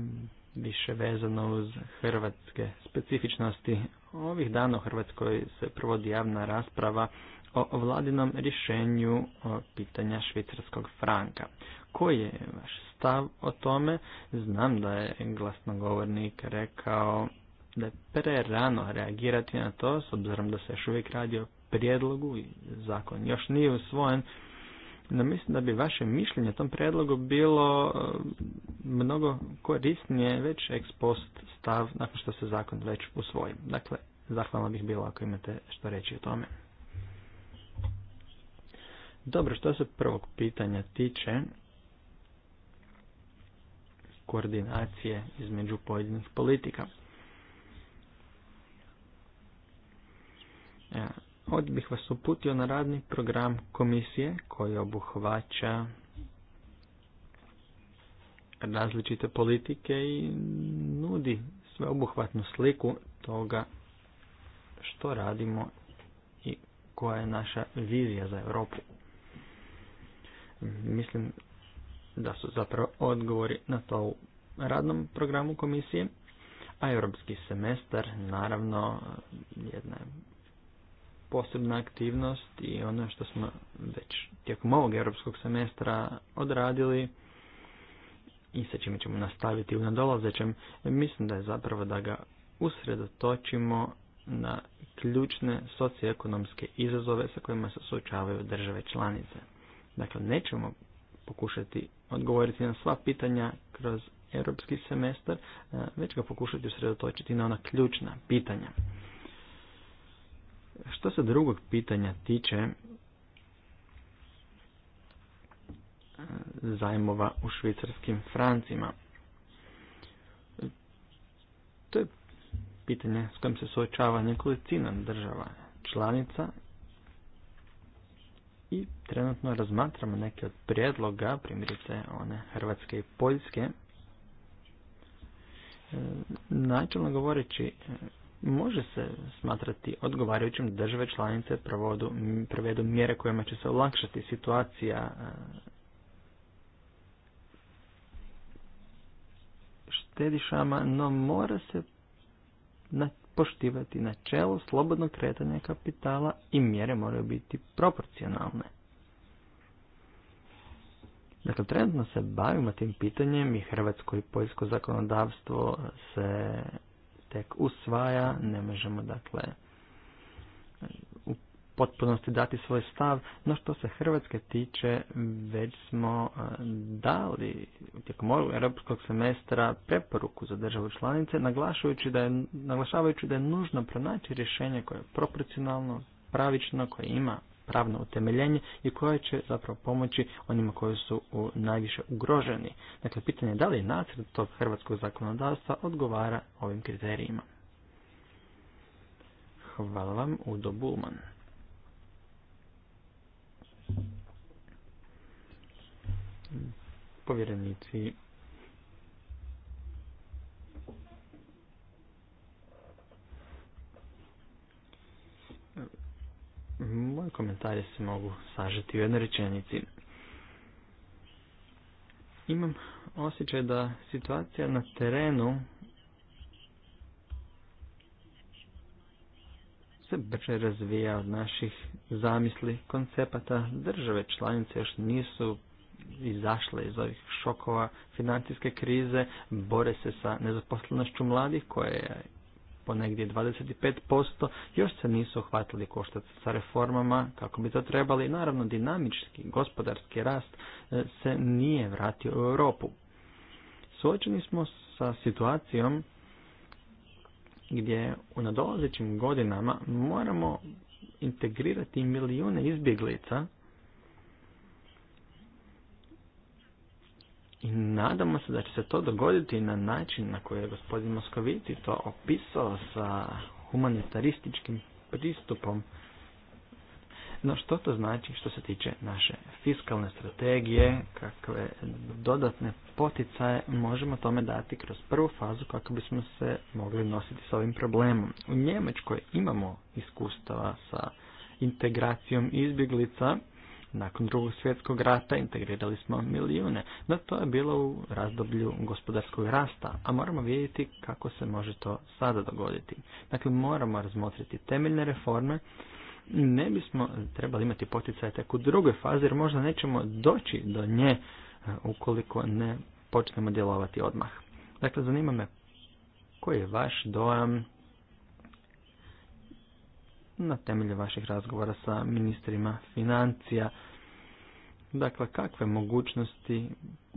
više vezano uz hrvatske specifičnosti. Ovih dana u Hrvatskoj se provodi javna rasprava o vladinom rješenju pitanja švicarskog franka. Koji je vaš stav o tome? Znam da je glasnogovornik rekao da je prerano reagirati na to, s obzirom da se još uvijek radi o prijedlogu, zakon još nije usvojen, no mislim da bi vaše mišljenje o tom prijedlogu bilo e, mnogo korisnije već ex post stav nakon što se zakon već usvoji. Dakle, zahvalno bih bilo ako imate što reći o tome. Dobro, što se prvog pitanja tiče koordinacije između pojedinih politika. Ja Ovdje bih vas uputio na radni program komisije koji obuhvaća različite politike i nudi sveobuhvatnu sliku toga što radimo i koja je naša vizija za Europu. Mislim da su zapravo odgovori na to u radnom programu komisije, a europski semestar naravno jedna posebna aktivnost i ono što smo već tijekom ovog europskog semestra odradili i sa čime ćemo nastaviti u nadolazećem, e, mislim da je zapravo da ga usredotočimo na ključne socioekonomske izazove sa kojima se suočavaju države članice. Dakle, nećemo pokušati odgovoriti na sva pitanja kroz europski semestar, e, već ga pokušati usredotočiti na ona ključna pitanja. Što se drugog pitanja tiče e, zajmova u švicarskim francima. To je pitanje s kojim se suočava nekolicina država članica i trenutno razmatramo neke od prijedloga, primjerice one Hrvatske i Poljske. E, načelno govoreći, e, može se smatrati odgovarajućim države članice provodu, provedu mjere kojima će se olakšati situacija štedišama, no mora se poštivati načelo slobodnog kretanja kapitala i mjere moraju biti proporcionalne. Dakle, trenutno se bavimo tim pitanjem i hrvatsko i poljsko zakonodavstvo se tek usvaja, ne možemo dakle u potpunosti dati svoj stav, no što se Hrvatske tiče, već smo e, dali tijekom ovog europskog semestra preporuku za državu članice, da je, naglašavajući da je nužno pronaći rješenje koje je proporcionalno, pravično, koje ima pravno utemeljenje i koje će zapravo pomoći onima koji su u najviše ugroženi. Dakle, pitanje je da li nacrt tog hrvatskog zakonodavstva odgovara ovim kriterijima. Hvala vam, Udo Bulman. Povjerenici komentari se mogu sažeti u jednoj rečenici. Imam osjećaj da situacija na terenu se brže razvija od naših zamisli, koncepata. Države članice još nisu izašle iz ovih šokova financijske krize, bore se sa nezaposlenošću mladih koja je ponegdje 25%, još se nisu ohvatili koštac sa reformama kako bi to trebali. Naravno, dinamički gospodarski rast e, se nije vratio u Europu. Suočeni smo sa situacijom gdje u nadolazećim godinama moramo integrirati milijune izbjeglica I nadamo se da će se to dogoditi na način na koji je gospodin Moskovici to opisao sa humanitarističkim pristupom. No što to znači što se tiče naše fiskalne strategije, kakve dodatne poticaje možemo tome dati kroz prvu fazu kako bismo se mogli nositi s ovim problemom. U Njemačkoj imamo iskustava sa integracijom izbjeglica nakon drugog svjetskog rata integrirali smo milijune, no to je bilo u razdoblju gospodarskog rasta, a moramo vidjeti kako se može to sada dogoditi. Dakle, moramo razmotriti temeljne reforme, ne bismo trebali imati poticaj tek u drugoj fazi, jer možda nećemo doći do nje e, ukoliko ne počnemo djelovati odmah. Dakle, zanima me koji je vaš dojam na temelju vaših razgovora sa ministrima financija Dakle, kakve mogućnosti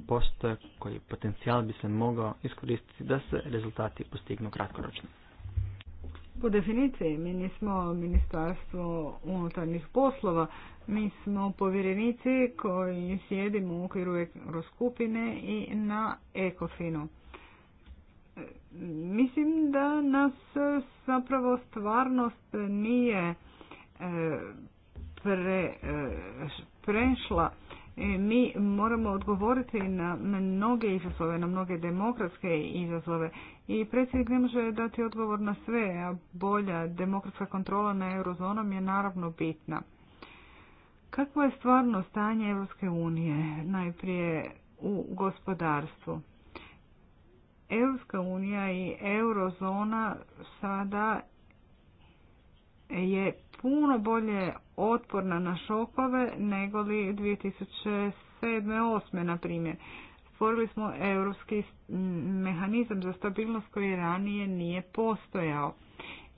postoje koji potencijal bi se mogao iskoristiti da se rezultati postignu kratkoročno? Po definiciji, mi nismo ministarstvo unutarnjih poslova, mi smo povjerenici koji sjedimo u okviru skupine i na ekofinu. Mislim da nas zapravo stvarnost nije e, E, prešla, e, mi moramo odgovoriti na mnoge izazove, na mnoge demokratske izazove i predsjednik ne može dati odgovor na sve, a bolja demokratska kontrola na eurozonom je naravno bitna. Kakvo je stvarno stanje Europske unije najprije u gospodarstvu? Europska unija i eurozona sada je puno bolje otporna na šokove nego li 2007. 8. na primjer. Stvorili smo europski mehanizam za stabilnost koji ranije nije postojao.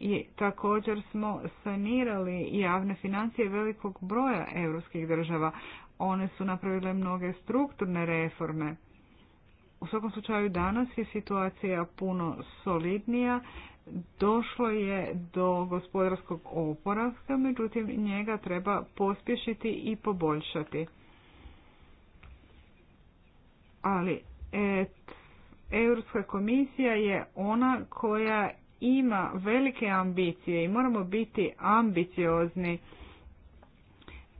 I također smo sanirali javne financije velikog broja europskih država. One su napravile mnoge strukturne reforme. U svakom slučaju danas je situacija puno solidnija došlo je do gospodarskog oporavka, međutim njega treba pospješiti i poboljšati. Ali Europska komisija je ona koja ima velike ambicije i moramo biti ambiciozni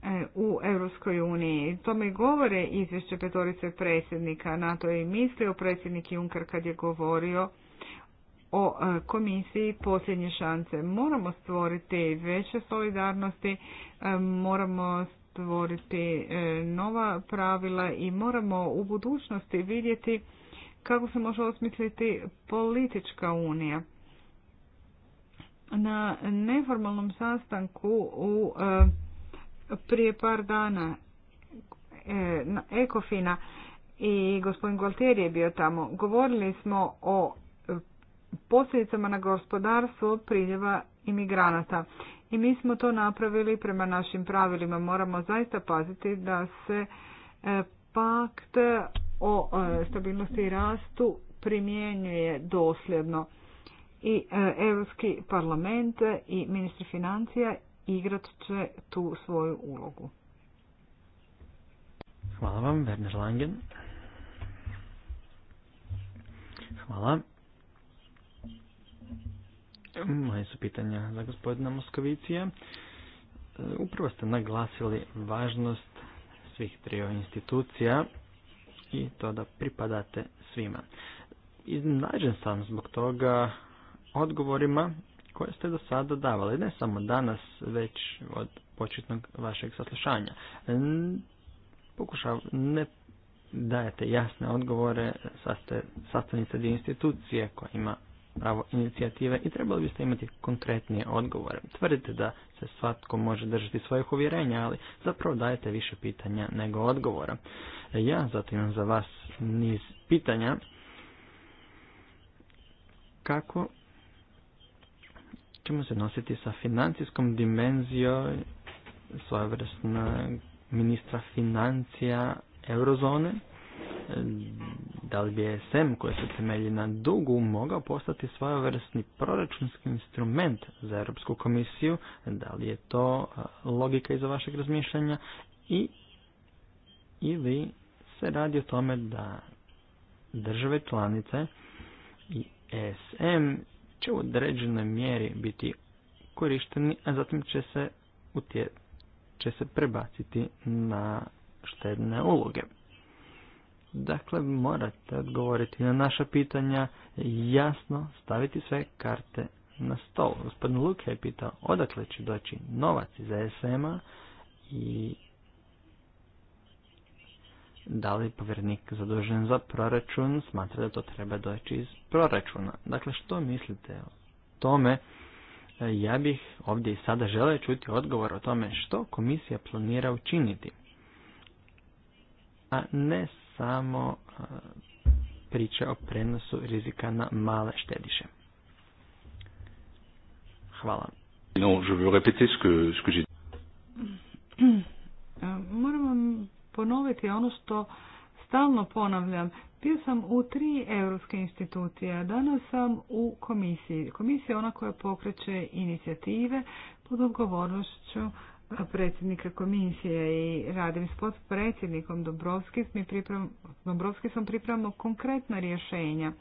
e, u Europskoj uniji. Tome govore izvješće petorice predsjednika NATO i mislio predsjednik Juncker kad je govorio o e, komisiji posljednje šance. Moramo stvoriti veće solidarnosti, e, moramo stvoriti e, nova pravila i moramo u budućnosti vidjeti kako se može osmisliti politička unija. Na neformalnom sastanku u prije par dana Ekofina i gospodin Gualtieri je bio tamo. Govorili smo o posljedicama na gospodarstvo priljeva imigranata. I mi smo to napravili prema našim pravilima. Moramo zaista paziti da se e, pakt o e, stabilnosti i rastu primjenjuje dosljedno. I e, Europski parlament i ministri financija igrat će tu svoju ulogu. Hvala vam, Werner Langen. Hvala. Moje su pitanja za gospodina Moskovicija. E, upravo ste naglasili važnost svih trio institucija i to da pripadate svima. Iznenađen sam zbog toga odgovorima koje ste do sada davali, ne samo danas, već od početnog vašeg saslušanja. Pokušav, ne dajete jasne odgovore, sastavnice dvije institucije koja ima pravo inicijative i trebali biste imati konkretnije odgovore. Tvrdite da se svatko može držati svojih uvjerenja, ali zapravo dajete više pitanja nego odgovora. E, ja zato imam za vas niz pitanja kako ćemo se nositi sa financijskom dimenzijom svojevrsna ministra financija eurozone e, da li bi ESM koji se temelji na dugu mogao postati svojevrsni proračunski instrument za Europsku komisiju, da li je to logika iza vašeg razmišljanja i ili se radi o tome da države članice i sm će u određenoj mjeri biti korišteni, a zatim će se, će se prebaciti na štedne uloge. Dakle, morate odgovoriti na naša pitanja, jasno staviti sve karte na stol. Gospodin Luke je pitao odakle će doći novac iz ESM-a i da li povjernik zadužen za proračun smatra da to treba doći iz proračuna. Dakle, što mislite o tome? Ja bih ovdje i sada želeo čuti odgovor o tome što komisija planira učiniti. A ne samo e, priča o prenosu rizika na male štediše. Hvala. No, je veux ce que, j'ai Moram vam ponoviti ono što stalno ponavljam. Bio sam u tri europske institucije, a danas sam u komisiji. Komisija je ona koja pokreće inicijative pod odgovornošću predsjednika komisije i radim s predsjednikom Dobrovski sam dobrovski pripremamo konkretna rješenja.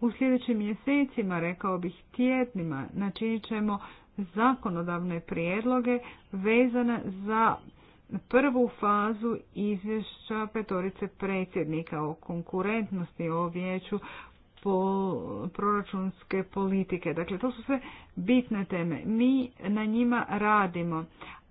U sljedećim mjesecima, rekao bih tjednima, načinit ćemo zakonodavne prijedloge vezane za prvu fazu izvješća petorice predsjednika o konkurentnosti o vijeću po proračunske politike. Dakle, to su sve bitne teme. Mi na njima radimo,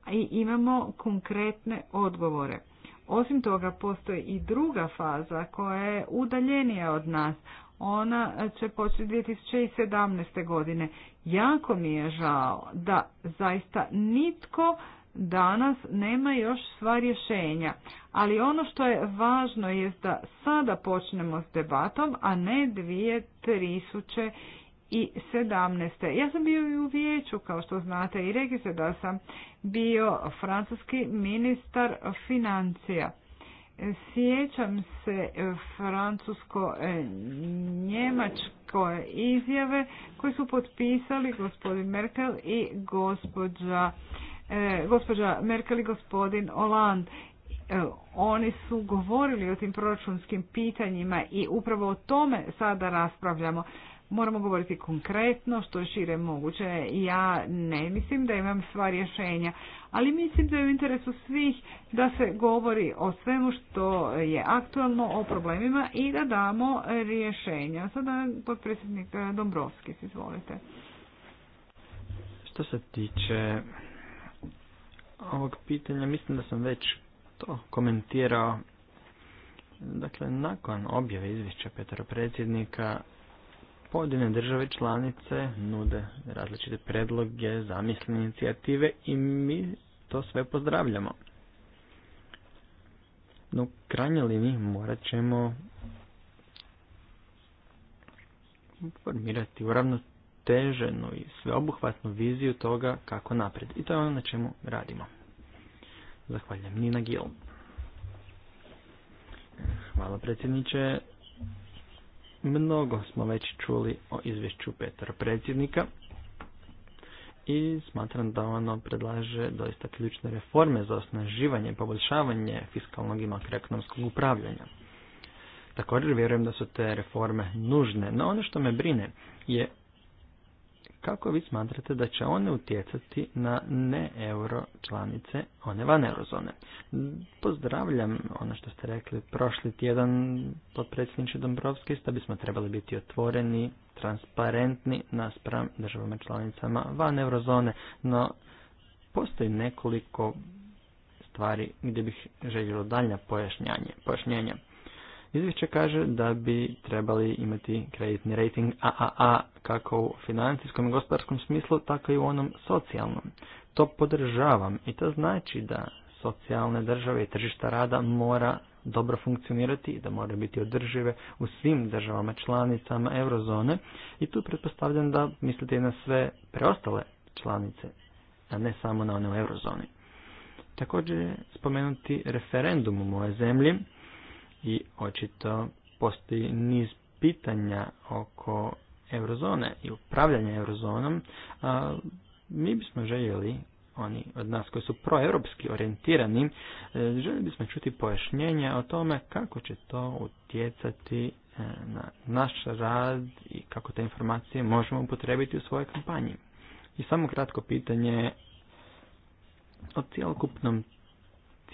i imamo konkretne odgovore. Osim toga postoji i druga faza koja je udaljenija od nas. Ona će početi 2017. godine. Jako mi je žao da zaista nitko danas nema još sva rješenja. Ali ono što je važno je da sada počnemo s debatom, a ne 2000 2017. Ja sam bio i u vijeću, kao što znate, i regi se da sam bio francuski ministar financija. Sjećam se francusko njemačko izjave koje su potpisali gospodin Merkel i gospođa, e, gospođa Merkel i gospodin Hollande e, oni su govorili o tim proračunskim pitanjima i upravo o tome sada raspravljamo. Moramo govoriti konkretno što je šire moguće. Ja ne mislim da imam sva rješenja, ali mislim da je u interesu svih da se govori o svemu što je aktualno, o problemima i da damo rješenja. Sada potpredsjednik Dombrovski, izvolite. Što se tiče ovog pitanja, mislim da sam već to komentirao. Dakle, nakon objave izvješća Petra predsjednika, Pojedine države članice nude različite predloge, zamislene inicijative i mi to sve pozdravljamo. No u krajnjoj liniji morat ćemo formirati uravnoteženu i sveobuhvatnu viziju toga kako napred. I to je ono na čemu radimo. Zahvaljujem Nina Gil. Hvala predsjedniče. Mnogo smo već čuli o izvješću Petra predsjednika i smatram da ono predlaže doista ključne reforme za osnaživanje i poboljšavanje fiskalnog i makroekonomskog upravljanja. Također vjerujem da su te reforme nužne, no ono što me brine je kako vi smatrate da će one utjecati na ne euro članice, one van eurozone. Pozdravljam ono što ste rekli prošli tjedan potpredsjedniče Dombrovski, da bismo trebali biti otvoreni, transparentni naspram državama članicama van eurozone, no postoji nekoliko stvari gdje bih željelo daljnja pojašnjanje, pojašnjenja. Izvješće kaže da bi trebali imati kreditni rating AAA kako u financijskom i gospodarskom smislu, tako i u onom socijalnom. To podržavam i to znači da socijalne države i tržišta rada mora dobro funkcionirati i da mora biti održive u svim državama članicama eurozone i tu pretpostavljam da mislite i na sve preostale članice, a ne samo na one u eurozoni. Također spomenuti referendum u moje zemlji i očito postoji niz pitanja oko eurozone i upravljanja eurozonom, mi bismo željeli, oni od nas koji su proeuropski orijentirani, e, željeli bismo čuti pojašnjenja o tome kako će to utjecati e, na naš rad i kako te informacije možemo upotrebiti u svojoj kampanji. I samo kratko pitanje o cijelokupnom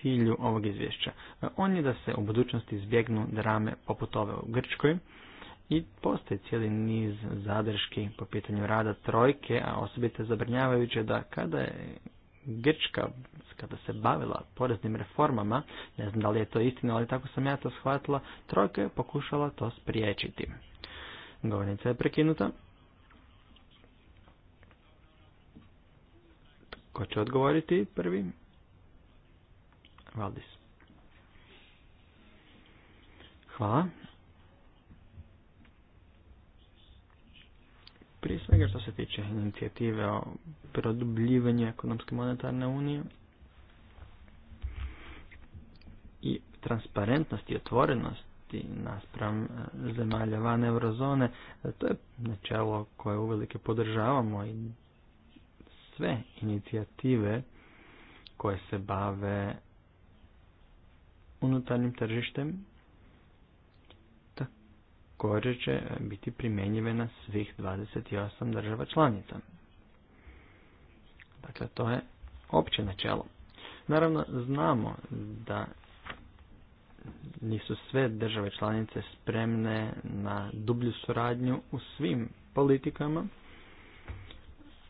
cilju ovog izvješća. On je da se u budućnosti izbjegnu drame poput ove u Grčkoj i postoji cijeli niz zadrški po pitanju rada trojke, a osobito zabrinjavajuće da kada je Grčka, kada se bavila poreznim reformama, ne znam da li je to istina, ali tako sam ja to shvatila, trojka je pokušala to spriječiti. Govornica je prekinuta. Ko će odgovoriti prvi? Valdis. Hvala. Prije svega što se tiče inicijative o produbljivanju ekonomske monetarne unije i transparentnosti i otvorenosti naspram e, zemalja van eurozone, e, to je načelo koje uvelike podržavamo i sve inicijative koje se bave unutarnjim tržištem također će biti primjenjive na svih 28 država članica. Dakle, to je opće načelo. Naravno, znamo da nisu sve države članice spremne na dublju suradnju u svim politikama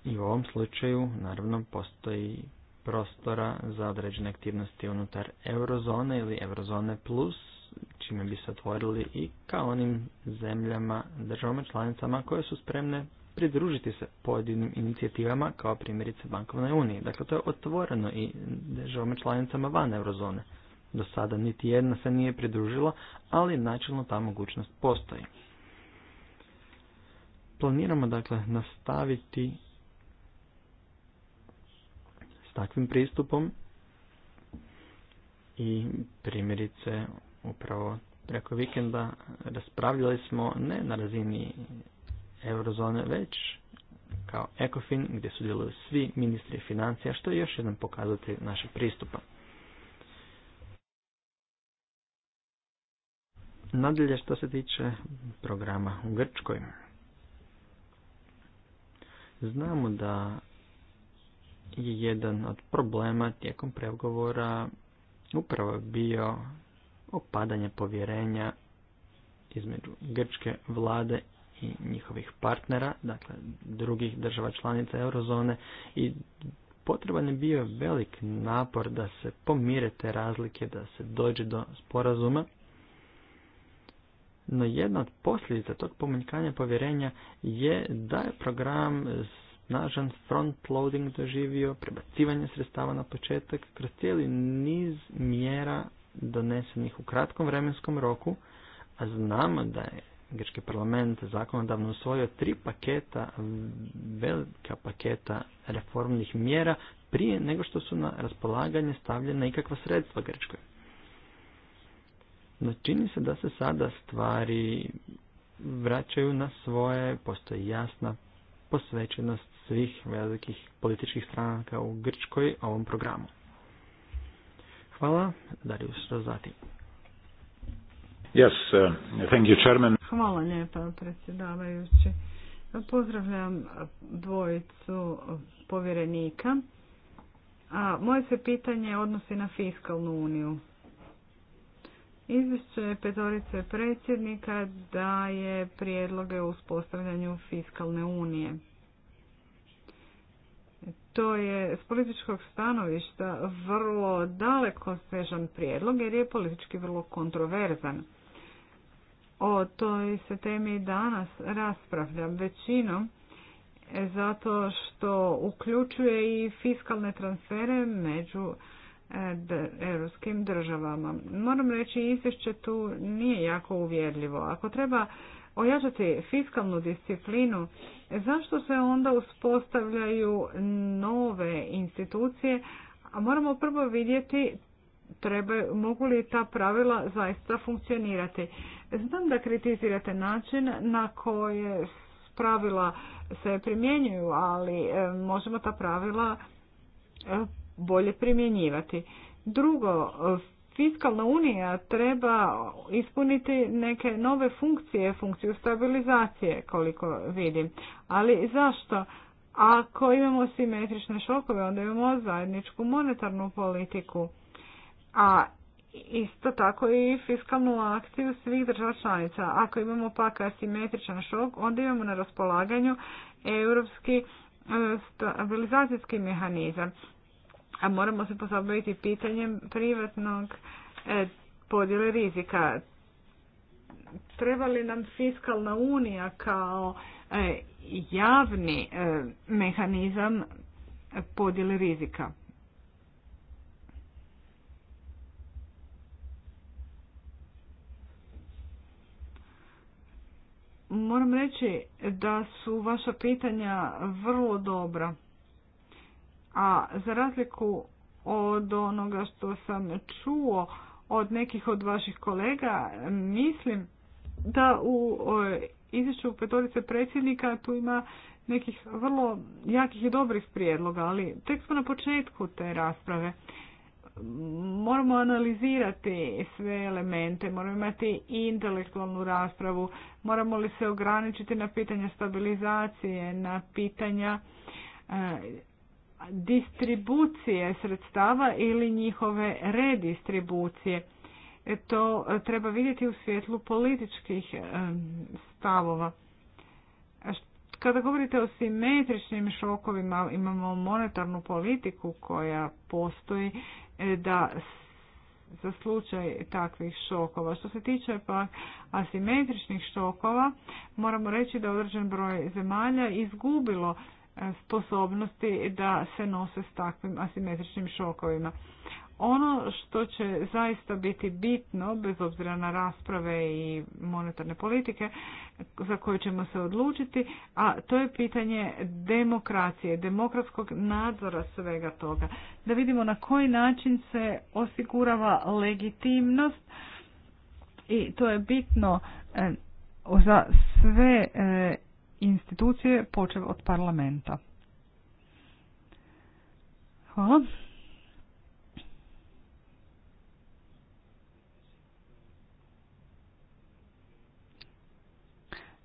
i u ovom slučaju naravno postoji prostora za određene aktivnosti unutar eurozone ili eurozone plus, čime bi se otvorili i ka onim zemljama, državama članicama koje su spremne pridružiti se pojedinim inicijativama kao primjerice Bankovne uniji. Dakle, to je otvoreno i državama članicama van eurozone. Do sada niti jedna se nije pridružila, ali načelno ta mogućnost postoji. Planiramo dakle nastaviti takvim pristupom i primjerice upravo preko vikenda raspravljali smo ne na razini eurozone već kao ECOFIN gdje sudjeluju svi ministri financija što je još jedan pokazatelj našeg pristupa. Nadalje što se tiče programa u Grčkoj. Znamo da je jedan od problema tijekom pregovora upravo bio opadanje povjerenja između grčke vlade i njihovih partnera, dakle drugih država članica eurozone i potreban je bio velik napor da se pomire te razlike, da se dođe do sporazuma. No jedna od posljedica tog pomanjkanja povjerenja je da je program snažan front-loading doživio, prebacivanje sredstava na početak, kroz cijeli niz mjera donesenih u kratkom vremenskom roku, a znamo da je Grčki parlament zakonodavno usvojio tri paketa, velika paketa reformnih mjera prije nego što su na raspolaganje stavljena ikakva sredstva Grčkoj. No čini se da se sada stvari vraćaju na svoje, postoji jasna posvećenost svih velikih političkih stranaka u Grčkoj ovom programu. Hvala, Darius Rozati. Yes, uh, thank you, chairman. Hvala lijepa, predsjedavajući. Pozdravljam dvojicu povjerenika. A, moje se pitanje odnosi na fiskalnu uniju. Izvješće petorice predsjednika daje prijedloge o uspostavljanju fiskalne unije. To je s političkog stanovišta vrlo daleko sežan prijedlog jer je politički vrlo kontroverzan. O toj se temi danas raspravljam većinom e, zato što uključuje i fiskalne transfere među e, europskim državama. Moram reći, izvješće tu nije jako uvjerljivo. Ako treba ojačati fiskalnu disciplinu, zašto se onda uspostavljaju nove institucije, a moramo prvo vidjeti treba, mogu li ta pravila zaista funkcionirati. Znam da kritizirate način na koje pravila se primjenjuju, ali e, možemo ta pravila e, bolje primjenjivati. Drugo, fiskalna unija treba ispuniti neke nove funkcije, funkciju stabilizacije koliko vidim. Ali zašto? Ako imamo simetrične šokove, onda imamo zajedničku monetarnu politiku. A isto tako i fiskalnu akciju svih država članica. Ako imamo pak asimetričan šok, onda imamo na raspolaganju europski e, stabilizacijski mehanizam a moramo se pozabaviti pitanjem privatnog e, podjele rizika. Treba li nam fiskalna unija kao e, javni e, mehanizam podjele rizika? Moram reći da su vaša pitanja vrlo dobra. A za razliku od onoga što sam čuo od nekih od vaših kolega, mislim da u izvješću petorice predsjednika tu ima nekih vrlo jakih i dobrih prijedloga, ali tek smo na početku te rasprave. Moramo analizirati sve elemente, moramo imati intelektualnu raspravu, moramo li se ograničiti na pitanja stabilizacije, na pitanja e, distribucije sredstava ili njihove redistribucije. E, to e, treba vidjeti u svjetlu političkih e, stavova. Kada govorite o simetričnim šokovima, imamo monetarnu politiku koja postoji da za slučaj takvih šokova. Što se tiče pa asimetričnih šokova, moramo reći da određen broj zemalja izgubilo sposobnosti da se nose s takvim asimetričnim šokovima. Ono što će zaista biti bitno, bez obzira na rasprave i monetarne politike za koje ćemo se odlučiti, a to je pitanje demokracije, demokratskog nadzora svega toga. Da vidimo na koji način se osigurava legitimnost i to je bitno e, za sve e, institucije, počev od parlamenta. Hvala.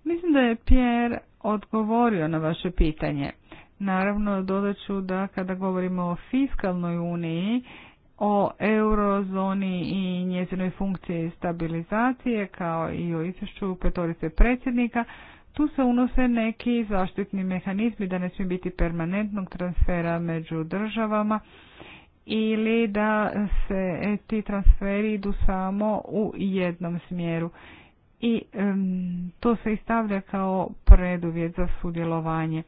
Mislim da je Pierre odgovorio na vaše pitanje. Naravno, dodaću da kada govorimo o fiskalnoj uniji, o eurozoni i njezinoj funkciji stabilizacije, kao i o izvješću petorice predsjednika, tu se unose neki zaštitni mehanizmi da ne smije biti permanentnog transfera među državama ili da se ti transferi idu samo u jednom smjeru. I to se istavlja kao preduvjet za sudjelovanje.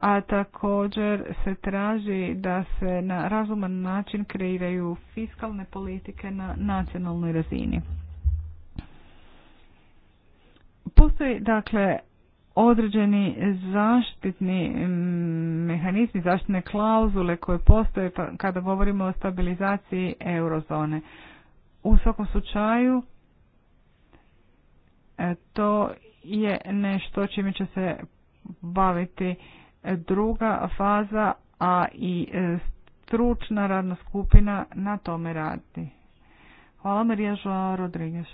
A također se traži da se na razuman način kreiraju fiskalne politike na nacionalnoj razini. Postoji dakle određeni zaštitni mm, mehanizmi, zaštitne klauzule koje postoje pa kada govorimo o stabilizaciji eurozone. U svakom slučaju e, to je nešto čime će se baviti druga faza, a i e, stručna radna skupina na tome radi. Hvala Marija Joao Rodriguez.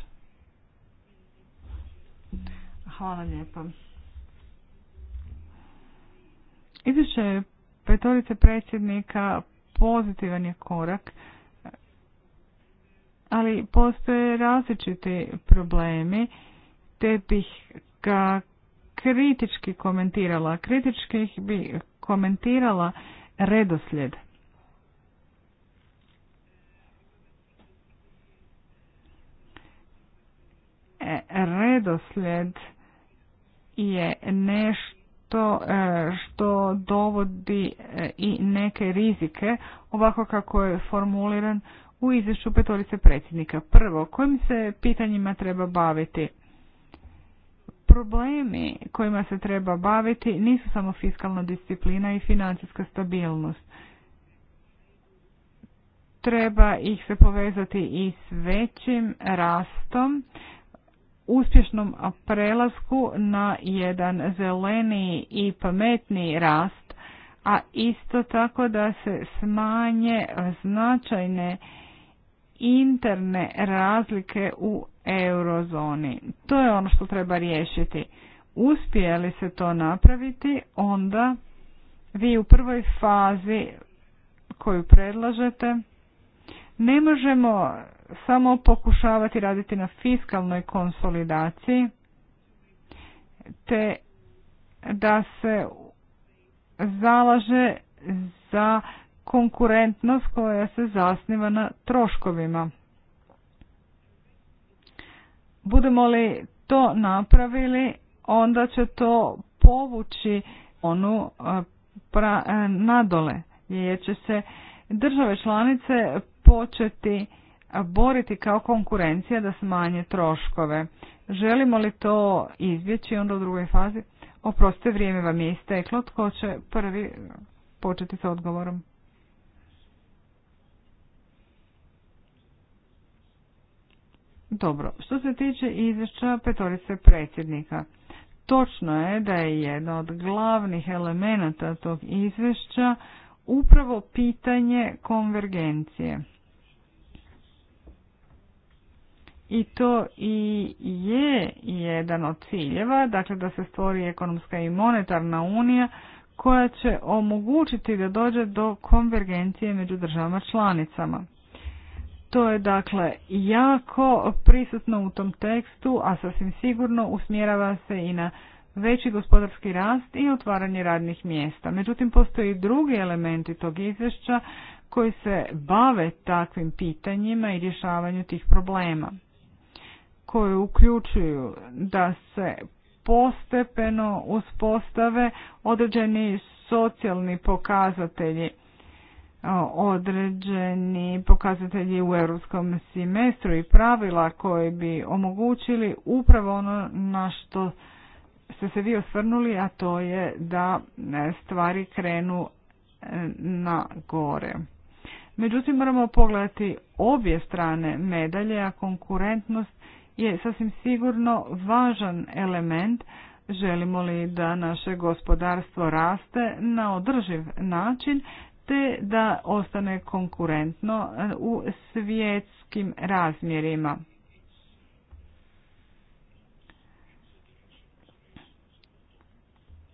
Hvala lijepa. Izvješće petorice predsjednika pozitivan je korak, ali postoje različiti problemi, te bih ga kritički komentirala. Kritički bi komentirala redoslijed. E, redoslijed je nešto E, što dovodi e, i neke rizike, ovako kako je formuliran u izvješću petorice predsjednika. Prvo, kojim se pitanjima treba baviti? Problemi kojima se treba baviti nisu samo fiskalna disciplina i financijska stabilnost. Treba ih se povezati i s većim rastom uspješnom prelasku na jedan zeleni i pametni rast, a isto tako da se smanje značajne interne razlike u eurozoni. To je ono što treba riješiti. Uspije li se to napraviti, onda vi u prvoj fazi koju predlažete ne možemo samo pokušavati raditi na fiskalnoj konsolidaciji te da se zalaže za konkurentnost koja se zasniva na troškovima. Budemo li to napravili, onda će to povući onu pra, nadole, jer će se države članice početi boriti kao konkurencija da smanje troškove. Želimo li to izbjeći onda u drugoj fazi? Oprostite, vrijeme vam je isteklo. Tko će prvi početi sa odgovorom? Dobro, što se tiče izvješća petorice predsjednika, točno je da je jedna od glavnih elemenata tog izvješća upravo pitanje konvergencije. i to i je jedan od ciljeva, dakle da se stvori ekonomska i monetarna unija koja će omogućiti da dođe do konvergencije među državama članicama. To je dakle jako prisutno u tom tekstu, a sasvim sigurno usmjerava se i na veći gospodarski rast i otvaranje radnih mjesta. Međutim, postoji i drugi elementi tog izvješća koji se bave takvim pitanjima i rješavanju tih problema koje uključuju da se postepeno uspostave određeni socijalni pokazatelji određeni pokazatelji u europskom semestru i pravila koji bi omogućili upravo ono na što ste se vi osvrnuli, a to je da e, stvari krenu e, na gore. Međutim, moramo pogledati obje strane medalje, a konkurentnost je sasvim sigurno važan element želimo li da naše gospodarstvo raste na održiv način te da ostane konkurentno e, u svjetskim razmjerima.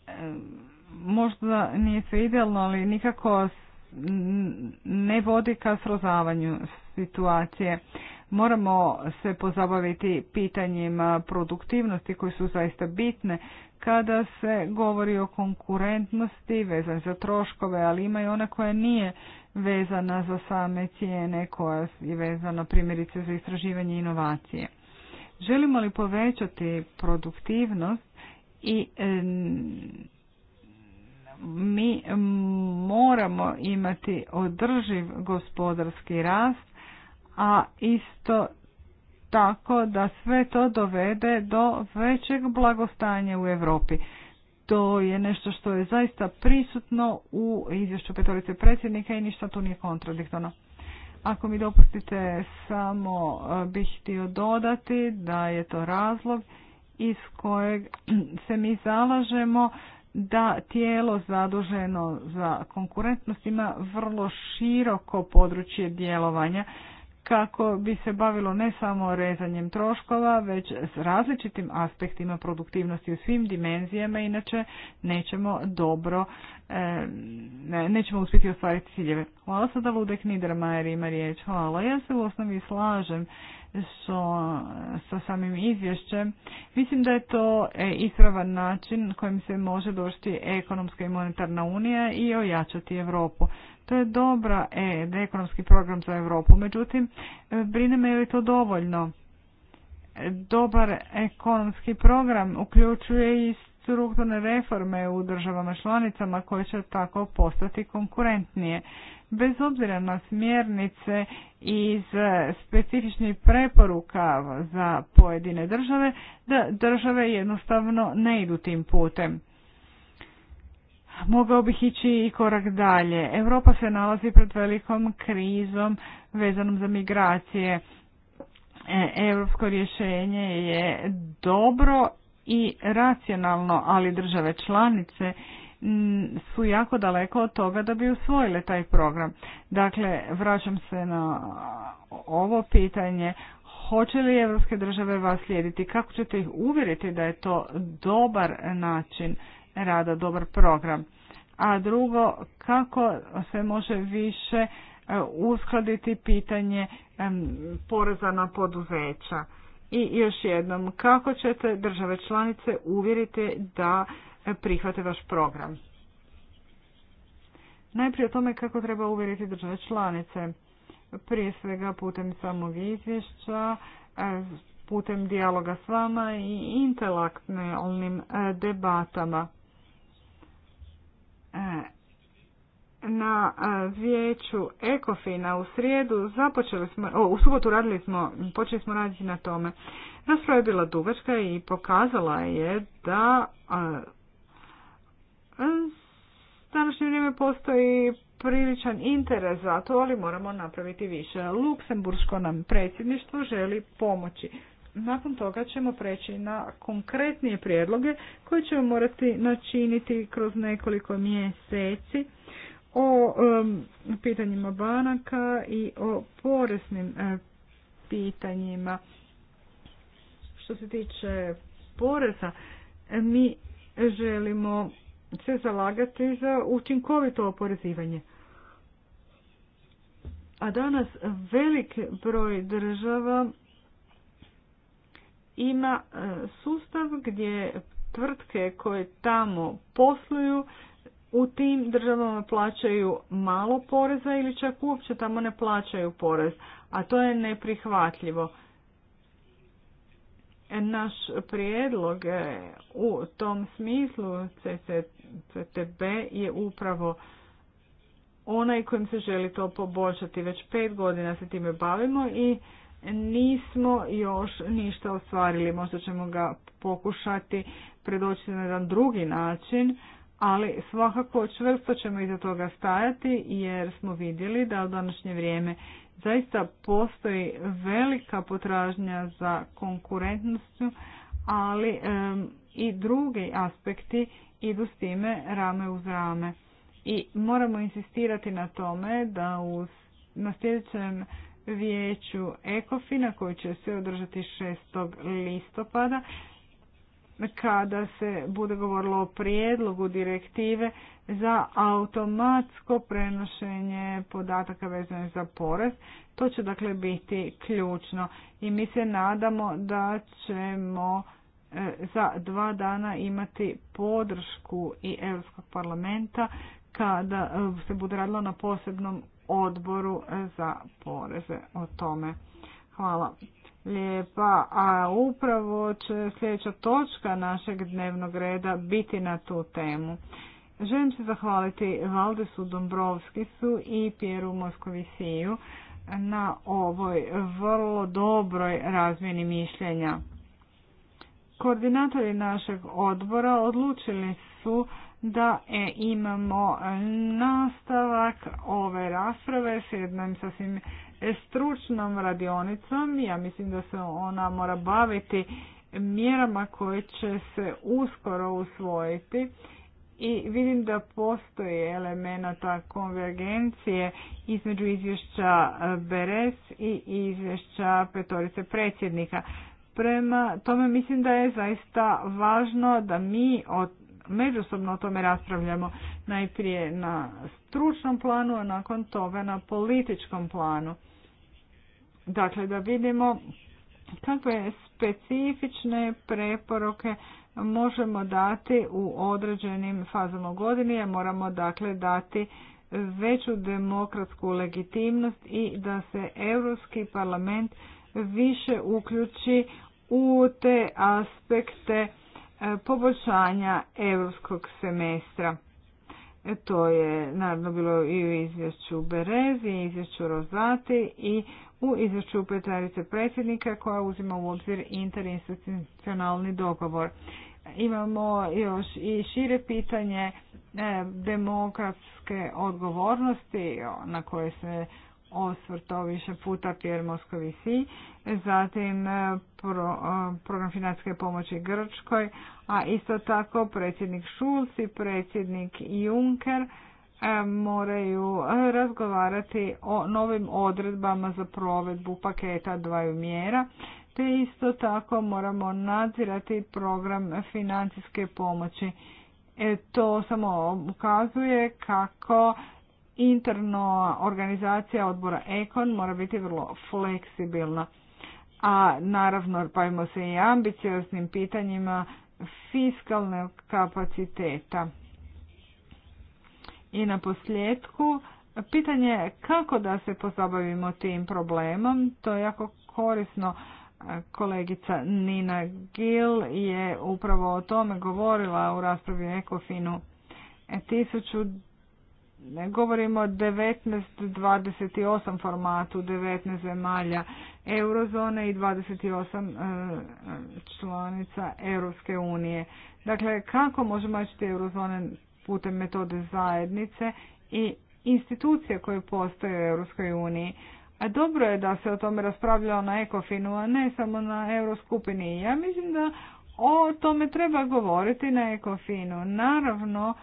E, možda nije sve idealno, ali nikako ne vodi ka srozavanju situacije. Moramo se pozabaviti pitanjima produktivnosti koji su zaista bitne kada se govori o konkurentnosti vezan za troškove, ali ima i ona koja nije vezana za same cijene, koja je vezana primjerice za istraživanje inovacije. Želimo li povećati produktivnost i mi moramo imati održiv gospodarski rast a isto tako da sve to dovede do većeg blagostanja u Europi. To je nešto što je zaista prisutno u izvješću petorice predsjednika i ništa tu nije kontradiktorno. Ako mi dopustite, samo e, bih htio dodati da je to razlog iz kojeg se mi zalažemo da tijelo zaduženo za konkurentnost ima vrlo široko područje djelovanja kako bi se bavilo ne samo rezanjem troškova, već s različitim aspektima produktivnosti u svim dimenzijama, inače nećemo dobro, eh, nećemo uspjeti ostvariti ciljeve. Hvala sada Ludek Niedermayer ima riječ. Hvala, ja se u osnovi slažem sa samim izvješćem. Mislim da je to e, ispravan način kojim se može došti ekonomska i monetarna unija i ojačati Europu. To je dobra e, ekonomski program za Europu, međutim, e, brine me je li to dovoljno. E, dobar ekonomski program uključuje i strukturne reforme u državama članicama koje će tako postati konkurentnije. Bez obzira na smjernice iz specifičnih preporuka za pojedine države, da države jednostavno ne idu tim putem. Mogao bih ići i korak dalje. Europa se nalazi pred velikom krizom vezanom za migracije. Europsko rješenje je dobro i racionalno, ali države članice mm, su jako daleko od toga da bi usvojile taj program. Dakle, vraćam se na ovo pitanje. Hoće li evropske države vas slijediti? Kako ćete ih uvjeriti da je to dobar način rada, dobar program? A drugo, kako se može više e, uskladiti pitanje poreza na poduzeća? I još jednom, kako ćete države članice uvjeriti da prihvate vaš program? Najprije o tome kako treba uvjeriti države članice. Prije svega putem samog izvješća, putem dijaloga s vama i intelektualnim debatama na vijeću Ekofina u srijedu započeli smo, o, u subotu radili smo, počeli smo raditi na tome. Rasprava je bila dugačka i pokazala je da današnje vrijeme postoji priličan interes za to, ali moramo napraviti više. Luksemburško nam predsjedništvo želi pomoći. Nakon toga ćemo preći na konkretnije prijedloge koje ćemo morati načiniti kroz nekoliko mjeseci o pitanjima banaka i o poreznim e, pitanjima. Što se tiče poreza, mi želimo se zalagati za učinkovito oporezivanje. A danas velik broj država ima e, sustav gdje tvrtke koje tamo posluju u tim državama plaćaju malo poreza ili čak uopće tamo ne plaćaju porez, a to je neprihvatljivo. E, naš prijedlog u tom smislu CCTB je upravo onaj kojim se želi to poboljšati. Već pet godina se time bavimo i nismo još ništa ostvarili. Možda ćemo ga pokušati predoći na jedan drugi način, ali svakako čvrsto ćemo iza toga stajati jer smo vidjeli da u današnje vrijeme zaista postoji velika potražnja za konkurentnošću, ali i drugi aspekti idu s time rame uz rame. I moramo insistirati na tome da u, na sljedećem vijeću Ekofina koji će se održati 6. listopada kada se bude govorilo o prijedlogu direktive za automatsko prenošenje podataka vezanih za porez. To će dakle biti ključno i mi se nadamo da ćemo e, za dva dana imati podršku i Europskog parlamenta kada e, se bude radilo na posebnom odboru e, za poreze o tome. Hvala. Lijepa, a upravo će sljedeća točka našeg dnevnog reda biti na tu temu. Želim se zahvaliti Valdesu Dombrovskisu i Pjeru Moskovisiju na ovoj vrlo dobroj razmjeni mišljenja. Koordinatori našeg odbora odlučili su da e, imamo nastavak ove rasprave s jednom sasvim E, stručnom radionicom. Ja mislim da se ona mora baviti mjerama koje će se uskoro usvojiti i vidim da postoje elemenata konvergencije između izvješća e, Beres i izvješća petorice predsjednika. Prema tome mislim da je zaista važno da mi od, međusobno o tome raspravljamo najprije na stručnom planu, a nakon toga na političkom planu. Dakle, da vidimo kakve specifične preporoke možemo dati u određenim fazama godine, moramo dakle dati veću demokratsku legitimnost i da se Europski parlament više uključi u te aspekte e, poboljšanja europskog semestra. E, to je naravno bilo i u izvješću Berezi, i izvješću Rozati i u izvješću petarice predsjednika koja uzima u obzir interinstitucionalni dogovor. Imamo još i šire pitanje e, demokratske odgovornosti na koje se osvrto više puta Pierre Moscovici, zatim e, e, program financijske pomoći Grčkoj, a isto tako predsjednik Šulc i predsjednik Juncker E, moraju e, razgovarati o novim odredbama za provedbu paketa dvaju mjera, te isto tako moramo nadzirati program financijske pomoći. E, to samo ukazuje kako interno organizacija odbora Ekon mora biti vrlo fleksibilna. A naravno bavimo pa se i ambicioznim pitanjima fiskalnog kapaciteta. I na posljedku, pitanje je kako da se pozabavimo tim problemom. To je jako korisno. Kolegica Nina Gil je upravo o tome govorila u raspravi o Ekofinu. E, tisuću, govorimo o 19-28 formatu, 19 zemalja eurozone i 28 e, članica Europske unije. Dakle, kako možemo ići eurozone putem metode zajednice i institucije koje postoje u EU. A dobro je da se o tome raspravljalo na Ekofinu, a ne samo na Euroskupini. Ja mislim da o tome treba govoriti na Ekofinu. Naravno,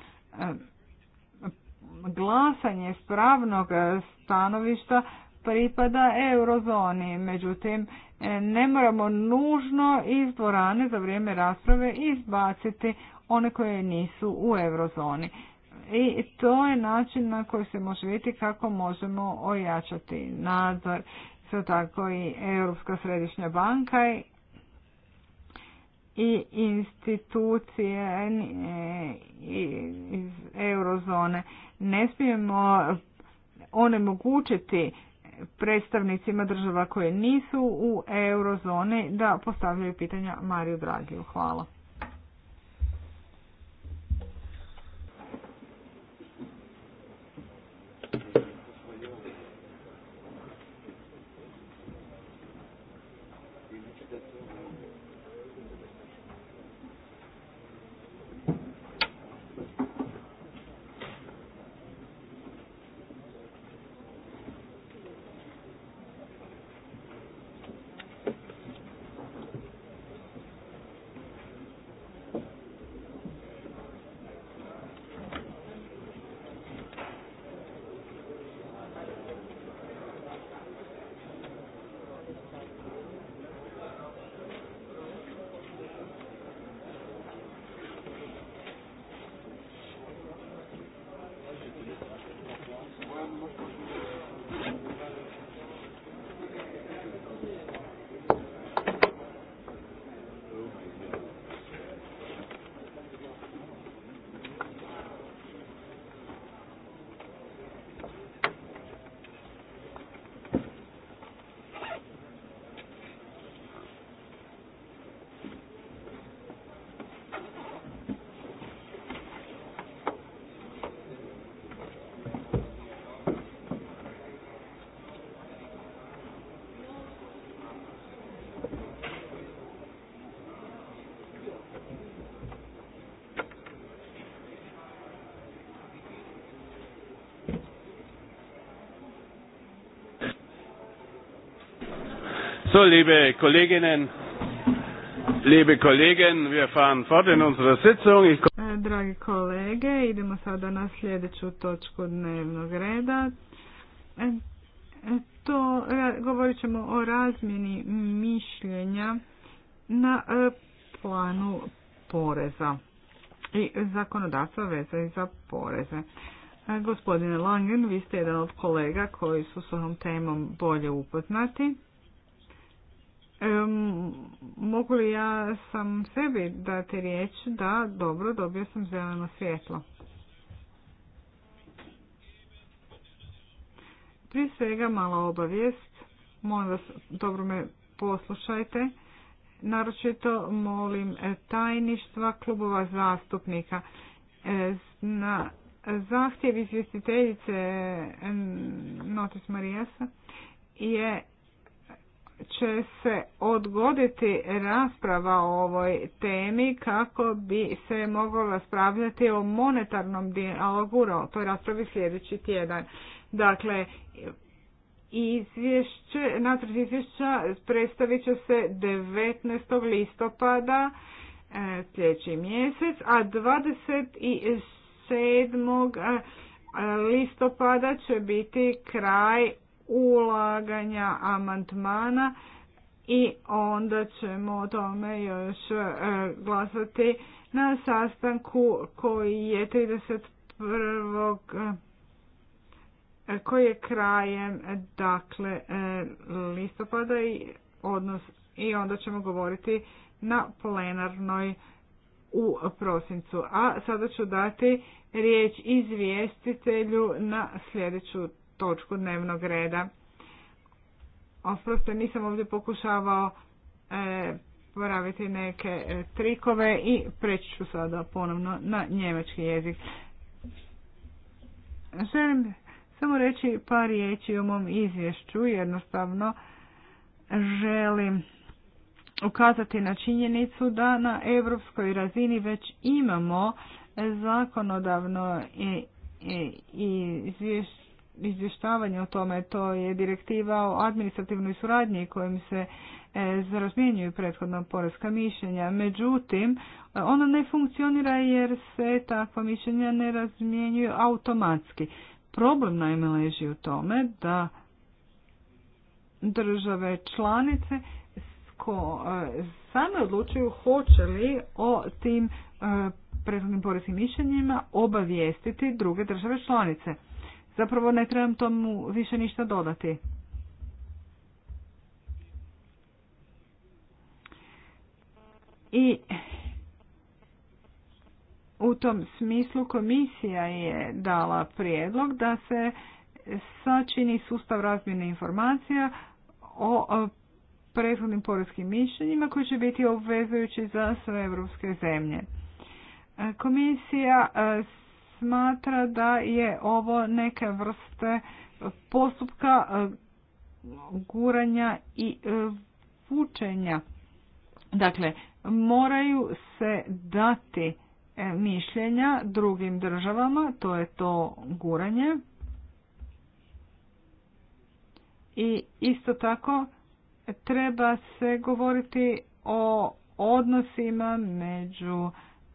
glasanje s pravnog e, stanovišta pripada eurozoni. Međutim, e, ne moramo nužno iz dvorane za vrijeme rasprave izbaciti one koje nisu u eurozoni. I to je način na koji se može vidjeti kako možemo ojačati nadzor. Sve tako i Europska središnja banka i institucije iz eurozone. Ne smijemo onemogućiti predstavnicima država koje nisu u eurozoni da postavljaju pitanja Mariju Dragiju. Hvala. So, liebe Kolleginnen, liebe Kollegen, wir fahren fort in unserer Sitzung. E, dragi kolege, idemo sada na sljedeću točku dnevnog reda. E, e, to govorit ćemo o razmjeni mišljenja na planu poreza i zakonodavstva veze za poreze. Gospodine Langen, vi ste jedan od kolega koji su s ovom temom bolje upoznati mogu li ja sam sebi dati riječ da dobro dobio sam zeleno svjetlo. Prije svega mala obavijest, molim vas dobro me poslušajte, naročito molim e, tajništva klubova zastupnika. E, na zahtjev izvjestiteljice e, Notis Marijasa je će se odgoditi rasprava o ovoj temi kako bi se moglo raspravljati o monetarnom dialogu. o toj raspravi sljedeći tjedan. Dakle, izvješće, nacrt izvješća predstavit će se 19. listopada e, sljedeći mjesec, a 27. E, listopada će biti kraj ulaganja amandmana i onda ćemo o tome još e, glasati na sastanku koji je 31. E, koji je krajem dakle e, listopada i odnos i onda ćemo govoriti na plenarnoj u prosincu. A sada ću dati riječ izvjestitelju na sljedeću točku dnevnog reda. Oprosto nisam ovdje pokušavao e, neke e, trikove i preći ću sada ponovno na njemački jezik. Želim samo reći par riječi o mom izvješću, jednostavno želim ukazati na činjenicu da na europskoj razini već imamo zakonodavno i izvješće izvještavanje o tome. To je direktiva o administrativnoj suradnji kojim se e, razmjenjuju prethodna poreska mišljenja. Međutim, ona ne funkcionira jer se takva mišljenja ne razmjenjuju automatski. Problem naime leži u tome da države članice e, same odlučuju hoće li o tim e, prethodnim poreskim mišljenjima obavijestiti druge države članice. Zapravo ne trebam tomu više ništa dodati. I u tom smislu komisija je dala prijedlog da se sačini sustav razmjene informacija o prethodnim porodskim mišljenjima koji će biti obvezujući za sve evropske zemlje. E, komisija e, smatra da je ovo neke vrste postupka e, guranja i e, vučenja. Dakle, moraju se dati e, mišljenja drugim državama, to je to guranje. I isto tako treba se govoriti o odnosima među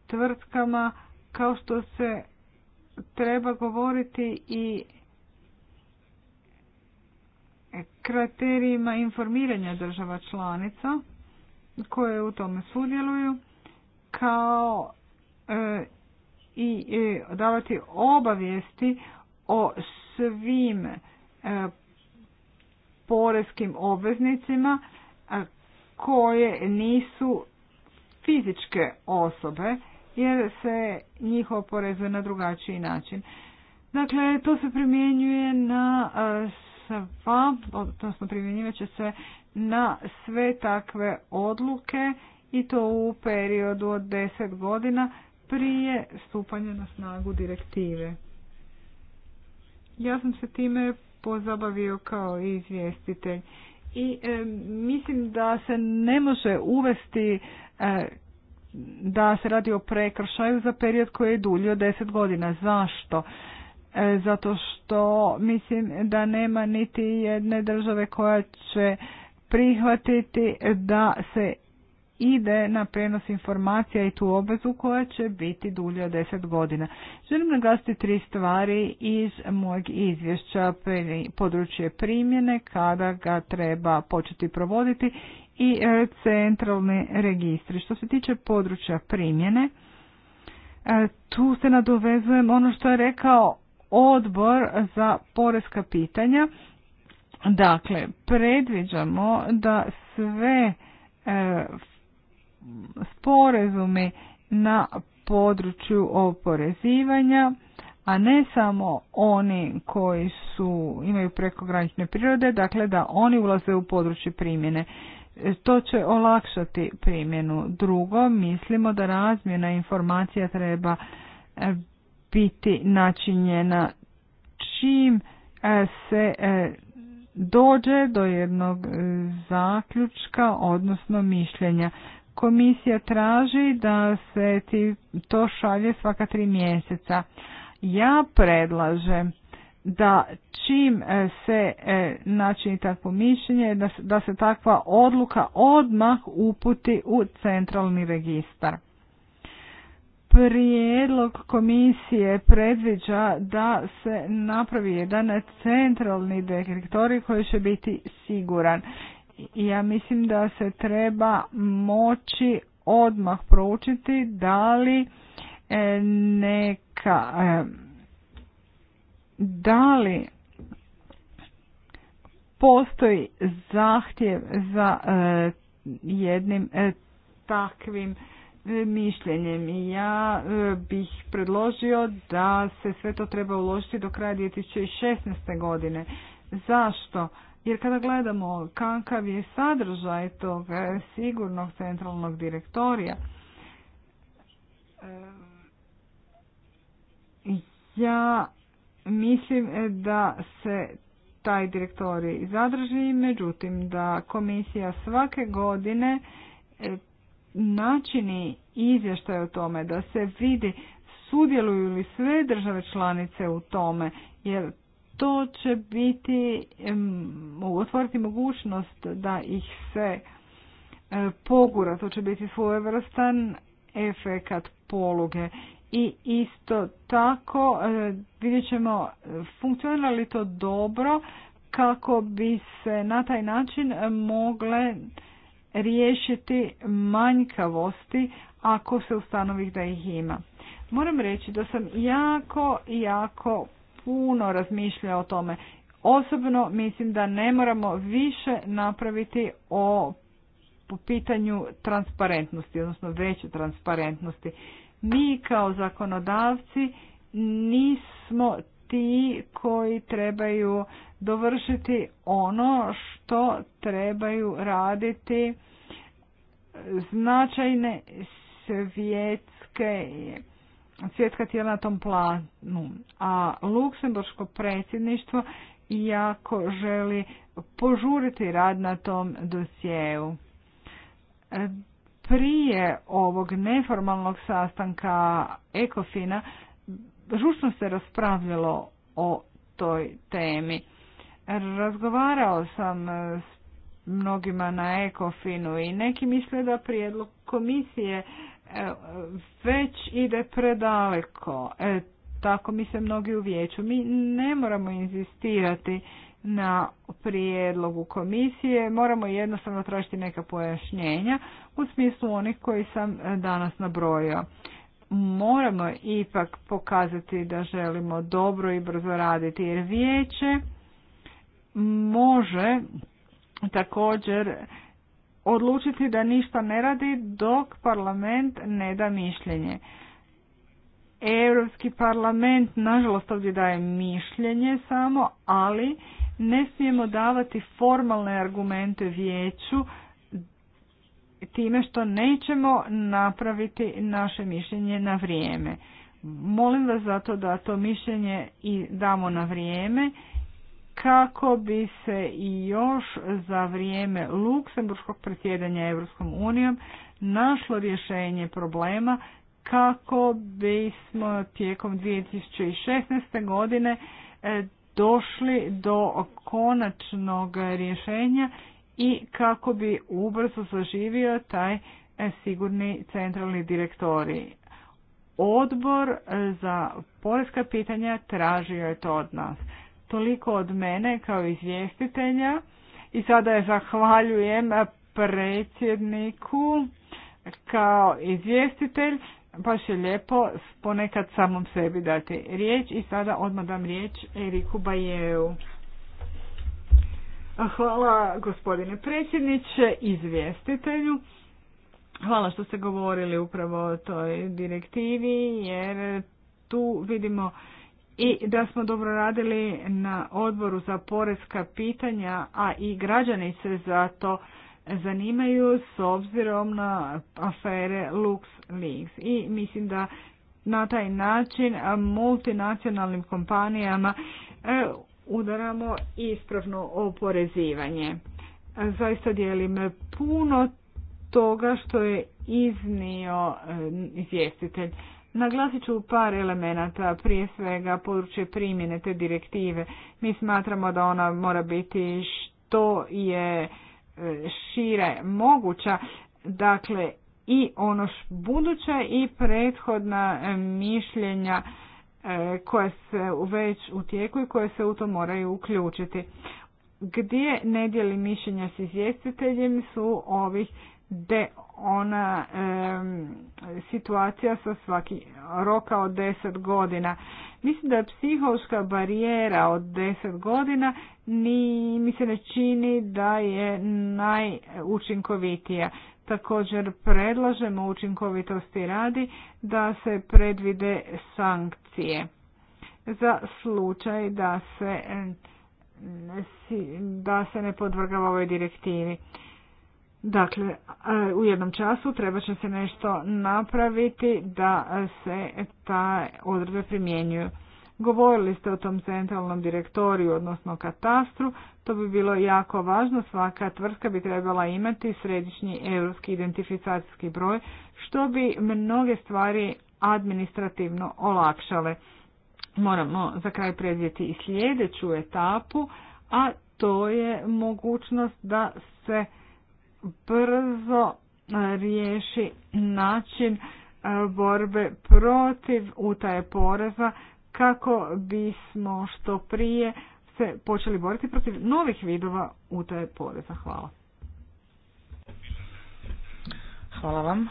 tvrtkama kao što se treba govoriti i kriterijima informiranja država članica koje u tome sudjeluju kao e, i e, davati obavijesti o svim poreskim porezkim obveznicima e, koje nisu fizičke osobe jer se njih oporezuje na drugačiji način. Dakle, to se primjenjuje na e, sva, odnosno primjenjivat će se na sve takve odluke i to u periodu od 10 godina prije stupanja na snagu direktive. Ja sam se time pozabavio kao izvjestitelj i e, mislim da se ne može uvesti e, da se radi o prekršaju za period koji je dulji od 10 godina. Zašto? E, zato što mislim da nema niti jedne države koja će prihvatiti da se ide na prenos informacija i tu obvezu koja će biti dulje od deset godina. Želim naglasiti tri stvari iz mojeg izvješća područje primjene, kada ga treba početi provoditi i e, centralni registri. Što se tiče područja primjene, e, tu se nadovezujem ono što je rekao odbor za porezka pitanja. Dakle, predviđamo da sve e, sporazumi na području oporezivanja, a ne samo oni koji su imaju prekogranične prirode, dakle da oni ulaze u područje primjene. To će olakšati primjenu. Drugo, mislimo da razmjena informacija treba e, biti načinjena čim e, se e, dođe do jednog zaključka, odnosno mišljenja. Komisija traži da se to šalje svaka tri mjeseca. Ja predlažem da čim e, se e, načini takvo mišljenje, da se, takva odluka odmah uputi u centralni registar. Prijedlog komisije predviđa da se napravi jedan centralni direktori koji će biti siguran. Ja mislim da se treba moći odmah proučiti da li e, neka da li postoji zahtjev za e, jednim e, takvim e, mišljenjem ja bih predložio da se sve to treba uložiti do kraja 2016. godine. Zašto? Jer kada gledamo kakav je sadržaj tog sigurnog centralnog direktorija, ja Mislim e, da se taj direktori zadrži, međutim da komisija svake godine e, načini izvještaj o tome, da se vidi sudjeluju li sve države članice u tome, jer to će biti, mogu otvoriti mogućnost da ih se e, pogura, to će biti svojevrstan efekat poluge i isto tako e, vidjet ćemo e, funkcionira li to dobro kako bi se na taj način mogle riješiti manjkavosti ako se ustanovi da ih ima. Moram reći da sam jako, jako puno razmišljao o tome. Osobno mislim da ne moramo više napraviti o po pitanju transparentnosti, odnosno veće transparentnosti. Mi kao zakonodavci nismo ti koji trebaju dovršiti ono što trebaju raditi značajne svjetske svjetska tijela na tom planu. A luksemburško predsjedništvo jako želi požuriti rad na tom dosjeu prije ovog neformalnog sastanka Ekofina žučno se raspravljalo o toj temi. Razgovarao sam s mnogima na Ekofinu i neki misle da prijedlog komisije e, već ide predaleko. E, tako mi se mnogi u vijeću. Mi ne moramo inzistirati na prijedlogu komisije, moramo jednostavno tražiti neka pojašnjenja, u smislu onih koji sam e, danas nabrojao. Moramo ipak pokazati da želimo dobro i brzo raditi jer vijeće može također odlučiti da ništa ne radi dok parlament ne da mišljenje. Europski parlament, nažalost, ovdje daje mišljenje samo, ali ne smijemo davati formalne argumente vijeću time što nećemo napraviti naše mišljenje na vrijeme. Molim vas zato da to mišljenje i damo na vrijeme kako bi se i još za vrijeme Luksemburskog predsjedanja Europskom unijom našlo rješenje problema kako bismo tijekom 2016. godine e, došli do konačnog rješenja i kako bi ubrzo zaživio taj e, sigurni centralni direktori. Odbor e, za poreska pitanja tražio je to od nas. Toliko od mene kao izvjestitelja i sada je zahvaljujem e, predsjedniku kao izvjestitelj. Baš je lijepo ponekad samom sebi dati riječ i sada odmah dam riječ Eriku Bajevu. Hvala gospodine predsjedniče, izvjestitelju. Hvala što ste govorili upravo o toj direktivi jer tu vidimo i da smo dobro radili na odboru za porezka pitanja, a i građani se za to zanimaju s obzirom na afere LuxLeaks. I mislim da na taj način multinacionalnim kompanijama e, udaramo ispravno oporezivanje. Zaista dijelim puno toga što je iznio eh, izvjestitelj. Naglasit ću par elemenata, prije svega područje primjene te direktive. Mi smatramo da ona mora biti što je eh, šire moguća, dakle i ono buduća i prethodna eh, mišljenja koje se već u tijeku i koje se u to moraju uključiti. Gdje ne dijeli mišljenja s izvjestiteljem su ovih de ona situacija sa svaki roka od 10 godina. Mislim da je psihološka barijera od 10 godina ni mi se ne čini da je najučinkovitija. Također predlažemo učinkovitosti radi da se predvide sankcije za slučaj da se, da se ne podvrgava ovoj direktivi. Dakle, u jednom času treba će se nešto napraviti da se ta odredbe primjenjuju. Govorili ste o tom centralnom direktoriju, odnosno katastru, to bi bilo jako važno, svaka tvrtka bi trebala imati središnji europski identifikacijski broj, što bi mnoge stvari administrativno olakšale. Moramo za kraj predvjeti i sljedeću etapu, a to je mogućnost da se brzo e, riješi način e, borbe protiv utaje poreza kako bismo što prije se počeli boriti protiv novih vidova utaje poreza. Hvala. Hvala vam.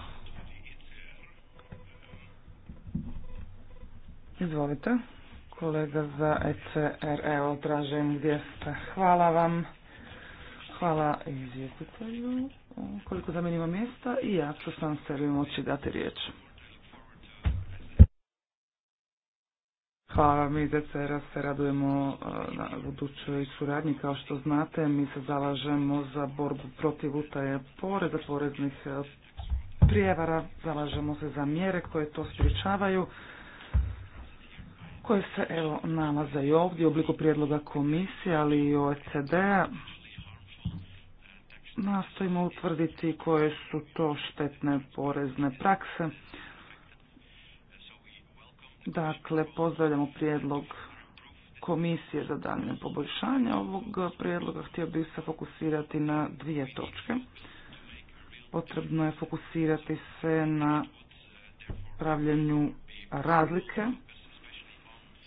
Izvolite. Kolega za ECR, evo tražim gdje ste. Hvala vam. Hvala izvjetitelju. Koliko zamenimo mjesta i ja ću sam vi moći dati riječ. Hvala vam iz ECR-a se radujemo e, na budućoj suradnji. Kao što znate, mi se zalažemo za borbu protiv utaje poreza, poreznih e, prijevara, zalažemo se za mjere koje to sprječavaju, koje se evo nalaze i ovdje u obliku prijedloga komisije, ali i OECD-a. Nastojimo utvrditi koje su to štetne porezne prakse Dakle, pozdravljamo prijedlog komisije za daljnje poboljšanje ovog prijedloga. Htio bih se fokusirati na dvije točke. Potrebno je fokusirati se na pravljenju razlike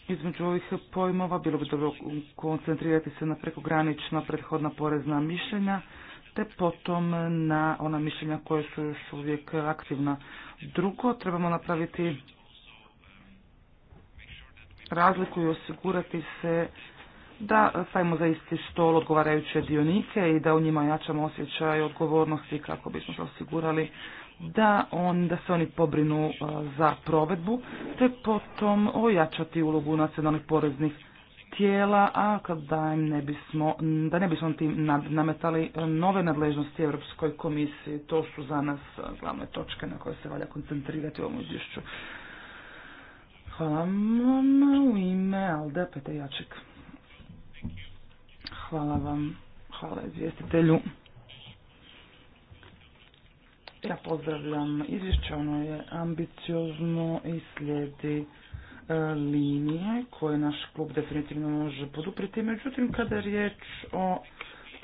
između ovih pojmova. Bilo bi dobro koncentrirati se na prekogranična prethodna porezna mišljenja te potom na ona mišljenja koja su uvijek aktivna. Drugo, trebamo napraviti razliku i osigurati se da stavimo za isti stol odgovarajuće dionike i da u njima jačamo osjećaj odgovornosti kako bismo se osigurali da, on, da se oni pobrinu e, za provedbu, te potom ojačati ulogu nacionalnih poreznih tijela, a kada im ne bismo, da ne bismo tim nametali e, nove nadležnosti Europskoj komisiji, to su za nas e, glavne točke na koje se valja koncentrirati u ovom izvješću. Hvala vam u ime Alda jaček Hvala vam. Hvala izvjestitelju. Ja pozdravljam izvješće, ono je ambiciozno i slijedi e, linije koje naš klub definitivno može poduprijeti Međutim, kada je riječ o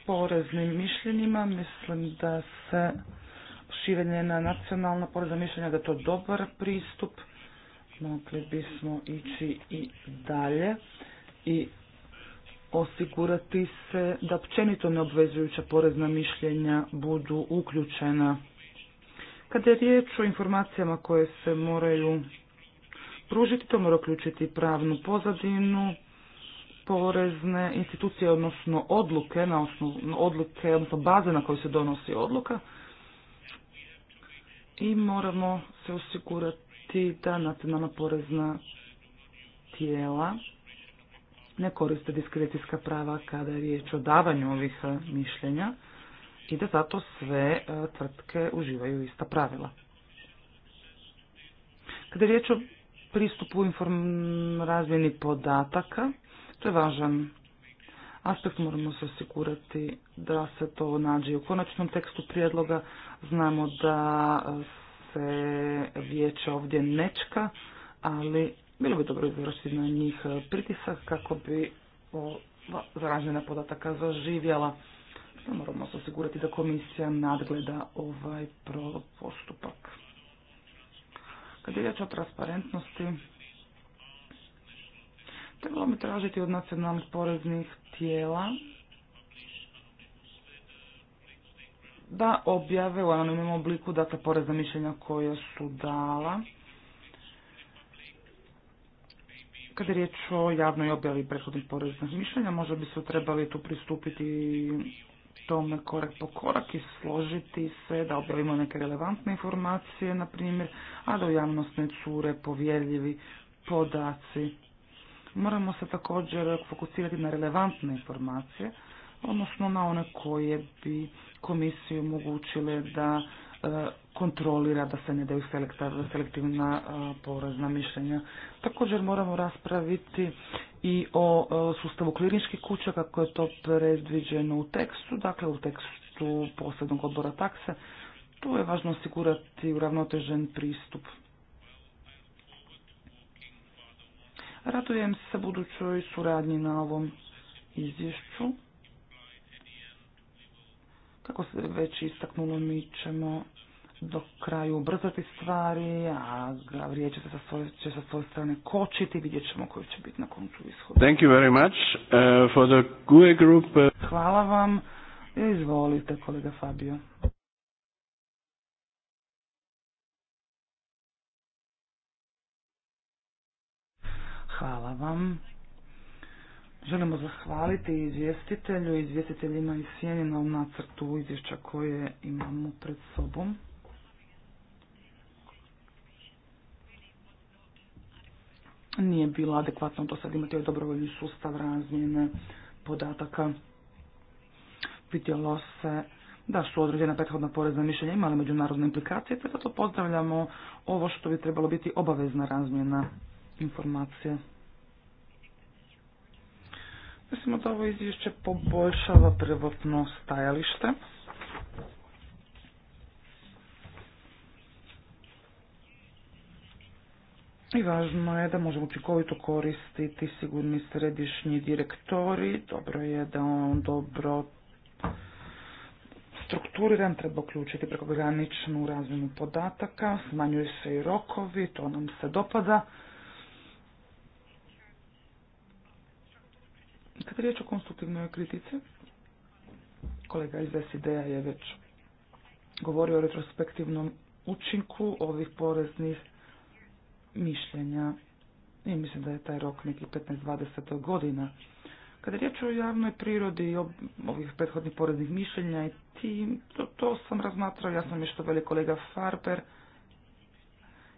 poreznim mišljenjima, mislim da se širenje na nacionalna porezna mišljenja, da je to dobar pristup mogli bismo ići i dalje i osigurati se da općenito neobvezujuća porezna mišljenja budu uključena. Kada je riječ o informacijama koje se moraju pružiti, to mora uključiti pravnu pozadinu, porezne institucije, odnosno odluke, na osnovu, odluke, odnosno baze na koju se donosi odluka i moramo se osigurati biti da nacionalna porezna tijela ne koriste diskrecijska prava kada je riječ o davanju ovih e, mišljenja i da zato sve e, tvrtke uživaju ista pravila. Kada je riječ o pristupu inform... razmjeni podataka, to je važan aspekt, moramo se osigurati da se to nađe u konačnom tekstu prijedloga. Znamo da e, se vijeće ovdje nečka, ali bilo bi dobro izvršiti na njih pritisak kako bi zaražena podataka zaživjela. Moramo se osigurati da komisija nadgleda ovaj postupak. Kad je riječ o transparentnosti, trebalo mi tražiti od nacionalnih poreznih tijela da objave u anonimnom obliku, data dakle, porezna mišljenja koja su dala. Kada je riječ o javnoj objavi prethodnih poreznih mišljenja, možda bi se trebali tu pristupiti tome korak po korak i složiti se da objavimo neke relevantne informacije, na primjer, a da u javnost ne cure povjerljivi podaci. Moramo se također fokusirati na relevantne informacije, odnosno na one koje bi komisiju omogućile da e, kontrolira da se ne daju selektivna e, porezna mišljenja. Također moramo raspraviti i o e, sustavu kliničkih kuća kako je to predviđeno u tekstu, dakle u tekstu posebnog odbora takse. Tu je važno osigurati uravnotežen pristup. Radujem se budućoj suradnji na ovom izvješću. Kako se već istaknulo, mi ćemo do kraju ubrzati stvari, a Gavrije će se sa svoje, strane kočiti, vidjet ćemo koji će biti na koncu ishod. Thank you very much uh, for the uh, Hvala vam. Izvolite, kolega Fabio. Hvala vam. Želimo zahvaliti izvjestitelju i izvjestiteljima iz Sjeni na nacrtu izvješća koje imamo pred sobom. Nije bilo adekvatno do sad imati ovaj dobrovoljni sustav razmjene podataka. Vidjelo se da su određena prethodna porezna mišljenja imala međunarodne implikacije, te zato pozdravljamo ovo što bi trebalo biti obavezna razmjena informacije. Mislimo da ovo izvješće poboljšava prvotno stajalište. I važno je da možemo učinkovito koristiti sigurni središnji direktori. Dobro je da on dobro strukturiran, treba uključiti prekograničnu razinu podataka, smanjuju se i rokovi, to nam se dopada. Kad je riječ o konstruktivnoj kritici, kolega iz SID-a je već govorio o retrospektivnom učinku ovih poreznih mišljenja. I mislim da je taj rok neki 15-20 godina. Kada je riječ o javnoj prirodi ovih prethodnih poreznih mišljenja i tim, to, to sam razmatrao, ja sam što veli kolega Farber,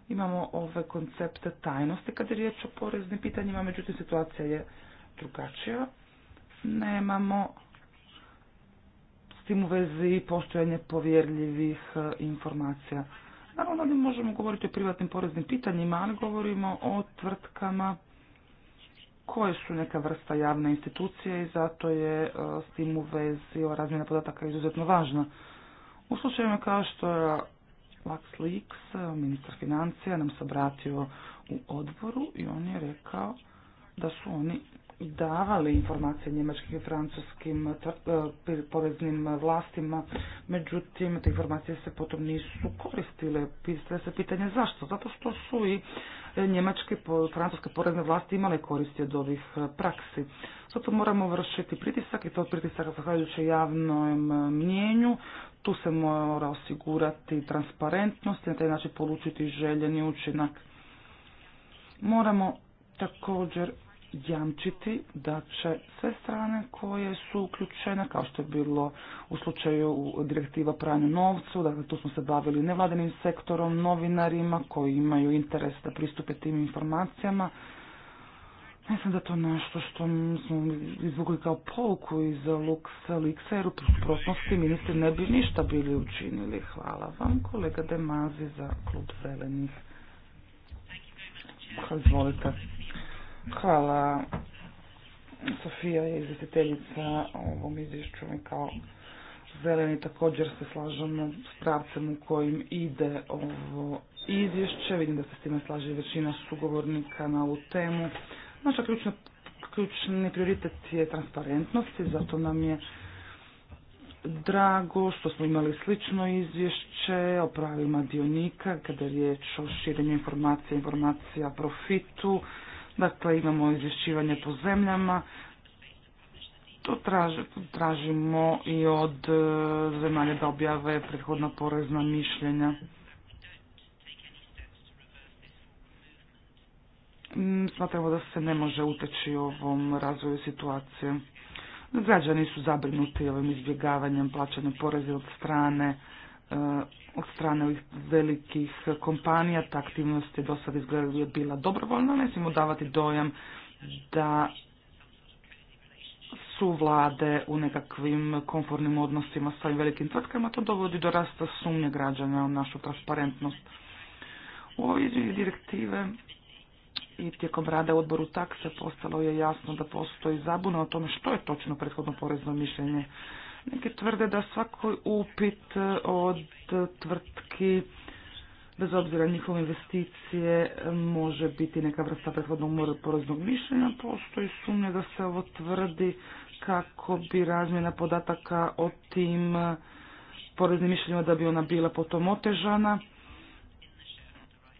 imamo ove koncepte tajnosti kada je riječ o poreznim pitanjima, međutim situacija je drugačija. Nemamo s tim u vezi postojanje povjerljivih e, informacija. Naravno da možemo govoriti o privatnim poreznim pitanjima, ali govorimo o tvrtkama koje su neka vrsta javne institucije i zato je e, s tim u vezi ova razmjena podataka izuzetno važna. U slučaju, kao što je e, ministar financija, nam se obratio u odboru i on je rekao da su oni davali informacije njemačkim i francuskim eh, eh, poreznim vlastima, međutim te informacije se potom nisu koristile. Pisao se pitanje zašto? Zato što su i njemačke i francuske porezne vlasti imale koristi od ovih eh, praksi. Zato moramo vršiti pritisak i to pritisak zahvaljujući javnom mnjenju. Tu se mora osigurati transparentnost i na taj način polučiti željeni učinak. Moramo također jamčiti da će sve strane koje su uključene, kao što je bilo u slučaju direktiva pranju novcu, dakle tu smo se bavili nevladinim sektorom, novinarima koji imaju interes da pristupe tim informacijama. Mislim da to nešto što smo izvukli kao polku iz Luxa jer u suprotnosti ministri ne bi ništa bili učinili. Hvala vam kolega Demazi za klub zelenih. Izvolite. Hvala. Sofija je izvjestiteljica ovom izvješću i kao zeleni također se slažemo s pravcem u kojim ide ovo izvješće. Vidim da se s time slaže većina sugovornika na ovu temu. Naša ključna, ključni prioritet je transparentnost i zato nam je drago što smo imali slično izvješće o pravima dionika kada je riječ o širenju informacija, informacija profitu, Dakle, imamo izvješćivanje po zemljama. To tražimo i od e, zemalja da objave prethodna porezna mišljenja. Mm, smatramo da se ne može uteći ovom razvoju situacije. Građani su zabrinuti ovim izbjegavanjem plaćanja poreza od strane e, od strane ovih velikih kompanija. Ta aktivnost je do sad izgledala bila dobrovoljna. Ne smijemo davati dojam da su vlade u nekakvim konfornim odnosima sa ovim velikim tvrtkama. To dovodi do rasta sumnje građana u našu transparentnost. U ovoj direktive i tijekom rada u odboru takse postalo je jasno da postoji zabuna o tome što je točno prethodno porezno mišljenje neki tvrde da svako upit od tvrtki bez obzira njihove investicije može biti neka vrsta prethodnog poreznog mišljenja. Postoji sumnja da se ovo tvrdi kako bi razmjena podataka o tim poreznim mišljenjima da bi ona bila potom otežana.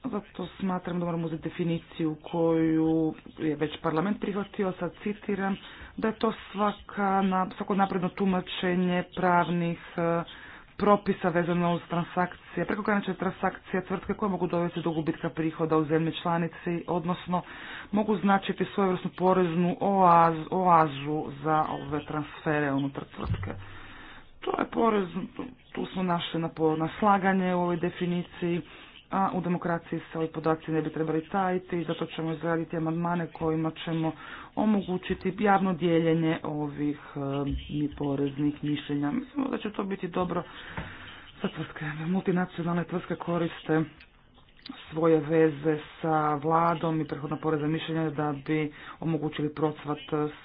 Zato smatram da moramo uzeti definiciju koju je već parlament prihvatio, sad citiram, da je to svaka, svako napredno tumačenje pravnih e, propisa vezano uz transakcije, preko prekogranične transakcije tvrtke koje mogu dovesti do gubitka prihoda u zemlji članici, odnosno mogu značiti svojevrsnu poreznu oazu za ove transfere unutar tvrtke. To je porez, tu smo našli na, na slaganje u ovoj definiciji, a u demokraciji se ovi podaci ne bi trebali tajiti i zato ćemo izraditi amandmane kojima ćemo omogućiti javno dijeljenje ovih e, poreznih mišljenja. Mislimo da će to biti dobro za tvrtke. Multinacionalne tvrtke koriste svoje veze sa vladom i prehodna poreza mišljenja da bi omogućili procvat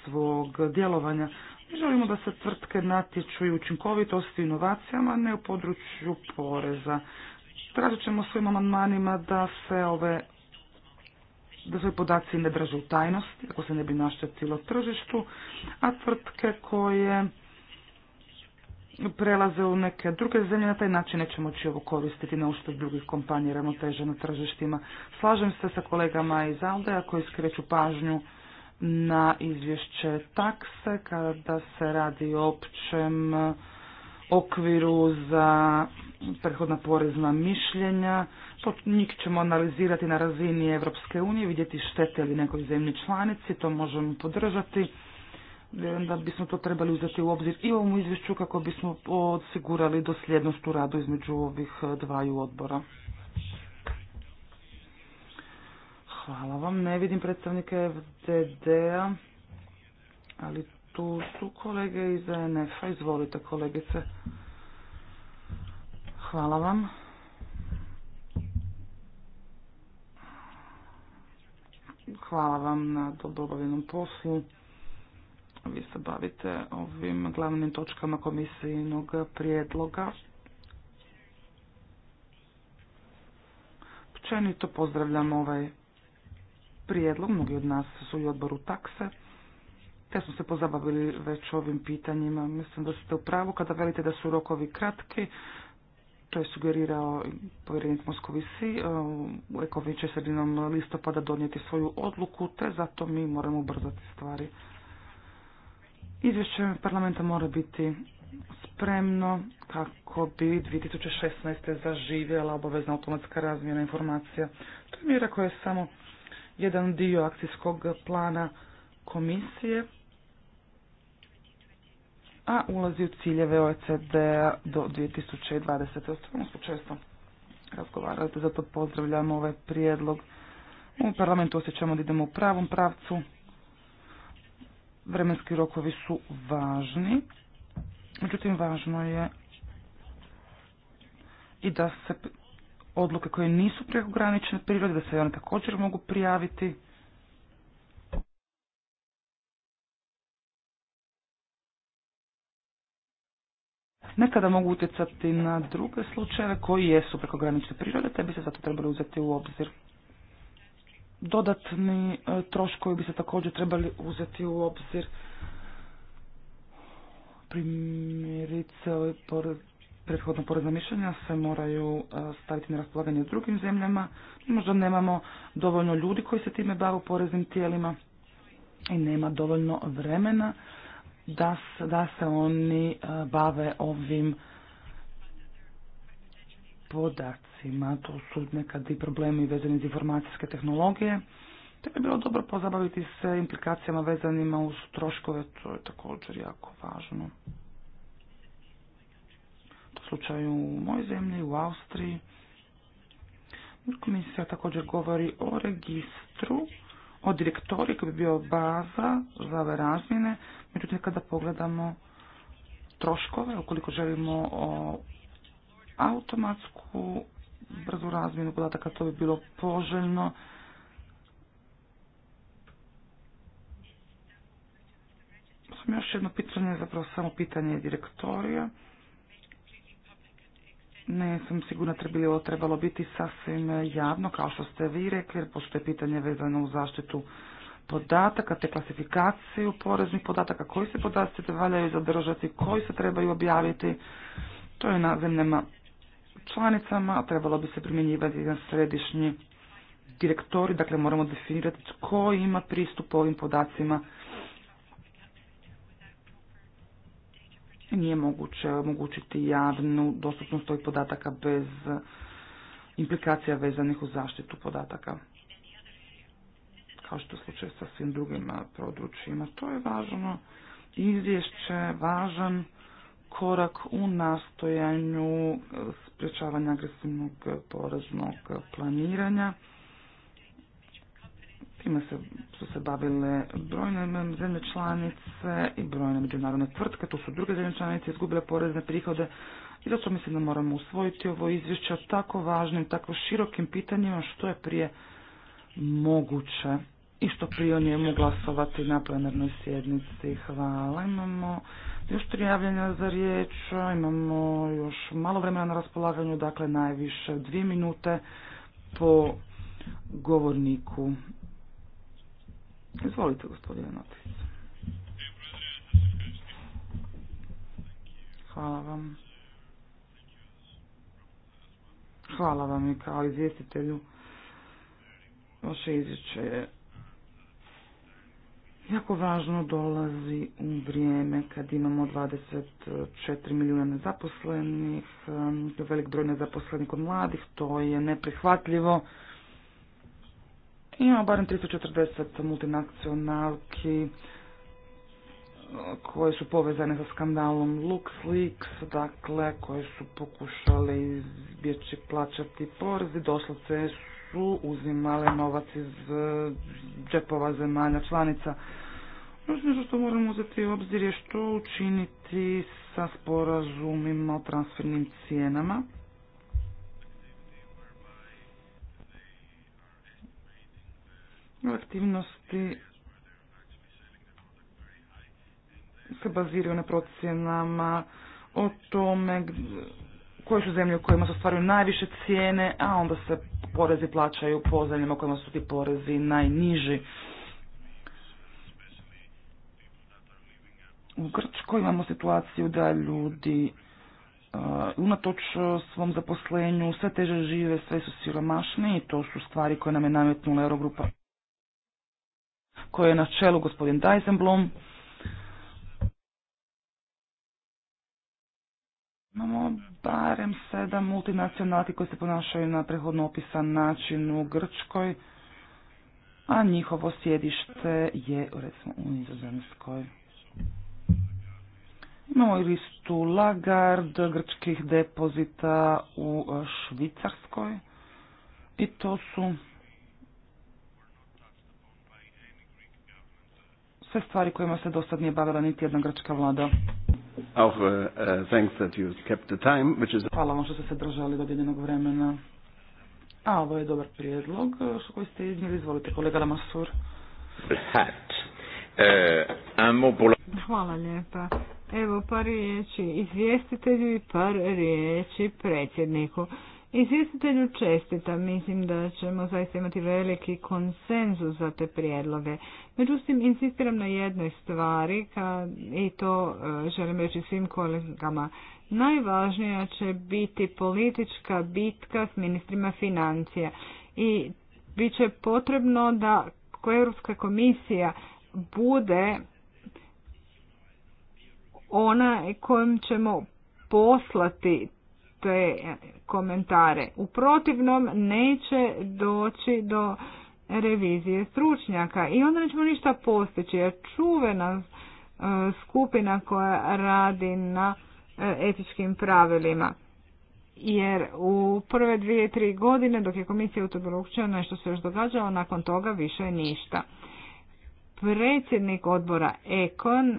svog djelovanja. Mi želimo da se tvrtke natječu i učinkovitosti i inovacijama, ne u području poreza. Tražit ćemo svojim amandmanima da se ove da se podaci ne drže u tajnosti, ako se ne bi naštetilo tržištu, a tvrtke koje prelaze u neke druge zemlje, na taj način neće moći ovo koristiti na drugih kompanija ravnoteže na tržištima. Slažem se sa kolegama iz Aldeja koji skreću pažnju na izvješće takse kada se radi o općem okviru za prethodna porezna mišljenja. To njih ćemo analizirati na razini Evropske unije, vidjeti štete li nekoj zemlji članici, to možemo podržati. Vjerujem da bismo to trebali uzeti u obzir i ovom izvješću kako bismo osigurali dosljednost u radu između ovih dvaju odbora. Hvala vam. Ne vidim predstavnike FDD-a, ali tu su kolege iz NF-a. Izvolite kolegice. Hvala vam. Hvala vam na dobro poslu. Vi se bavite ovim glavnim točkama komisijinog prijedloga. Općenito pozdravljam ovaj prijedlog. Mnogi od nas su i odboru takse. Te smo se pozabavili već ovim pitanjima. Mislim da ste u pravu kada velite da su rokovi kratki to je sugerirao povjerenik Moskovici, Ekovi će sredinom listopada donijeti svoju odluku, te zato mi moramo ubrzati stvari. Izvješće parlamenta mora biti spremno kako bi 2016. zaživjela obavezna automatska razmjena informacija. To je mjera koja je samo jedan dio akcijskog plana komisije a ulazi u ciljeve OECD-a do 2020. stvarno smo često razgovarali, zato pozdravljam ovaj prijedlog. U parlamentu osjećamo da idemo u pravom pravcu. Vremenski rokovi su važni, međutim važno je i da se odluke koje nisu prekogranične prirode, da se one također mogu prijaviti nekada mogu utjecati na druge slučajeve koji jesu prekogranične prirode, te bi se zato trebali uzeti u obzir. Dodatni e, troškovi bi se također trebali uzeti u obzir. Primjerice, ove prethodno porezna mišljenja se moraju e, staviti na raspolaganje u drugim zemljama. Možda nemamo dovoljno ljudi koji se time bavu poreznim tijelima i nema dovoljno vremena da, da se oni e, bave ovim podacima. To su nekad i problemi vezani iz informacijske tehnologije. Te bi bilo dobro pozabaviti se implikacijama vezanima uz troškove, to je također jako važno. To slučaju u mojoj zemlji, u Austriji. Komisija također govori o registru o direktoriju koji bi bio baza za ove razmjene. Međutim, kada pogledamo troškove, ukoliko želimo o automatsku brzu razmjenu podataka, to bi bilo poželjno. Sam još jedno pitanje, zapravo samo pitanje direktorija ne sam sigurna bi ovo trebalo biti sasvim javno, kao što ste vi rekli, jer pošto je pitanje vezano u zaštitu podataka, te klasifikaciju poreznih podataka, koji se podaci valjaju zadržati, koji se trebaju objaviti, to je na zemljama članicama, a trebalo bi se primjenjivati na središnji direktori, dakle moramo definirati tko ima pristup ovim podacima nije moguće omogućiti javnu dostupnost ovih podataka bez implikacija vezanih uz zaštitu podataka. Kao što je slučaj sa svim drugim područjima. To je važno izvješće, važan korak u nastojanju sprječavanja agresivnog poreznog planiranja. Time se, su se bavile brojne zemlje članice i brojne međunarodne tvrtke, to su druge zemlje članice izgubile porezne prihode i zato mislim da moramo usvojiti ovo izvješće o tako važnim, tako širokim pitanjima što je prije moguće i što prije o njemu glasovati na plenarnoj sjednici. Hvala. Imamo još tri javljanja za riječ, imamo još malo vremena na raspolaganju, dakle najviše dvije minute po govorniku. Izvolite, gospodine Hvala vam. Hvala vam i kao izvjestitelju. Vaše izvješće je jako važno dolazi u vrijeme kad imamo 24 milijuna nezaposlenih, velik broj nezaposlenih od mladih, to je neprihvatljivo. Imamo barem 340 multinacionalki eh, koje su povezane sa skandalom LuxLeaks, dakle koje su pokušale izbjeći plaćati porez i doslovce su uzimale novac iz eh, džepova zemalja članica. Znači što moramo uzeti u obzir je što učiniti sa sporazumima o transfernim cijenama. aktivnosti se baziraju na procjenama o tome koje su zemlje u kojima se ostvaruju najviše cijene, a onda se porezi plaćaju po zemljama u kojima su ti porezi najniži. U Grčkoj imamo situaciju da ljudi uh, unatoč svom zaposlenju sve teže žive, sve su siromašni i to su stvari koje nam je nametnula Eurogrupa koje je na čelu gospodin Dijsenblom. Imamo barem sedam multinacionalki koji se ponašaju na prehodno opisan način u Grčkoj, a njihovo sjedište je recimo u Nizozemskoj. Imamo i listu Lagard, grčkih depozita u Švicarskoj i to su sve stvari kojima se do sad nije bavila niti jedna grčka vlada. Hvala vam što ste se držali jedinog vremena. A ovo je dobar prijedlog uh, što koji ste iznijeli. Izvolite kolega Lamassur. Uh, Hvala lijepa. Evo par riječi izvjestitelju i par riječi predsjedniku. Izvjestitelju čestita, mislim da ćemo zaista imati veliki konsenzus za te prijedloge. Međutim, insistiram na jednoj stvari i to e, želim reći svim kolegama. Najvažnija će biti politička bitka s ministrima financija i bit će potrebno da Europska komisija bude ona kojom ćemo poslati te komentare. U protivnom neće doći do revizije stručnjaka i onda nećemo ništa postići jer čuvena e, skupina koja radi na e, etičkim pravilima. Jer u prve dvije, tri godine dok je komisija u nešto se još događalo, nakon toga više ništa. Predsjednik odbora Ekon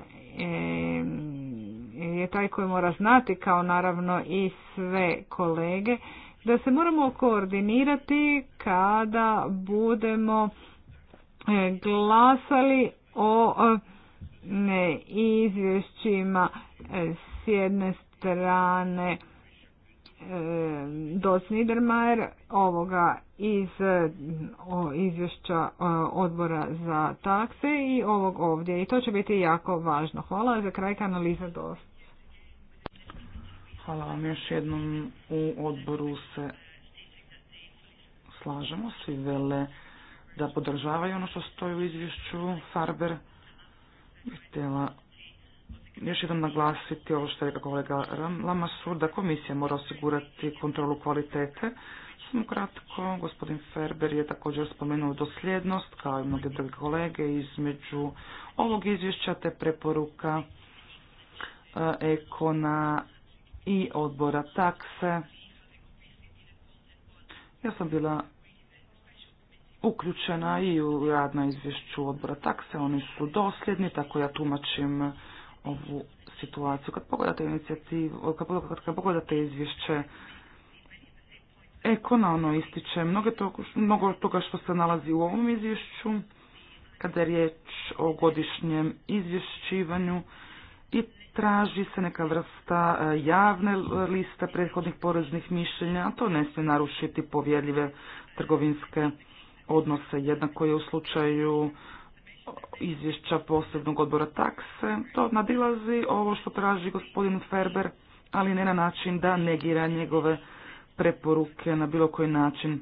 je taj koji mora znati, kao naravno i sve kolege, da se moramo koordinirati kada budemo e, glasali o izvješćima e, s jedne strane e, Doc Niedermayer ovoga iz izvješća odbora za takse i ovog ovdje. I to će biti jako važno. Hvala za kraj kanaliza dosta. Hvala vam još jednom. U odboru se slažemo. Svi vele da podržavaju ono što stoji u izvješću Farber. Htjela još jednom naglasiti ovo što je rekao kolega Lamasur, da komisija mora osigurati kontrolu kvalitete. Samo kratko, gospodin Ferber je također spomenuo dosljednost, kao i mnoge druge kolege, između ovog izvješća te preporuka e, na i odbora takse. Ja sam bila uključena i u rad na izvješću odbora takse. Oni su dosljedni, tako ja tumačim ovu situaciju. Kad pogledate inicijativu, kad pogledate izvješće ekonalno ističe mnogo toga, mnogo toga što se nalazi u ovom izvješću, kada je riječ o godišnjem izvješćivanju, i traži se neka vrsta e, javne liste prethodnih poreznih mišljenja, a to ne smije narušiti povjerljive trgovinske odnose. Jednako je u slučaju izvješća posebnog odbora takse. To nadilazi ovo što traži gospodin Ferber, ali ne na način da negira njegove preporuke na bilo koji način.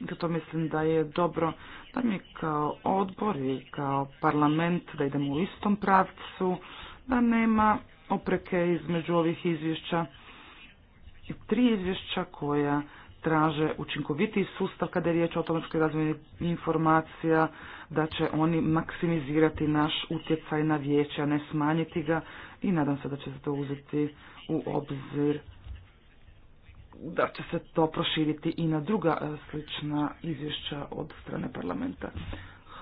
Zato mislim da je dobro da mi kao odbor i kao parlament da idemo u istom pravcu, da nema opreke između ovih izvješća. Tri izvješća koja traže učinkovitiji sustav kada je riječ o automatskoj razmjeni informacija, da će oni maksimizirati naš utjecaj na vijeće, a ne smanjiti ga i nadam se da će se to uzeti u obzir da će se to proširiti i na druga e, slična izvješća od strane parlamenta.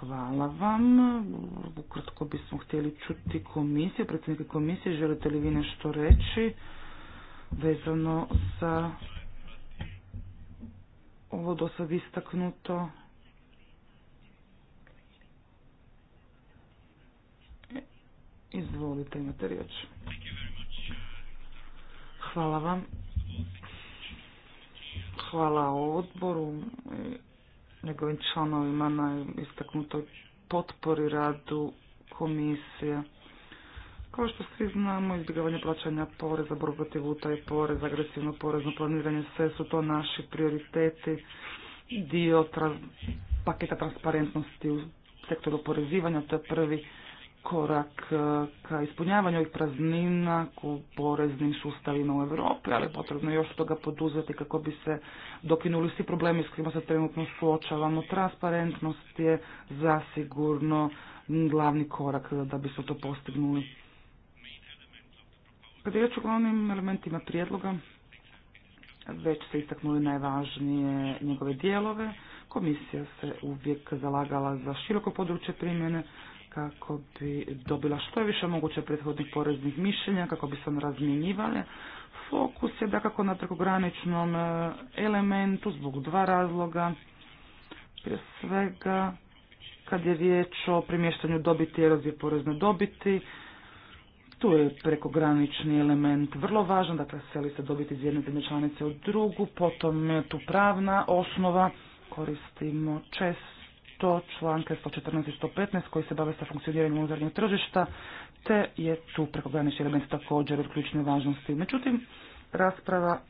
Hvala vam. Ukratko bismo htjeli čuti komisiju, predsjednike komisije. Želite li vi nešto reći vezano za ovo do sad istaknuto? E, izvolite, imate riječ. Hvala vam. Hvala odboru e, njegovim članovima na istaknutoj potpori radu komisije. Kao što svi znamo, izbjegavanje plaćanja poreza, borba protiv utaje porez, agresivno porezno planiranje, sve su to naši prioriteti, dio paketa transparentnosti u sektoru porezivanja, to je prvi korak e, ka ispunjavanju ovih praznina u poreznim sustavima u Europi, ali je potrebno još toga poduzeti kako bi se dokinuli svi problemi s kojima se trenutno suočavamo. Transparentnost je zasigurno glavni korak da bi to postignuli. Kad je riječ o glavnim elementima prijedloga, već se istaknuli najvažnije njegove dijelove. Komisija se uvijek zalagala za široko područje primjene, kako bi dobila što je više moguće prethodnih poreznih mišljenja, kako bi se ono razmjenjivale. Fokus je dakako na prekograničnom e, elementu zbog dva razloga. Prije svega kad je riječ o primještanju dobiti i porezne dobiti, tu je prekogranični element vrlo važan, dakle seli se dobiti iz jedne članice u drugu, potom tu pravna osnova, koristimo čest to članke 114 i 115 koji se bave sa funkcioniranjem unutarnjeg tržišta, te je tu prekogranični element također od ključne važnosti. Međutim, rasprava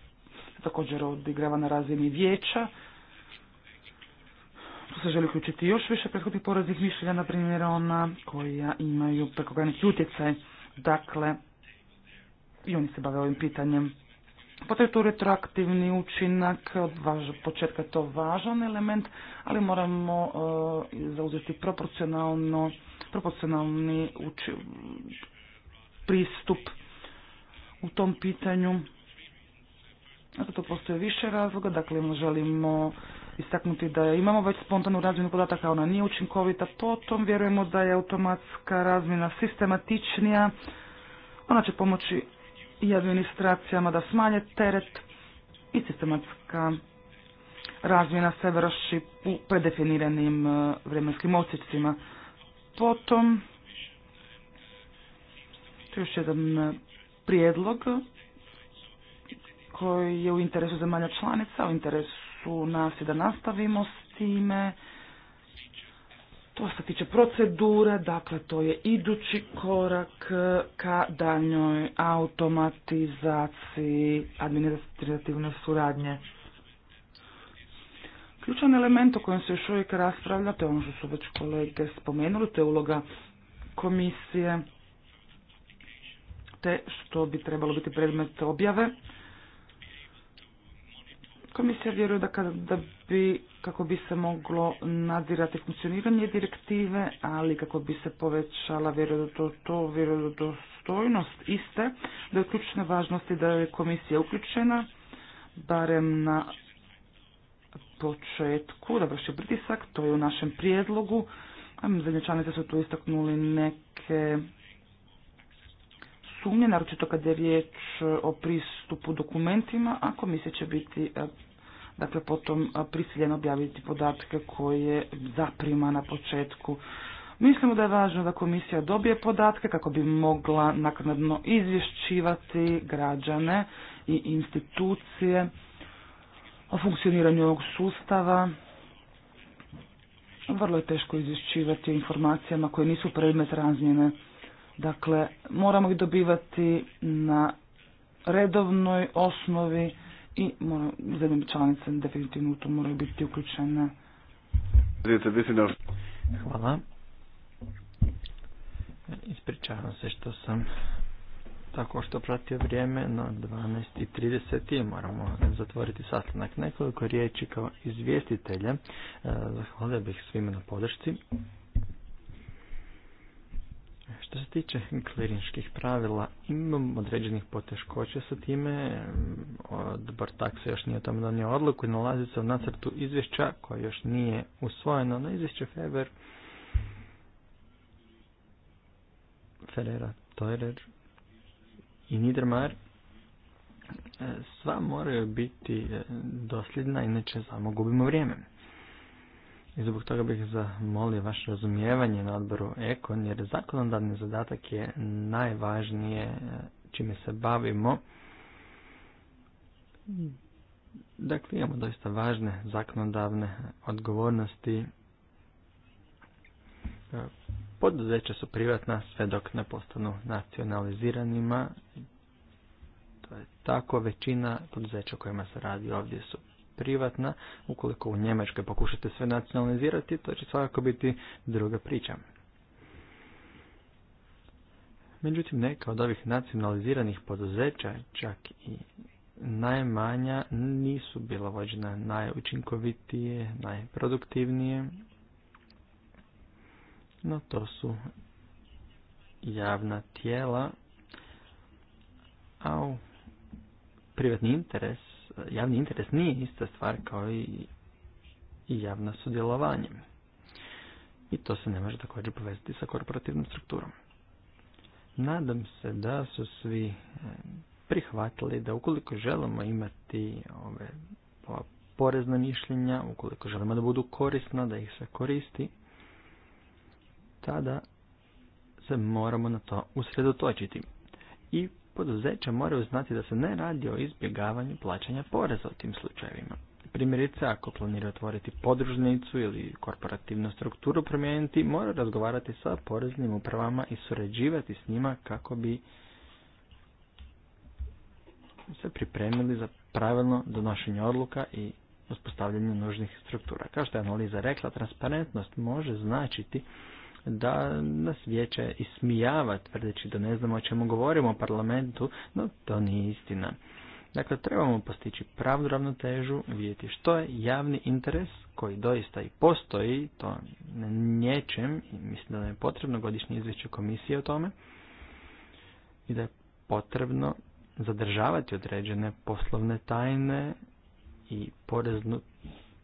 također odigrava na razini vijeća. Tu se želi uključiti još više prethodnih poraznih mišljenja, na primjer ona koja imaju prekogranični utjecaj. Dakle, i oni se bave ovim pitanjem je tu retroaktivni učinak, od početka je to važan element, ali moramo e, zauzeti proporcionalno, proporcionalni pristup u tom pitanju. Zato to postoje više razloga, dakle želimo istaknuti da imamo već spontanu razmjenu podataka, ona nije učinkovita, potom vjerujemo da je automatska razmjena sistematičnija, ona će pomoći i administracijama da smanje teret i sistematska razmjena se vrši u predefiniranim e, vremenskim osjecima. Potom, tu je još jedan e, prijedlog koji je u interesu zemalja članica, u interesu nas je da nastavimo s time, to se tiče procedure, dakle to je idući korak ka daljnjoj automatizaciji administrativne suradnje. Ključan element o kojem se još uvijek raspravlja, to je ono što su već kolege spomenuli, to je uloga komisije, te što bi trebalo biti predmet objave. Komisija vjeruje da, da bi, kako bi se moglo nadirati funkcioniranje direktive, ali kako bi se povećala vjerodostojnost vjerodostojnost iste, da je ključne važnosti da je komisija uključena, barem na početku, da vrši pritisak, to je u našem prijedlogu. Zadnje članice su tu istaknuli neke sumnje, naročito kada je riječ o pristupu dokumentima, a komisija će biti dakle potom prisiljeno objaviti podatke koje zaprima na početku. Mislimo da je važno da komisija dobije podatke kako bi mogla naknadno izvješćivati građane i institucije o funkcioniranju ovog sustava. Vrlo je teško izvješćivati o informacijama koje nisu predmet razmjene. Dakle, moramo ih dobivati na redovnoj osnovi i mora, zemljom članice definitivno u to moraju biti uključene. Hvala. Ispričavam se što sam tako što pratio vrijeme, na 12.30 moramo zatvoriti sastanak. Nekoliko riječi kao izvjestitelja. Eh, zahvalio bih svima na podršci. Što se tiče klirinških pravila, imam određenih poteškoća sa time, odbor se još nije o tome donio odluku i nalazi se u nacrtu izvješća koja još nije usvojeno na izvješće Feber. Ferreira, Teurer i Niedermar e, sva moraju biti e, dosljedna, inače samo gubimo vrijeme. I zbog toga bih zamolio vaše razumijevanje na odboru Ekon, jer zakonodavni zadatak je najvažnije e, čime se bavimo. Dakle, imamo doista važne zakonodavne odgovornosti. E, poduzeća su privatna sve dok ne postanu nacionaliziranima. To je tako, većina poduzeća kojima se radi ovdje su privatna. Ukoliko u Njemačkoj pokušate sve nacionalizirati, to će svakako biti druga priča. Međutim, neka od ovih nacionaliziranih poduzeća, čak i najmanja, nisu bila vođena najučinkovitije, najproduktivnije, no to su javna tijela, a u privatni interes javni interes nije ista stvar kao i javno sudjelovanje. I to se ne može također povezati sa korporativnom strukturom. Nadam se da su svi e, prihvatili da ukoliko želimo imati ove porezna mišljenja, ukoliko želimo da budu korisna, da ih se koristi, tada se moramo na to usredotočiti. I poduzeća moraju znati da se ne radi o izbjegavanju plaćanja poreza u tim slučajevima. Primjerice, ako planira otvoriti podružnicu ili korporativnu strukturu promijeniti, mora razgovarati sa poreznim upravama i surađivati s njima kako bi se pripremili za pravilno donošenje odluka i uspostavljanje nužnih struktura. Kao što je analiza rekla, transparentnost može značiti da nas vijeće ismijava tvrdeći da ne znamo o čemu govorimo o parlamentu, no to nije istina. Dakle, trebamo postići pravdu ravnotežu, vidjeti što je javni interes koji doista i postoji, to ne nječem, mislim da nam je potrebno godišnje izvješće komisije o tome, i da je potrebno zadržavati određene poslovne tajne i poreznu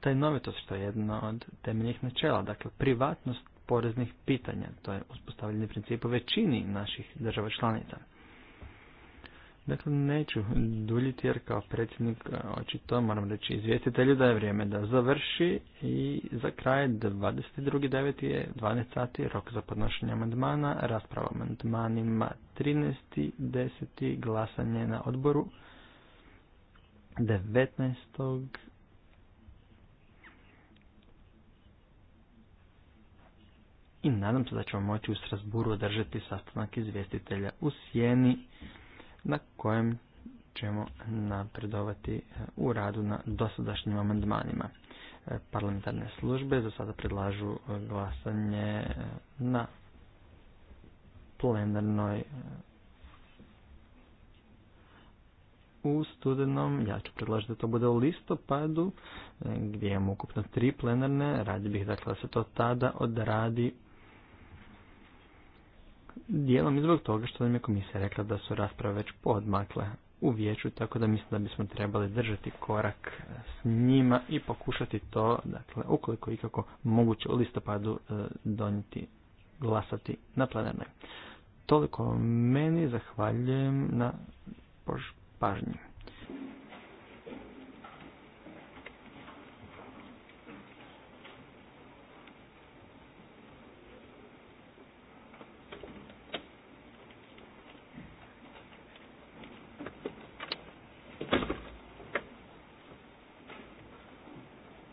tajnovitost, što je jedno od temeljnih načela. Dakle, privatnost poreznih pitanja. To je uspostavljeni princip u većini naših država članica. Dakle, neću duljiti jer kao predsjednik e, očito moram reći izvjestitelju da je vrijeme da završi i za kraj 22.9. je 12 sati rok za podnošenje amandmana, rasprava amandmanima 13.10. glasanje na odboru 19. i nadam se da ćemo moći u Strasburu održati sastanak izvjestitelja u Sjeni na kojem ćemo napredovati e, u radu na dosadašnjim amandmanima. E, parlamentarne službe za sada predlažu e, glasanje na plenarnoj u studenom, ja ću predlažiti da to bude u listopadu, gdje imamo ukupno tri plenarne, radi bih dakle da se to tada odradi Dijelom i zbog toga što nam je komisija rekla da su rasprave već podmakle u vijeću, tako da mislim da bismo trebali držati korak s njima i pokušati to, dakle, ukoliko ikako moguće u listopadu e, donijeti, glasati na plenarnoj. Toliko meni zahvaljujem na pažnji.